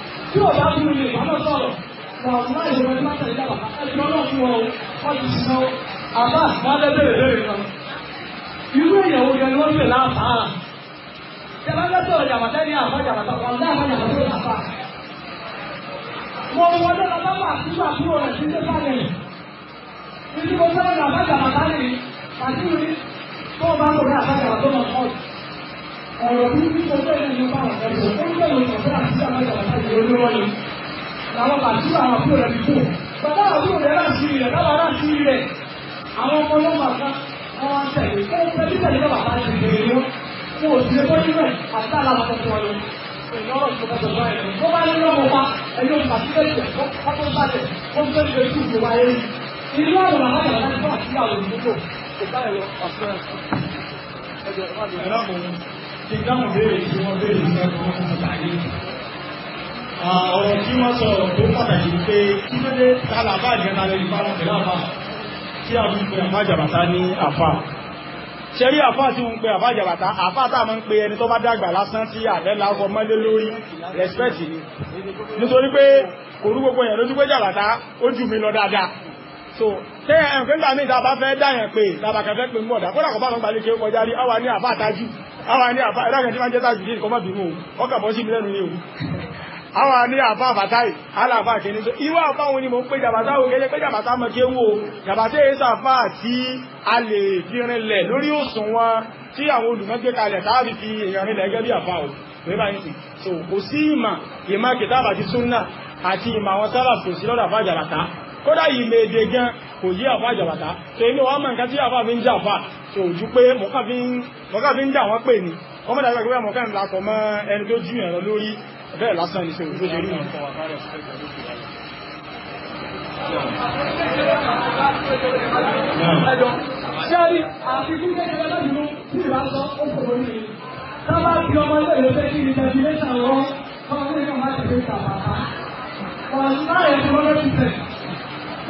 S2: tí ò bá dúró lè bá náà sọ̀rọ̀ làwọn náà ìṣòro ẹni máa tẹ̀lé dàgbà káàkiri ọlọ́run fún wọn o wọ́n ti sinmi o àbá máa bẹ bẹ̀rẹ̀ bẹ̀rẹ̀ kan irú èèyàn wo ni wọ́n fẹ́ láàbà jàmbá bẹ sọ̀rọ̀ jàmbá ní àbá jàmbá tó wọn láàbà jàmbá tó láàbà mo wọ ọdọ lọ́wọ́ bá àtúntò àbúrò rẹ̀ sí sẹ́fà rẹ̀ nítorí mo sọ̀rọ̀ jàmbá jàmbá tá ọ̀rọ̀ tí ní ọjọ́ ìlú ní báwọn ọ̀sẹ̀ tó ń bẹ̀rù ìtọ́jú àti àwọn ìjọba ìlú olówó ni làwọn pàtó àwọn àbúrò rẹ̀ fi kú bàbá àbúrò rẹ̀ láti rí rẹ̀ bàbá láti rí rẹ̀ àwọn ọmọ yóò máa ká wọn tẹ̀lé ó tẹ́lí tẹ̀lé bàbá bá ti bèrè wọn kó ti lè bọ́ níbẹ̀ ẹ̀ àti bẹ́ẹ̀ tẹ̀ kọ́ kọ́ bá tẹ̀ kó ń bẹ́ẹ̀ bá àti àwọn ìdókòwò kò bá ẹ̀ lọ àfẹ́ ti dáhùn béèrè tí wọ́n béèrè ní ọdún wọn láyé.
S1: ọ̀rọ̀ tí wọ́n ẹni tó bá dàgbà lásán tí àbẹ́ láwọ mọ́lé lórí respect ni. nítorí pé kò rú gbogbo yẹn lójú pé jàbàtà ó jù mí lọ dáadáa so ṣé ẹ̀ǹkẹ́ gbà mí ìdábá fẹ́ dáyàn pé ìdábàkẹ́ fẹ́ pé mọ̀dá kọ́lá kọ́ bá wọn balẹ̀ kí ó kọjá rí àwa ní àbá àtajú àwa ní àbá ìdákẹ́ tí wọ́n jẹ́ tájú sí ìkọ́mọ́ bínú ọkà bọ́ sí ìbílẹ̀nu ní ewu àwa ní àbá àbátáì aláàbá kìíní so irú àbá wọn ni mo ń pè jàbátá wo gẹ́gẹ́ pé jàbátá mọ kí wo jàbátá èyí sàfà tí a lè fi rinlẹ̀ lórí òsùn wọn tí àwọn olùmọ́gbé kalẹ̀ táàbì fi èèyàn rinlẹ̀ gẹ́gẹ́ bí àbá o wíwá ní sí so kò sí ìmà ìmà kìtàbà ti súnà àti ìmà àwọn sálà kò sí lọ́dà fàjàràtà kódà yìí lè dé gan kò yí àfa àjàbàtà tó inú wa máa nǹkan tí àfa fi ń jà fà tó ojú pé mọ̀ká fi ń jà wọ́n pè ní wọ́n mọ̀dà pé mọ̀ká ń lakọ̀ mọ́ ẹni tó jú ìrànlọ́ lórí bẹ́ẹ̀ lásán ní sèwòjú ṣe rí wọn.
S2: sẹ́ẹ̀rì àti kí kékeré láti mú sí ìbáṣọ ó kòkòrò nìyí ká bá ti ọmọ ilé ìlú pé kí ni tẹ̀sílẹ̀ ṣàwọ́ fún ọdún ìgbà máa tẹ̀sílẹ̀ ṣàbàbà. wọ́n láyé tí wọ́n lọ́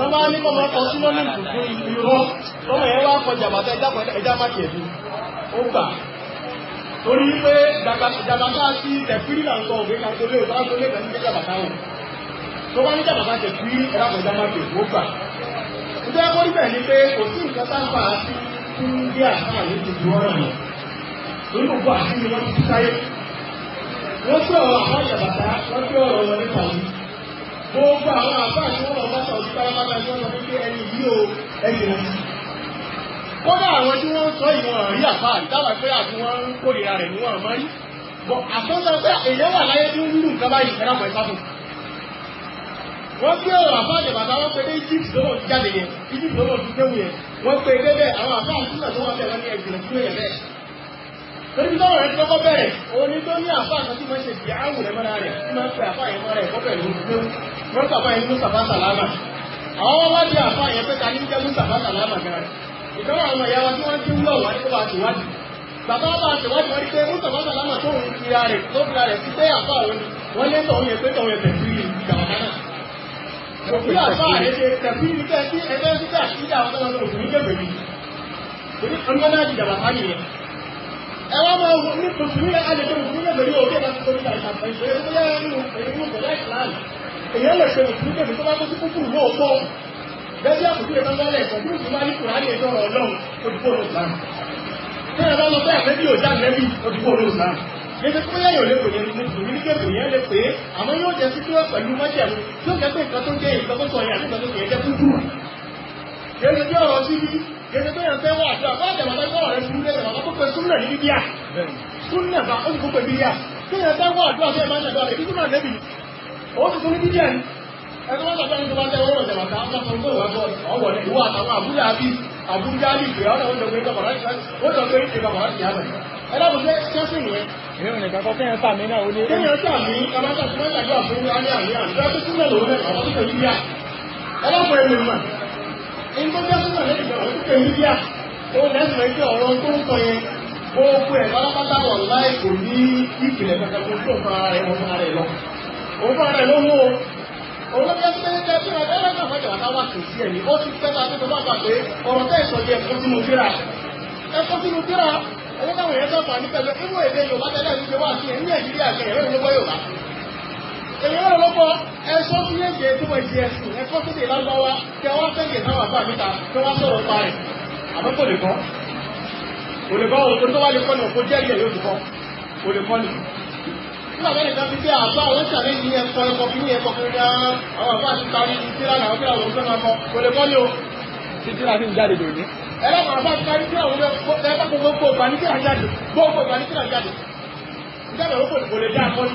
S2: tọ́mọ́ ní kọ́mọ́ kọ sínú ní ìdùdú irọ́ tọ́mọ̀ yẹn wá kọjá bàtà ìdápọ̀ ẹja máàkì ẹ̀dú ó gbà torí wípé jàbàtà sí tẹ̀fírí là ń sọ òwe kan tó lé òtá tó lé pẹ̀lú jàbàtà wò tó bá ní jàbàtà tẹ̀fírí ẹ̀dàpọ̀ ẹja máàkì ẹ̀dú ó gbà ìjọ ẹ̀kọ́ níbẹ̀ ni pé kò sí nǹkan sáfà sí fún bí àtàwọn yìí ti ju ọ̀rọ̀ yẹn lórí àwọn àbáà ni wọ́n lọ bá sọ̀rọ̀ sípa lápáta tí wọ́n lọ pé ẹni yìí o ẹni o. kódà àwọn tí wọ́n sọ ìwọ̀n rí àbá ìdábà pé àti wọ́n ń kórìíra rẹ̀ ni wọ́n máa rí. bọ̀ àtọ́sọ pé èèyàn wà láyé tí ń rírù nǹkan báyìí ìfẹ́ lápò ìfàkù. wọ́n gbé ọ̀rọ̀ àbá àjẹbàtà wọ́n pe dé egypt lọ́wọ́ ti jáde yẹn egypt lọ́wọ́ ti déwù yẹn wọ́n pe débẹ̀ àwọn àbá àtúntà tó wà bẹ́ẹ̀ wọ́n ní ẹ̀jẹ̀
S1: torí tọ́rọ̀ rẹ̀ tí kọ́kọ́ bẹ̀rẹ̀
S2: òun ni tó ní àfáà kan tí wọ́n ṣe sí àwù rẹ̀ mọ́ra rẹ̀ tí máa ń pè àfáà yẹn mọ́ra ẹ̀kọ́ pẹ̀lú olùgbéwù wọ́n sàfáà yẹn ní mùsàfá sàlámà àwọn wọn wá di àfáà yẹn pé ta ní jẹ́ mùsàfá sàlámà gan rẹ̀ ìtọ́rọ̀ àwọn ìyá wa tí wọ́n ti ń lọ wà nípa àṣewádìí bàbá bá àṣewádìí wọ́n rí pé mùsàfá sàlámà tó ń fi ra rẹ̀ tó fi ra rẹ̀ sí pé àfáà òun wọ́n lé tọ̀hún yẹn pé tọ̀hún yẹn tẹ̀sí ìgbàwọ̀n
S1: Òbí àfáà rẹ̀ ṣe
S2: tẹ̀sí ní tẹ̀sí ẹgbẹ́ síta sí ìdá àwọn ọmọ òṣèlú jẹ̀bẹ̀rẹ̀. Oníkanáà ti dàgbà sáyé yẹn ẹ wá máa wọ ní mùsùlùmí náà alẹ́ tó mùsùlùmí náà lórí òkè láti torí ta ìtàkùn ìṣòro tó yá nínú ìlú bọ̀dá ìsìláàmù èèyàn lè ṣe mùsùlùmí kébì tó bá tó sí kúkúrú náà pọ̀ gẹ́gẹ́ bí àkùkù yẹn tán lọ́lẹ̀ ìṣẹ́jú mùsùlùmí máa ní kùránì ẹjọ́ ọlọ́run odùgbò ló sàn. tí ẹ bá lọ pé àfẹ́bí òjá nẹ́bí odùgbò ló sàn. gẹ́gẹ́ tó yẹ yòó lè pè ní mùsùlùmí ní kébì yẹn lè pè é àmọ́ yóò jẹ́ sí kíwọ́ pẹ̀lú májẹ̀mú yóò jẹ́ pé nǹkan tó jẹ́ nǹkan tó sọ yẹn àti nǹkan tó kéde ní bíbíà súnlẹ̀ bá ó ti ẹni tó bá tẹ ọwọ́ àjàmàtà ó sọ pé ìwà bọ́ọ̀lù ọwọ́ rẹ̀ ìwà àtàwọn àbúrò àbí àbújá ní ìgbéyà ó jọ pé ìjọba láti ó jọ pé ìjọba láti yá àmì àmì ní tó jẹ́ súnà lẹ́yìn ọ̀rọ̀ tó tẹ̀ mídíà ó lẹ́sùn ẹgbẹ́ ọ̀rọ̀ tó ń sọ yẹn gbogbo ẹ̀ pátápátá wọ̀ láì kò ní ìpìlẹ̀ kankan tó tó fún ara rẹ̀ wọ́n fún ara rẹ̀ lọ. òun fún ara rẹ̀ ló mú o òun ló fẹ́ pé ẹ fún ẹgbẹ́ ẹgbẹ́ àfọ̀jà wà táwa kì í sí ẹ̀mí ó ti fẹ́ ta tó bá gbà pé ọ̀rọ̀ tẹ́ ìsọ yẹ ẹ̀kọ́ sínú bíra ẹ̀kọ́ sínú bíra ẹ̀kọ́ táwọn èèyàn sọ̀tàn ní pẹ̀lú ìwé èdè Yorùbá tẹ́lẹ̀ ní Yorùbá sí ẹ̀ ní Nàìjíríà kẹ̀rẹ́ ìwé Yorùbá èyí náà lọ́pọ̀ ẹ̀ṣọ́ sí èdè tó wọ̀ ìdí ẹ̀sìn ẹ̀kọ́ tó dé lágbáwá kí wọ́n fẹ́ǹkì táwọn àbá níta kí wọ́n sọ̀rọ̀ pa rẹ̀ àmọ́ kò lè kọ́ olùkọ́ òkú tó wá lè kọ́ ni òkú jẹ́ ìyẹ̀ yóò ti kọ́ olùkọ́ ni. nígbà bẹ́ẹ̀ nìkan fi dé àbá àwọn ìṣàlẹ̀ yìí ẹ̀kọ́ ẹ̀kọ́ fi ní ẹ̀kọ́ fún yá àwọn àbá ti parí títíra náà kí àwọn ọ̀gbọ́n máa kọ́ olùkọ́ ni o títíra ti ń jáde lónìí. ẹlẹ́kọ̀ọ́ àbá ti parí títíra òun ẹ̀kọ́ gbogbo ìgbà ní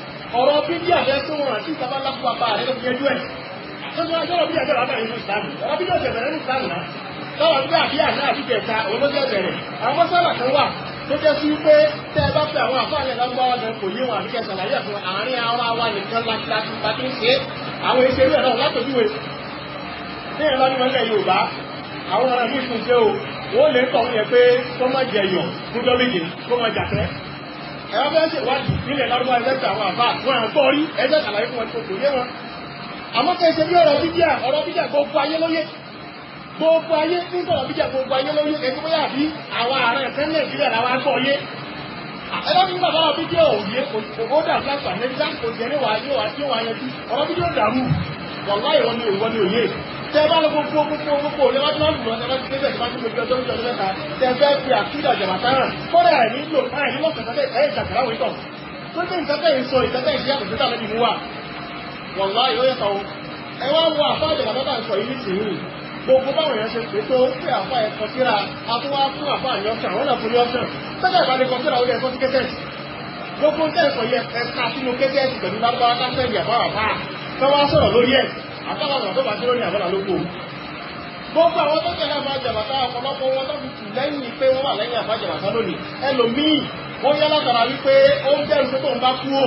S2: ọ̀rọ̀ bíbí àfẹ́sùn wọn àti ìjọba lápò apá rẹ̀ ló fi yẹjú ẹ̀. Tọ́jú ọjọ́ bí ẹ̀jẹ̀ lábẹ́ ìlú ìsìlámù. Ọ̀rọ̀ bẹ̀rẹ̀ náà. àná àti ìjẹta bẹ̀rẹ̀. Àwọn mọ́sálà kan wà tó jẹ́ sí pé tẹ́ ẹ bá fẹ́ àwọn àfáàlẹ̀ kò yé wọn àárín nìkan láti bá ń ṣe àwọn náà ẹ̀rọ bẹ́ẹ̀ ṣe ìwádìí nílẹ̀ lárúbá ẹ̀dẹ́gbẹ̀ àwọn àbá wọn à ń gbọ́ rí ẹ̀dẹ́ àlàyé fún wọn tó kò yé wọn. àmọ́ kẹ́ ẹ ṣe bí ọ̀rọ̀ bíjà ọ̀rọ̀ bíjà gbogbo ayé lóye gbogbo ayé ní sọ̀rọ̀ bíjà gbogbo ayé lóye ẹ̀kọ́ bóyá àbí àwọn ààrẹ ẹ̀fẹ́ nàìjíríà làwọn àgbọ̀ yé. ẹ̀rọ bí bàbá ọ̀rọ̀ bíjà òye òkò dàbí àgbà nẹ́gbẹ́ òjẹ́ níwájú ọ̀rọ̀ bíjà òdàrú wọ̀láyọ̀ tẹ bá lọ gbogbo gbogbo gbogbo lẹ bá tún wọn lùlọ tẹ bá tún débẹ tẹ bá tún lójú ọjọ́ méjì ọjọ́ mẹ́ta fi àkúdà jàmbá sára kọdà ẹ nílò ẹ nílò kàtàkẹ ẹ ìjàkàrà wọ ìtàn tó tẹ ìtàkẹ ìsọ ìtàkẹ ìṣẹ àkùtù tàbí ìmú wa wọlá yóò yẹ kàn ẹ wá wọ àfa àjàmbá tó bá sọ yìí nísìnyí gbogbo báwọn èèyàn ṣe pé tó pé àfa ẹ kọsíra àtúwá fún àfa àyọkàn wọn náà fún yọkàn tẹjá ìbálẹ kọsíra ó yẹ kọsí kẹsẹsì gbogbo tẹsán yẹ ẹ sínú kẹsẹsì pẹ̀lú lágbára káfíńdì àbáwá fáà tọwọ sọ̀rọ̀ lórí ẹ àbálàgbà tó bá sí lónìí àbálà lóko gbogbo àwọn tó tẹ̀lé àfàjàbàtà ọ̀pọ̀lọpọ̀ wọn tó fi tù lẹ́yìn pé wọ́n wà lẹ́yìn àfàjàbàtà lónìí ẹlòmíì wọ́n yá látara wípé ó ń bẹ̀rù pé tóun bá kú ò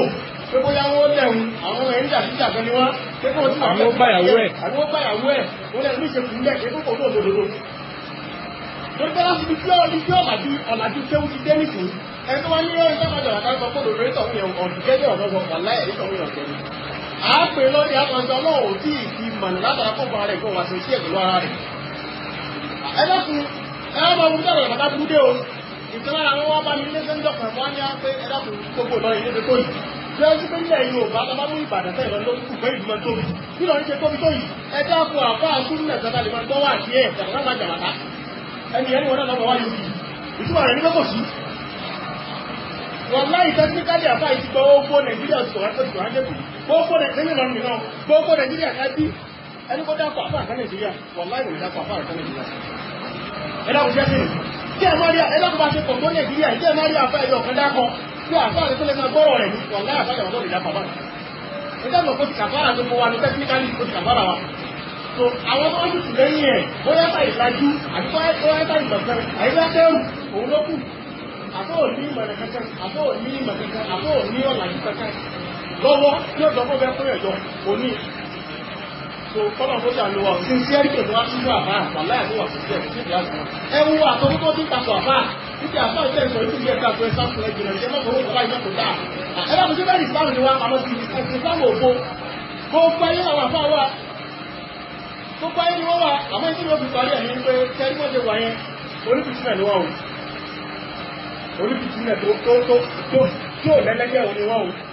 S2: pé bóyá wọ́n lẹ̀hún àwọn ẹ̀rí jàdíjàdé ni wọ́n pé kó tí wọ́n báyàwó ẹ̀ àwọn báyàwó ẹ̀ wọ́n lẹ̀ ní ìṣèkùn lẹ̀ pé kókò tó òdòdó. torí pé láti fi fíọ́ ní fíọ́ ọ̀làjú ọ̀làjú tẹ́wọ́ ti dé nìkú ẹni tó wá ní ẹ̀rí sábàjọ́ àtàkùn kó lòdò á pè lọ́dẹ náà ò tí ì fi mọ̀nà látara kó fara rẹ̀ kó wà sí ara rẹ̀. ẹ dákun ẹ wá máa wú o ìtura àwọn wá bá mi ilé sẹ́ńdọ̀ kan wá ní á ẹ dákun gbogbo lọ tó yìí pé nílẹ̀ mú Ìbàdàn sẹ́yìn lọ lórí ṣe tóbi gbogbo nàìjíríà lọ́nà mìíràn gbogbo nàìjíríà ká bí ẹni kó dákọ̀ àfáà kan nàìjíríà wọ́n láì wòlé dákọ̀ àfáà kan nàìjíríà ẹ̀dá kò jẹ́ sínú kí ẹ̀ mọ́rí ẹ̀dá kò bá ṣe pọ̀ tó nàìjíríà ìjẹ́ mọ́rí àfáà ẹ̀yọ̀ kan dákọ̀ tí àfáà rẹ̀ tó lè máa gbọ́rọ̀ rẹ̀ ní wọ́n láì àfáà ẹ̀wọ̀n tó lè dákọ̀ àfáà ẹ̀dá kò kó ti kàfáà tó kó wa ní tẹ́kíníkálì kó ti kàfáà wa so àwọn ọmọ ọdún lẹ́yìn ẹ̀ bóyá bá ìlàjú àti bóyá bá ìmọ̀kan àyíká tẹ́rù òun ló kù àbọ̀ òní ìmọ̀ àbọ̀ òní ìmọ̀ àbọ̀ òní ọ̀làjú kankan lọ́wọ́ tí ó fún ọgbẹ́ fún ẹ̀jọ́ òní so kọ́nà tó ṣàlù wà sí sí ẹ̀rí pẹ̀lú aṣíjú àbá àpàlá ẹ̀mú wà sí sí ẹ̀rí síbi àṣà ẹ wo àtọwọ́ tó àbá títí àbá ìṣe ìṣòro ìṣòro ìṣòro àti ẹ̀sán fún ẹ̀jìnà ìṣe mọ́tò owó ìṣòro ìṣòro dáa ẹ bá mi ṣe bẹ́ẹ̀ ìsáàmù ni wá àmọ́ sí ẹ̀sìn ìsáàmù òfo ni wọ́n wà àmọ́ ìṣe ìṣòro ìṣòro ayé ẹ̀yìn pé kẹ́rí wọ́n ṣe wà yẹn onífìtìmẹ̀ ni wọ́n o onífìtìmẹ̀ tó tó tó tó lẹ́lẹ́gbẹ̀ẹ́ òní wọ́n o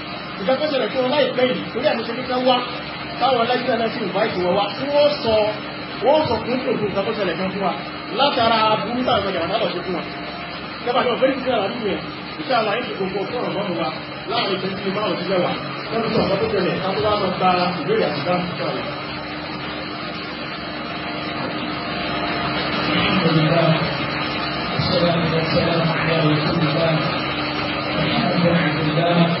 S2: ìgbà tí wọ́n láìpẹ́ yìí torí àmúṣe kíkẹ́ wá táwọn aláìsí náà sì ń bá tí wọ́n sọ wọ́n sọ fún ìṣòro ìgbà kan fún wa látara burú táwọn ọjà wọn lọ́ọ̀ṣẹ́ fún wa. Ìjọba náà fẹ́ẹ́ kíkẹ́ àlàyé yẹn ìṣe àlàyé ṣe gbogbo fún ọ̀rọ̀ wa láàrin ìṣẹ́ márùn sí mẹ́wàá lọ́dún tó ọ̀sán tó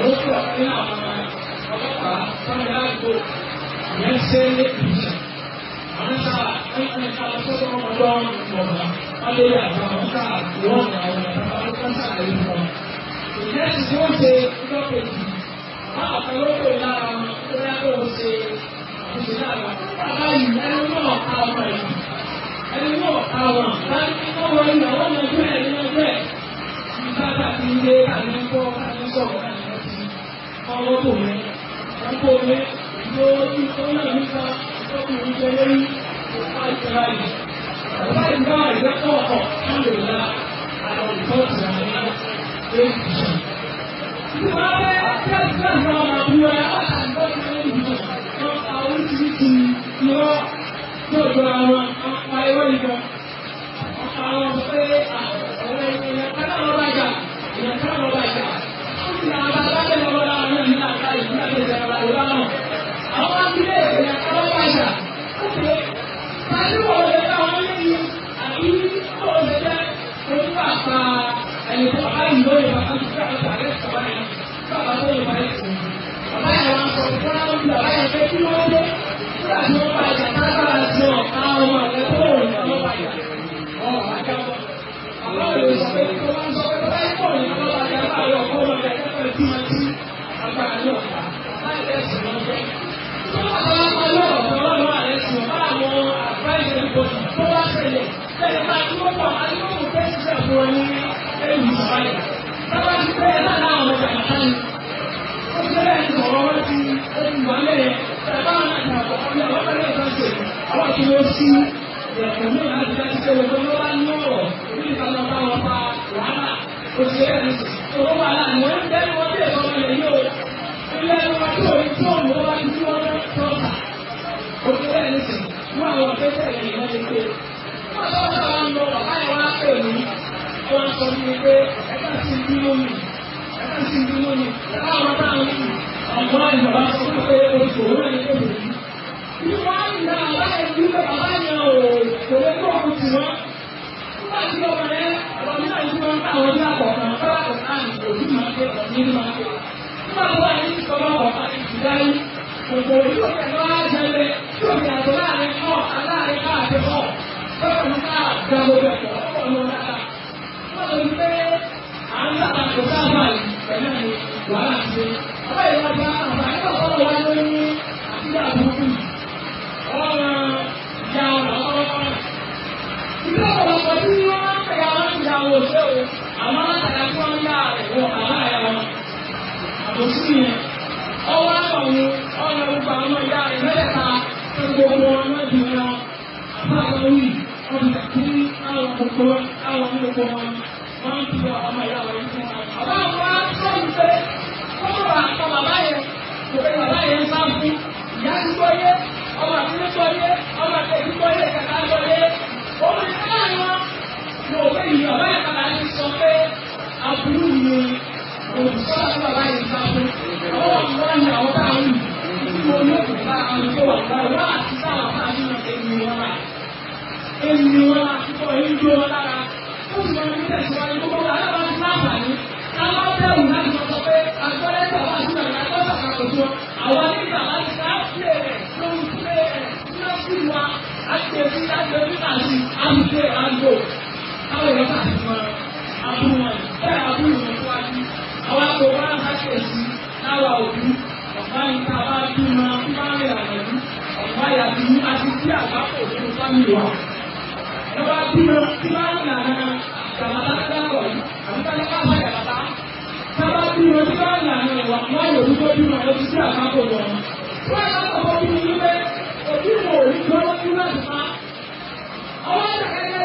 S2: lọ́sọ̀ ní àwọn ọlọ́pàá sábà tó yẹn ṣe lé ìjà àwọn sáà ẹ̀ka sáà sọ́dọ̀ ọmọdé ọ̀nà wálé àgbà wọn sáà wọ́n ní àwọn ọ̀nà wọn sáà lè mọ̀. ìyẹn ti tí wọ́n ṣe lọ́kẹ̀jì máa fẹ́ lọ́kẹ̀ lára wọn tó yá tó ń ṣe àkóso lára bàbá yìí ẹni náà ká wọn yìí ẹni náà ká wọn láti kọ́ wọn ìyàwó ọ̀nà bẹ́ẹ̀ ní ọjọ́ ẹ̀ ní bàbá ti ń lé àlẹ́ ń bọ́ àlẹ́ sọ̀rọ̀ ọwọ́ tó ló ti tó náà nípa ọkùnrin jẹ lórí ọ̀pá ìṣẹ̀lá yìí ọ̀pá ìgbà ìrẹ́pọ̀ ọ̀pọ̀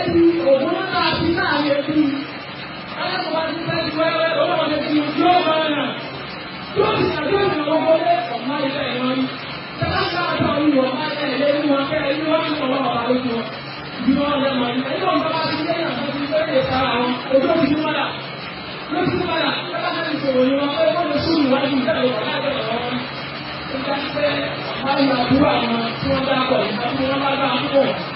S2: òun náà ti náà lè fi ẹlẹ́kọ̀ọ́ bá ti fẹ́ ti wẹ́wẹ́ olóòwò lè fi yóò máa nà yóò ti ṣàdúrà ìrìn owó lé ọ̀má ilé ìran yìí tẹ́lá sáájú àwọn ìwọ̀n bá tẹ̀ lé ní wọn kẹ́ ẹni wọ́n ti sọ̀rọ̀ bàbá lójú wọn bí wọ́n lẹ́ mọ̀ ní ẹni wọn bá ti lé àti ìfẹ́ lè sára wọn ojú ti ti padà ló ti padà tẹ́lá sáájú ìṣòro ni wọn pé wọ́n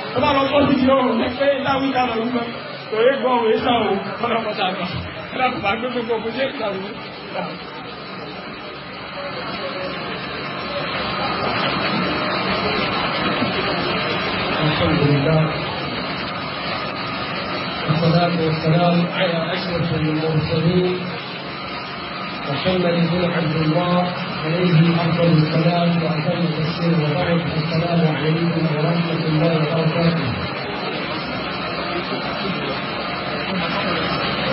S2: ọba lọ sọ sí ìjọ òun pé táwọn ìjà lọ lùgbọ́n kò yé gbọ́ òun èsà òun ọ̀nà ọ̀pọ̀ta àgbà ẹ̀rọ kò bá gbogbo òkú sí ìjà òun. الحمد لله والصلاة والسلام على أشرف المرسلين محمد بن عبد الله عليه افضل السلام واحسن التفسير وبعد السلام عليكم ورحمه الله وبركاته.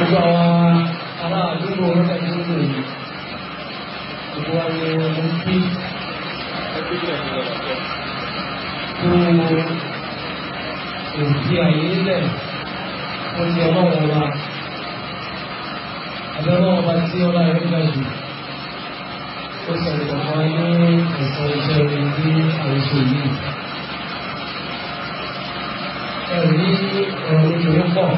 S2: gbogbo àwọn ará àdúgbò rẹ̀ ní ìlú yìí gbogbo àwọn ọmọ bí kú òbí àyè lẹ̀ ó ti ọlọ́wọ́ wa àbẹ̀rún ọba tí ọlá rẹ̀ gbà jù ó sọ̀rọ̀ ìjọba ní ẹ̀sọ́ iṣẹ́ rẹ̀ ní àwùjọ yìí. ẹ̀rí ọ̀rọ̀ ìjọba pọ̀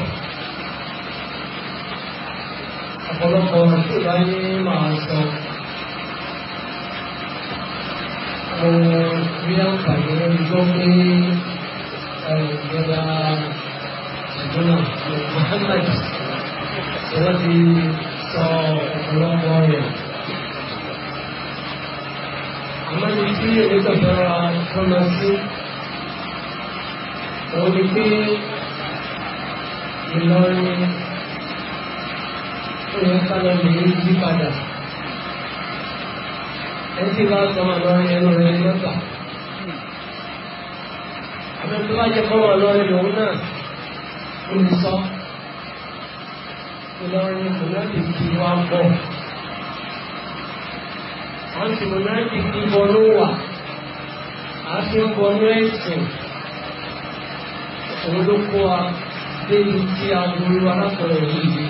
S2: ọ̀pọ̀lọpọ̀ tí ìbá ní máa sọ ohun bí àǹfààní lórí gbọ́ pé ìjọba ìjọba Muhammad wọ́n ti sọ ọ̀pọ̀lọpọ̀ rẹ̀. àmọ́ ní tí èmi kọ̀ọ̀kan ra fún lọ sí òun ni pé Ìlọrin ó yẹ ká lọ lè yí padà. ẹ ti bá sọmọ lọrin ẹnu rẹ lọ́gbà. àmọ́ tó bá Ìlọrin mùnádìkì wa ń bọ̀. Wọ́n ti mùnádìkì bọ́lú wà. A fi ń bọ́lú ẹ̀sìn. Òun ló kó wa débi tí a borí arákùnrin yìí.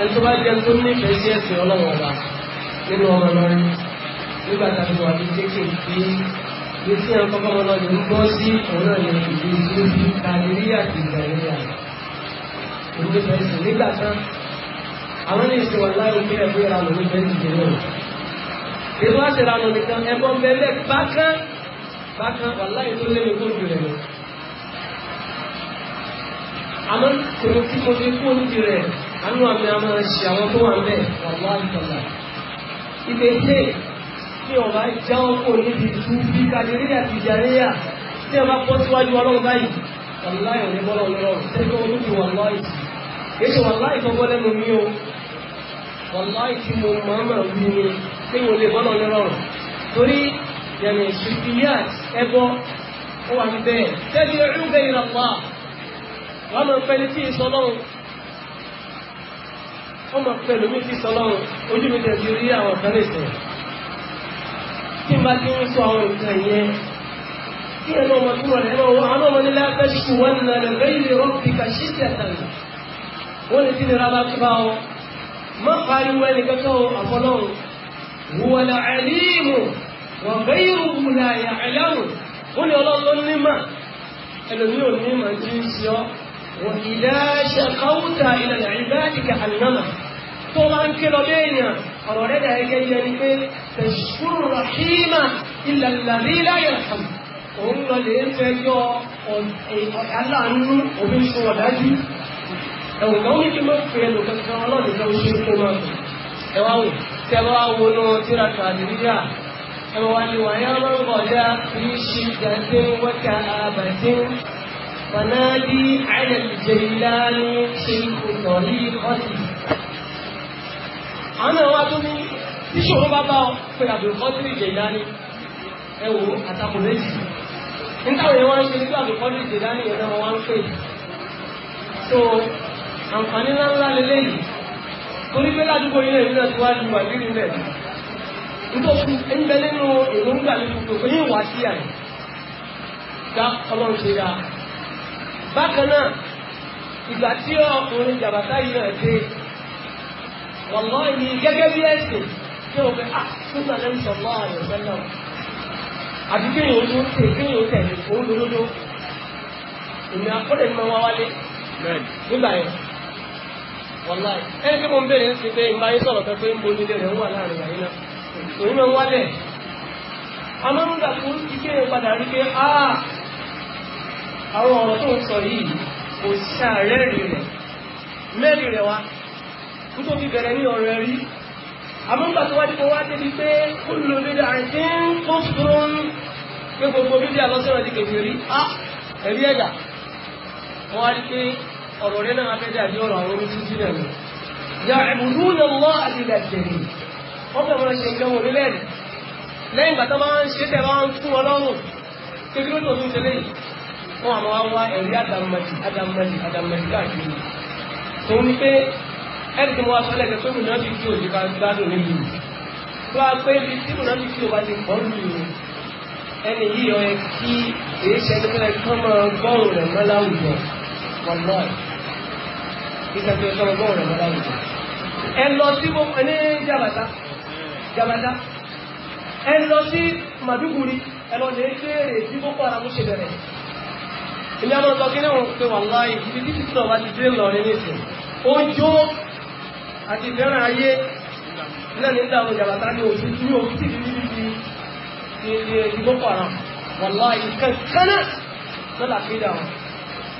S2: Ẹni tó bá jẹ́ tó nífẹ̀ẹ́ sí ẹ̀sìn ọlọ́wọ́ ọba nínú ọmọ Ìlọrin nígbà tá a fi wà ní kéékèèké bí tí ẹ̀kọ́ bá wọn lọ lè ń bọ́ sí ọ̀rọ̀ yẹn ìdí ìdí ìdí kàdíríyà ìgbàlẹ́yà ìwé bẹ́ẹ̀sì nígbà kan àwọn ní ìṣòwò láì kí ẹ̀ bóyá àwọn ìwé bẹ́ẹ̀sì jẹ́ lọ́wọ́. ètò àṣìlànà nìkan ẹ̀gbọ́n bẹ́ẹ̀ bákan bákan wà láì tó lé mi kó jù rẹ̀ lọ. àmọ́ kòrò tí mo fi kú oníjì rẹ̀ àánú àmì àmọ́ ṣe àwọn tó wà mẹ́ wàhálà ìtọ́lá. ìgbé ṣe tí ọba jáwọ́ kò níbi tú bí kàdéríyà tìjàríyà tí ọba pọ́ síwájú ọlọ́run báyìí wàláì òní bọ́lọ̀ ní ọ̀rùn tẹ́jọ́ olúbi wàláì tí èsì wàláì tó bọ́ lẹ́nu mi o wàláì tí mo máa ń ràn bí mi pé mo lè bọ́lọ̀ ní ọ̀rùn torí yẹ̀mí ṣùgbìyàt ẹbọ ó wà níbẹ̀ tẹ́bi ẹ̀rúgbẹ́ ìrànwá wọ́n máa pẹ́ ní tí ì wọ́n máa pẹ́ lómi tí ì ojú mi tẹ̀ sí orí àwọn kan lè sọ kí ẹ máa ma túmọ̀ rẹ̀ máa wọ́n àwọn ọmọ nílá fẹ́ ṣù wọ́n nà lè rẹ́ ilé rọ́pì kà ṣí sí ẹ̀sán wọ́n lè ti nira bá tó bá wọn má pariwo ẹni kankan àfọlọ́run wọ̀lá ẹ̀límù wọ̀n gẹ́yìrù wùlà ẹ̀lẹ́rù wọ́n ní ọlọ́run ní mà ẹlòmí ò ní mà ti ń ṣe ọ́ wọ̀n ìdá ṣe káwùtà ìlànà ìbáàdìkà àlùmọ́mà tó bá ń ké lọ léèyàn ọ̀rọ̀ rẹ̀ dà gẹ́gẹ́ bí ẹni pé tẹ̀sùrù rahima ìlànà líláyà kàmù òun lọ lè fẹjọ́ aláàánú òfin sun ọ̀dájú ẹ̀wọ̀n kan ní kí n bá fi ẹnu kankan ọlọ́run kan ṣe kó máa bọ̀ ẹ wá wò tẹ bá wo náà tíra kàdíríà ẹ wá ní wàyà máa ń kọjá kì í ṣe gàdé wọ́tà àbàdé fanadi àìlẹ̀lẹ̀jẹ̀láni ṣe ìkùtọ̀ ní ọ̀sì. àwọn náà wá tíṣòro bá bá ọ pé àbẹ̀kọ́ sí ìjẹ̀láni ẹwò àtakò méjì nítawọ̀ yẹn wọ́n ń ṣe nígbà tó kọ́ lóde dání ẹ̀rọ wọn wá ń pè so àǹfààní ńláńlá lélẹ́yìí torí pé ládùúgbò ilé ìlú náà ti wá lu àbírí rẹ̀ nítorí ẹgbẹ́ nínú èròǹgbà nínú gbogbo yìí wá sí àyè gá ọlọ́run ṣe dáa bákan náà ìgbà tí ọkùnrin jàbátá yìí náà dé wọ́n lọ́ ìní gẹ́gẹ́ bí ẹ̀sìn tí ó fẹ́ àtúntà lẹ́nu sọ̀rọ̀ àyẹ̀fẹ́ náà àbí kéèyàn ó tún ṣe kéèyàn ó tẹ̀lé òun lódodo èmi akọ́dẹ̀ ni mo wá wálé nígbà yẹn wàláì ẹni tí mo ń bèrè ń sin pé ìgbà yín sọ̀rọ̀ kan pé ń bo nílé rẹ̀ ń wà láàrin ìgbà yín náà òun náà ń wálé amọ́nùdà tó ń ti kéèyàn padà rí pé á àwọn ọ̀rọ̀ tó ń sọ yìí kò ṣàárẹ̀ rẹ̀ mẹ́rin rẹ̀ wá kó tó fi bẹ̀rẹ̀ ní ọ̀rọ̀ rí àmọ́gbà tó wá dípò wá débi pé kúlù bídà àìsí ń kó fún pé gbogbo bídà lọ́sọ̀rọ̀ di kejì rí á ẹ̀rí ẹ̀dà wọ́n á rí pé ọ̀rọ̀ rẹ̀ náà fẹ́ dàbí ọ̀rọ̀ àwọn orí títí náà ni. ya ìbùdó ní ọmọ àti ìdàjẹ̀rì wọ́n fẹ́ mọ́ra ṣe nǹkan wò nílẹ̀ rẹ̀ lẹ́yìn ìgbà tó máa ń ṣe tẹ̀ máa ń fún wọn lọ́rùn kékeré tó tún tẹ́lẹ̀ yìí wọ́n àmọ́ wá wá ẹ̀rí àdàmọ̀dì àdàmọ̀dì àdàmọ̀dì káàkiri tòun ni pé ẹni tí mo wá sọ lẹ́gbẹ̀ẹ́ pé mùnà ti kí òjì bá gbádùn nílùú tó a pé ibi tí mùnà ti kí òjì bá ti pọ̀ nílùú ẹni yìí ọ yẹ kí èyí ṣe ẹni pẹ́lẹ́ kán máa gbọ́rùn rẹ̀ mọ́ láwùjọ ọ̀nà ìṣẹ́ tó yẹ kán máa gbọ́rùn rẹ̀ mọ́ láwùjọ. ẹ lọ sí ní jabata jabata ẹ lọ sí Maduguri ẹ lọ lè béèrè bí boko haram ṣe bẹ̀rẹ̀ ìyá ọmọ ọ̀tọ̀ kí ni wọn pe wàhálà ìdílé títí náà wá ti dé lọ rí nísìnyí ojú àti ìfẹ́ràn ayé náà ní dáwọn jàbàtà ní oṣù tí ó ti rí rí rí ilé ìgbó pàrà wọ̀lá ìkẹ́kẹ́nà náà làkídà wọn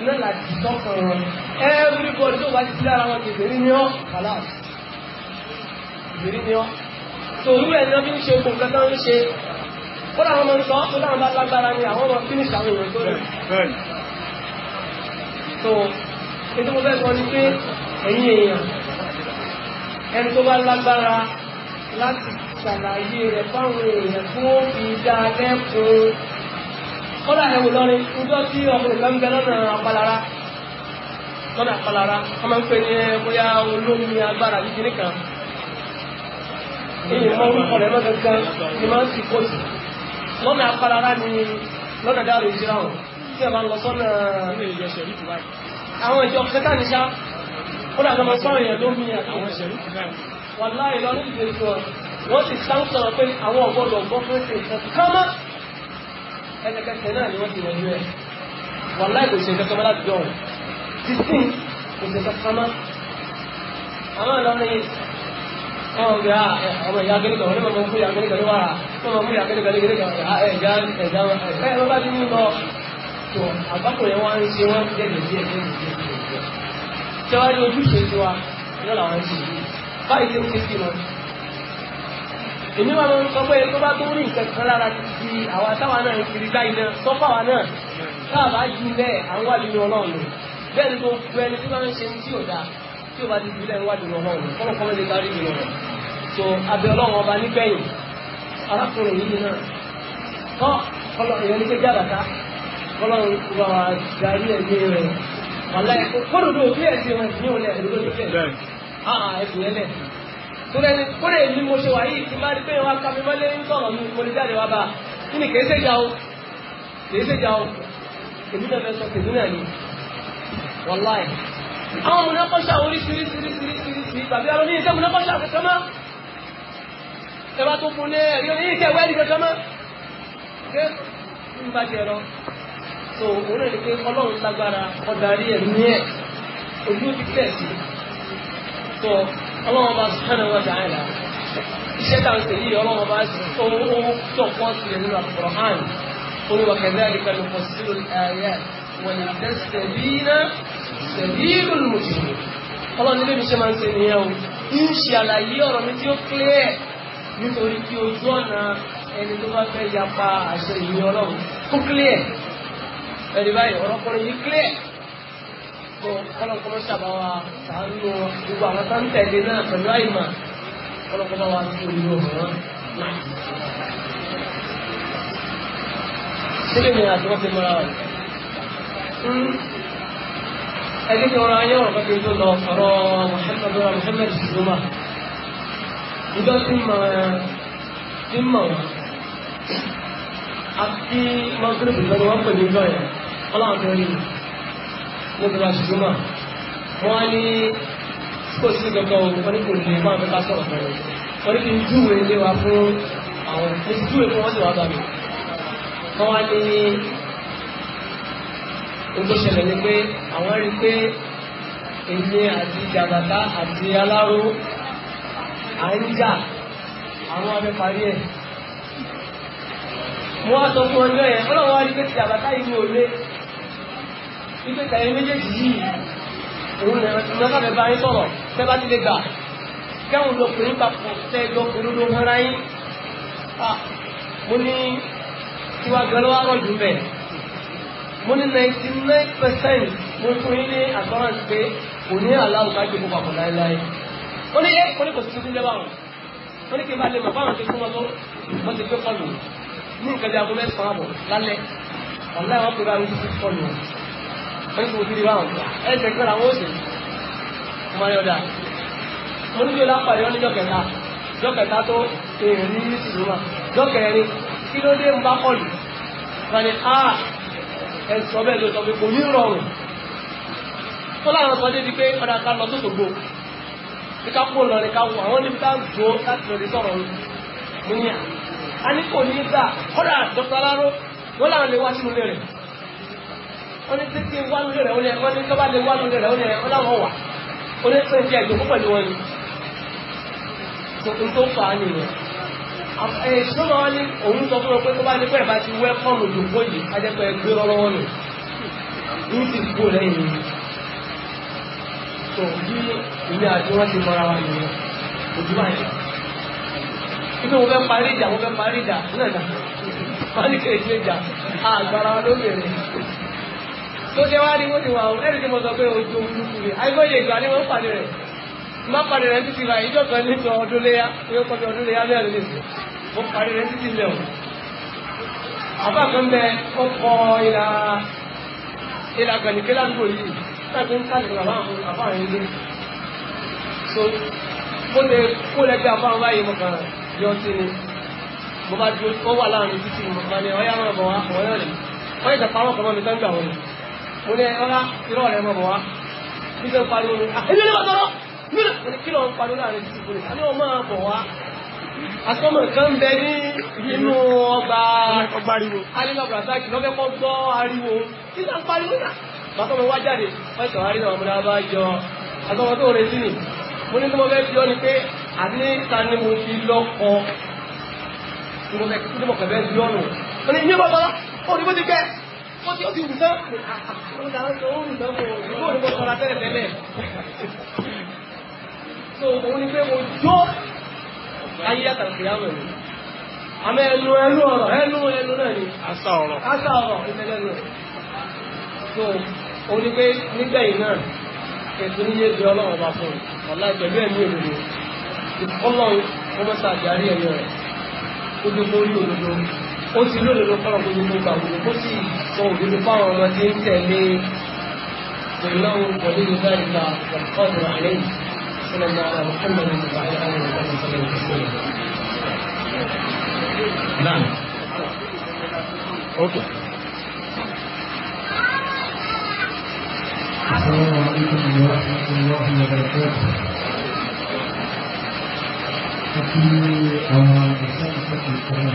S2: náà làkì tọ́kàn wọn everybody tó wá ti sí lára wọn kìbìrí ní ọ́ kàlás kìbìrí ní ọ́ tòrú ẹ̀ náà bí ń ṣe kùn kẹta ń ṣe ó làwọn ọmọ nǹkan ó làwọn bá lágbára ni àwọn ọmọ finish àwọn èèyàn tó rẹ̀ so ètò mo fẹ́ sọ ni pé ẹ̀yin èèyàn ẹni tó bá lágbára láti ṣàlàyé rẹ̀ fáwọn èèyàn fún òbí dáadẹ́kun kọ́dà ẹ̀wò lọ́rin ọjọ́ tí ọkùnrin kan ń bẹ lọ́nà apalára lọ́nà apalára wọ́n máa ń pè ní bóyá olómi agbára yìí kìíní kan èyí mọ́ orúkọ rẹ̀ lọ́dọ̀ gan ni máa ń sì kó sí lọ́nà apalára ni lọ́nà dáàrú ìṣirà wọn tí ẹ máa ń lọ sọ́nà àwọn ìjọ kẹta nìṣá ó dàgbà máa sọ́rọ̀ yẹn ló ń yan àwọn ìṣẹ̀lú ti náà wọ́n láì lọ ní ìdílé sọ wọ́n sì sáńsọ̀ pé àwọn ọ̀gbọ́dọ̀ gbọ́fẹ́ ṣe nǹkan kámá ẹnìkẹsẹ̀ náà ni wọ́n ti yanjú ẹ̀ wọ́n láì kò ṣe nǹkan kámá láti dọ̀hùn títí kò ṣe nǹkan kámá àwọn ni ọmọ ìyá ọmọ ìyá gẹ́gẹ́ ọ̀rẹ́ mọ̀ fún ìyá gẹ́gẹ́ ló wà ọmọ mú ìyá gẹ́gẹ́ gẹ́gẹ́ ẹ̀já ẹ̀já ẹ̀já ẹ̀já bá ti ní lọ tó àgbákò yẹn wọ́n ń ṣe wọ́n jẹ́ gẹ̀ẹ́gẹ́ ṣé wàá rí ojúṣe tiwa iná làwọn ń ṣe báyìí ló ṣe sí wọn. èmi máa ń sọ pé tó bá tó rí nǹkan kan lára ti àwa táwa náà ń kiri báyìí náà sọ́fàwa náà káàbá ju bẹ́ẹ̀ àwọn wà nínú ọlọ́run bẹ́ẹ̀ ni gbogbo ẹni tí wọ́n ń ṣe tí ò dáa tí ò bá ti ju lẹ́yìn wà nínú ọlọ́run kọ́nà kọ́mọ́ lè darí ìlú rẹ̀ so abẹ ọlọ́run ọba nígbẹ̀yìn arákùnrin yìí náà kọ́ ọlọ́run ìyẹn ní pé jábàtà ọlọ́run kúrò àwọn darí ẹ̀mí rẹ̀ wàlá ẹ̀ kódòdó kí ẹ̀ sí wọn ìsìn òun lẹ̀ lódò nílẹ̀ àà ẹ̀sìn yẹn lẹ̀ tó lẹ́ni kódà èmi mo ṣe wà yìí tí bá rí pé wọn ká mi mọ́lé ń sọ̀rọ̀ mi mo lè jáde wá bá a kí ni kèé ṣèjà o kèé ṣèjà o èmi náà fẹ́ sọ tèmi náà ni wàlá ẹ̀ àwọn ọmọ náà kọ́ṣà oríṣiríṣiríṣiríṣi tàbí àwọn oníyẹn sẹ́mu náà kọ́ṣà kankan mọ́ ẹ bá tó fún ní ẹ̀rí oníyẹn kẹwẹ́ ẹ̀rí kankan mọ́ so òun náà ni pé ọlọ́run lágbára ọ̀darí ẹ̀mí ẹ̀ ojú ti tẹ̀ sí so ọlọ́run bá sọ́nà wọn dáhà là iṣẹ́ tá à ń ṣe yìí ọlọ́run bá owó tó pọ̀ sí ẹ̀ nínú Al-Qur'an olùwà kadhalika nufassilu al-ayat wa litastabina sabilul mujrimin ọlọ́run nílé mi ṣe máa ń ṣe nìyẹn o ń ṣe àlàyé ọ̀rọ̀ mi tí ó clear nítorí kí ojú ọ̀nà ẹni tó bá fẹ́ yapa ẹ̀rí báyìí ọ̀rọ̀ kọrin yìí clear tó kọ́lọ́kọ́lọ́ ṣàbáwá sàánú gbogbo àwọn tó ń tẹ̀lé náà pẹ̀lú àìmọ̀ kọ́lọ́kọ́lọ́ wa sí orí òmìnira. sílẹ̀ ni àti wọ́n ti mọ́ra wọn. ẹgbẹ́ tí wọ́n ayé ọ̀rọ̀ kọ́kẹ́ tó lọ ọ̀rọ̀ Muhammadu wa Muhammadu Zuma ìjọ tí mọ̀ tí mọ̀ wọn àti mọ́gírìbì lọ́dún wọ́n pè ní ìjọ ọlọ́run tó rí ní ìgbìmọ̀ ṣùgbọ́n wọ́n á ní kò sí gbogbo wọn ní kò lè máa fẹ́ ká sọ̀rọ̀ pẹ̀lú wọ́n ní kí n júwe ilé wa fún àwọn mo ti júwe fún wọn sì wá bá mi wọ́n wá ní ohun tó ṣẹlẹ̀ ni pé àwọn rí pé èmi àti jàbàtà àti aláró à ń jà àwọn abẹ́ parí ẹ̀ mo wá sọ fún ọjọ́ yẹn ọlọ́run wá rí pé ti jàbàtà yìí ò lé wípé kẹ̀yìn méjèèjì yìí òun lọ́sọ̀rọ̀ bá yín sọ̀rọ̀ tẹ́ bá ti lè gbà kẹ́hùn lọkùnrin papọ̀ tẹ́ lọkùnrin ló mọ́ra yín mo ní tiwa gan ló wá rọ̀ jù bẹ́ẹ̀ mo ní ninety nine percent mo fún yín ní assurance pé kò ní aláwọ̀ ká jẹ́ kó papọ̀ láéláé ó ní ẹ́ kò ní kò sí tuntun lẹ́wọ̀ àwọn ó ní kí n bá lè mọ̀ báwọn ti wọ́n ti wòkìrì báwọn ẹsẹ̀ kan làwọn ó sì mọ ẹ ọ̀dà mo níjọ́ lápàdé wọn níjọ́ kẹta jọ́ kẹta ni a ẹ sọ bẹ́ẹ̀ ló sọ pé kò ní rọrùn tó láwọn sọ débi pé ọ̀dà ká lọ sóṣogbo ní ká kó lọ ní ká wọ àwọn níbi ká gbó láti lọ sí sọ̀rọ̀ mo ní à á ní kò ní gbà kọ́dà wọ́n ní títí wánú rẹ̀ wọ́n ní wọ́n ní tọ́ba lè rẹ̀ wọ́n ní wọ́n láwọn wà wọ́n ní pé bí ẹ̀jọ̀ púpọ̀ ni wọ́n ní. á nìyẹn. ṣùgbọ́n wọn ní òun sọ fún ọ pé tó bá ní pé ẹ̀bá ti wẹ́ fọ́ọ̀mù ìdòkó yìí á jẹ́ pé gbé lọ́wọ́ nù. ní ti kú lẹ́yìn mi. tó bí ilé àti wọn ti mọra wa nìyẹn ojú bá yẹn. ibi mo fẹ́ parí ìjà mo fẹ́ parí ìjà náà dà. wọ́n ní kéèké ìjà àgbàrá lóbìnrin tó ṣe wá ní wọ́n ti wà ó ẹ̀rí tí mo sọ pé ojú olúkú rẹ̀ àìmọye ìgbà ni wọ́n pàdé rẹ̀ má pàdé rẹ̀ títí ra ìjọ kan ní sọ ọdún léyà pé ó kọjú ọdún léyà mẹ́rin lèṣù mo pàdé rẹ̀ títí lẹ̀ o. àbá kan bẹ ó kọ ìlà ìlà gbẹ̀nìkẹ́ ládùúgbò yìí láti ń kálí bàbá àwọn àbá àwọn ilé. so mo lè kó lẹ́gbẹ́ àbá àwọn báyìí mo kàn yọ sí ni mo bá dúró ó wà láàrin títí mo bá ní ọyá mo ní ọlá irọ́ rẹ̀ mọ̀ wá nígbà pariwo ní àìlú ní ọ̀tọ̀rọ̀ mílò kí lọ ń pariwo láàrin títí fún mi àní ọmọ bọ̀ wá asọ́mọ̀ kan bẹ ní inú ọgbà alílọ́ brazaki lọ́fẹ́ kọ́ gbọ́ ariwo nígbà pariwo náà bàtọ́ mo wá jáde wọ́n sọ àárín àwọn ọmọdé bá jọ asọ́mọ tó retí nì mo ní kí mo fẹ́ fi ọ́ ni pé àní ta ni mo fi lọ́kọ mo fẹ́ kí mo kẹ̀ fẹ́ fi ọ́ nù mo ní ìyẹn bọ́ tọ́lá ó ní bó ti kẹ́ wọ́n ti ó ti wù tán ó dáná tó ó wù tán kò ìbò ní mo sọra tẹ́lẹ̀ tẹ́lẹ̀ so òun ni pé mo jó ayé àtàkùn yàwó ẹ̀ àmọ́ ẹnu ẹnu ọ̀rọ̀ ẹnu ẹnu náà ni àṣà ọ̀rọ̀ àṣà ọ̀rọ̀ ìtẹ́lẹ́nu so òun ni pé nígbẹ̀yìn náà ẹ̀sùn níye di ọlọ́run ọba fún un ọ̀la ìpẹ̀lú ẹ̀mí òdodo ìfọ́lọ́run ọmọ sàgbárí ẹ̀yọ rẹ̀ ó dé lórí òdodo ó ti lódodo fọ́nà gbogbo gbà gbogbo ó sì sọ òdodo fáwọn ọmọ tí ń tẹ̀lé ìlọ́wọ́ pẹ̀lú ìgbà ìgbà ọ̀dọ̀ àlẹ́ صلى الله على محمد وعلى آله وصحبه وسلم نعم اوكي السلام عليكم ورحمة الله وبركاته. في أسئلة القرآن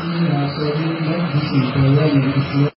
S2: في عصر المجلس فلا يجلس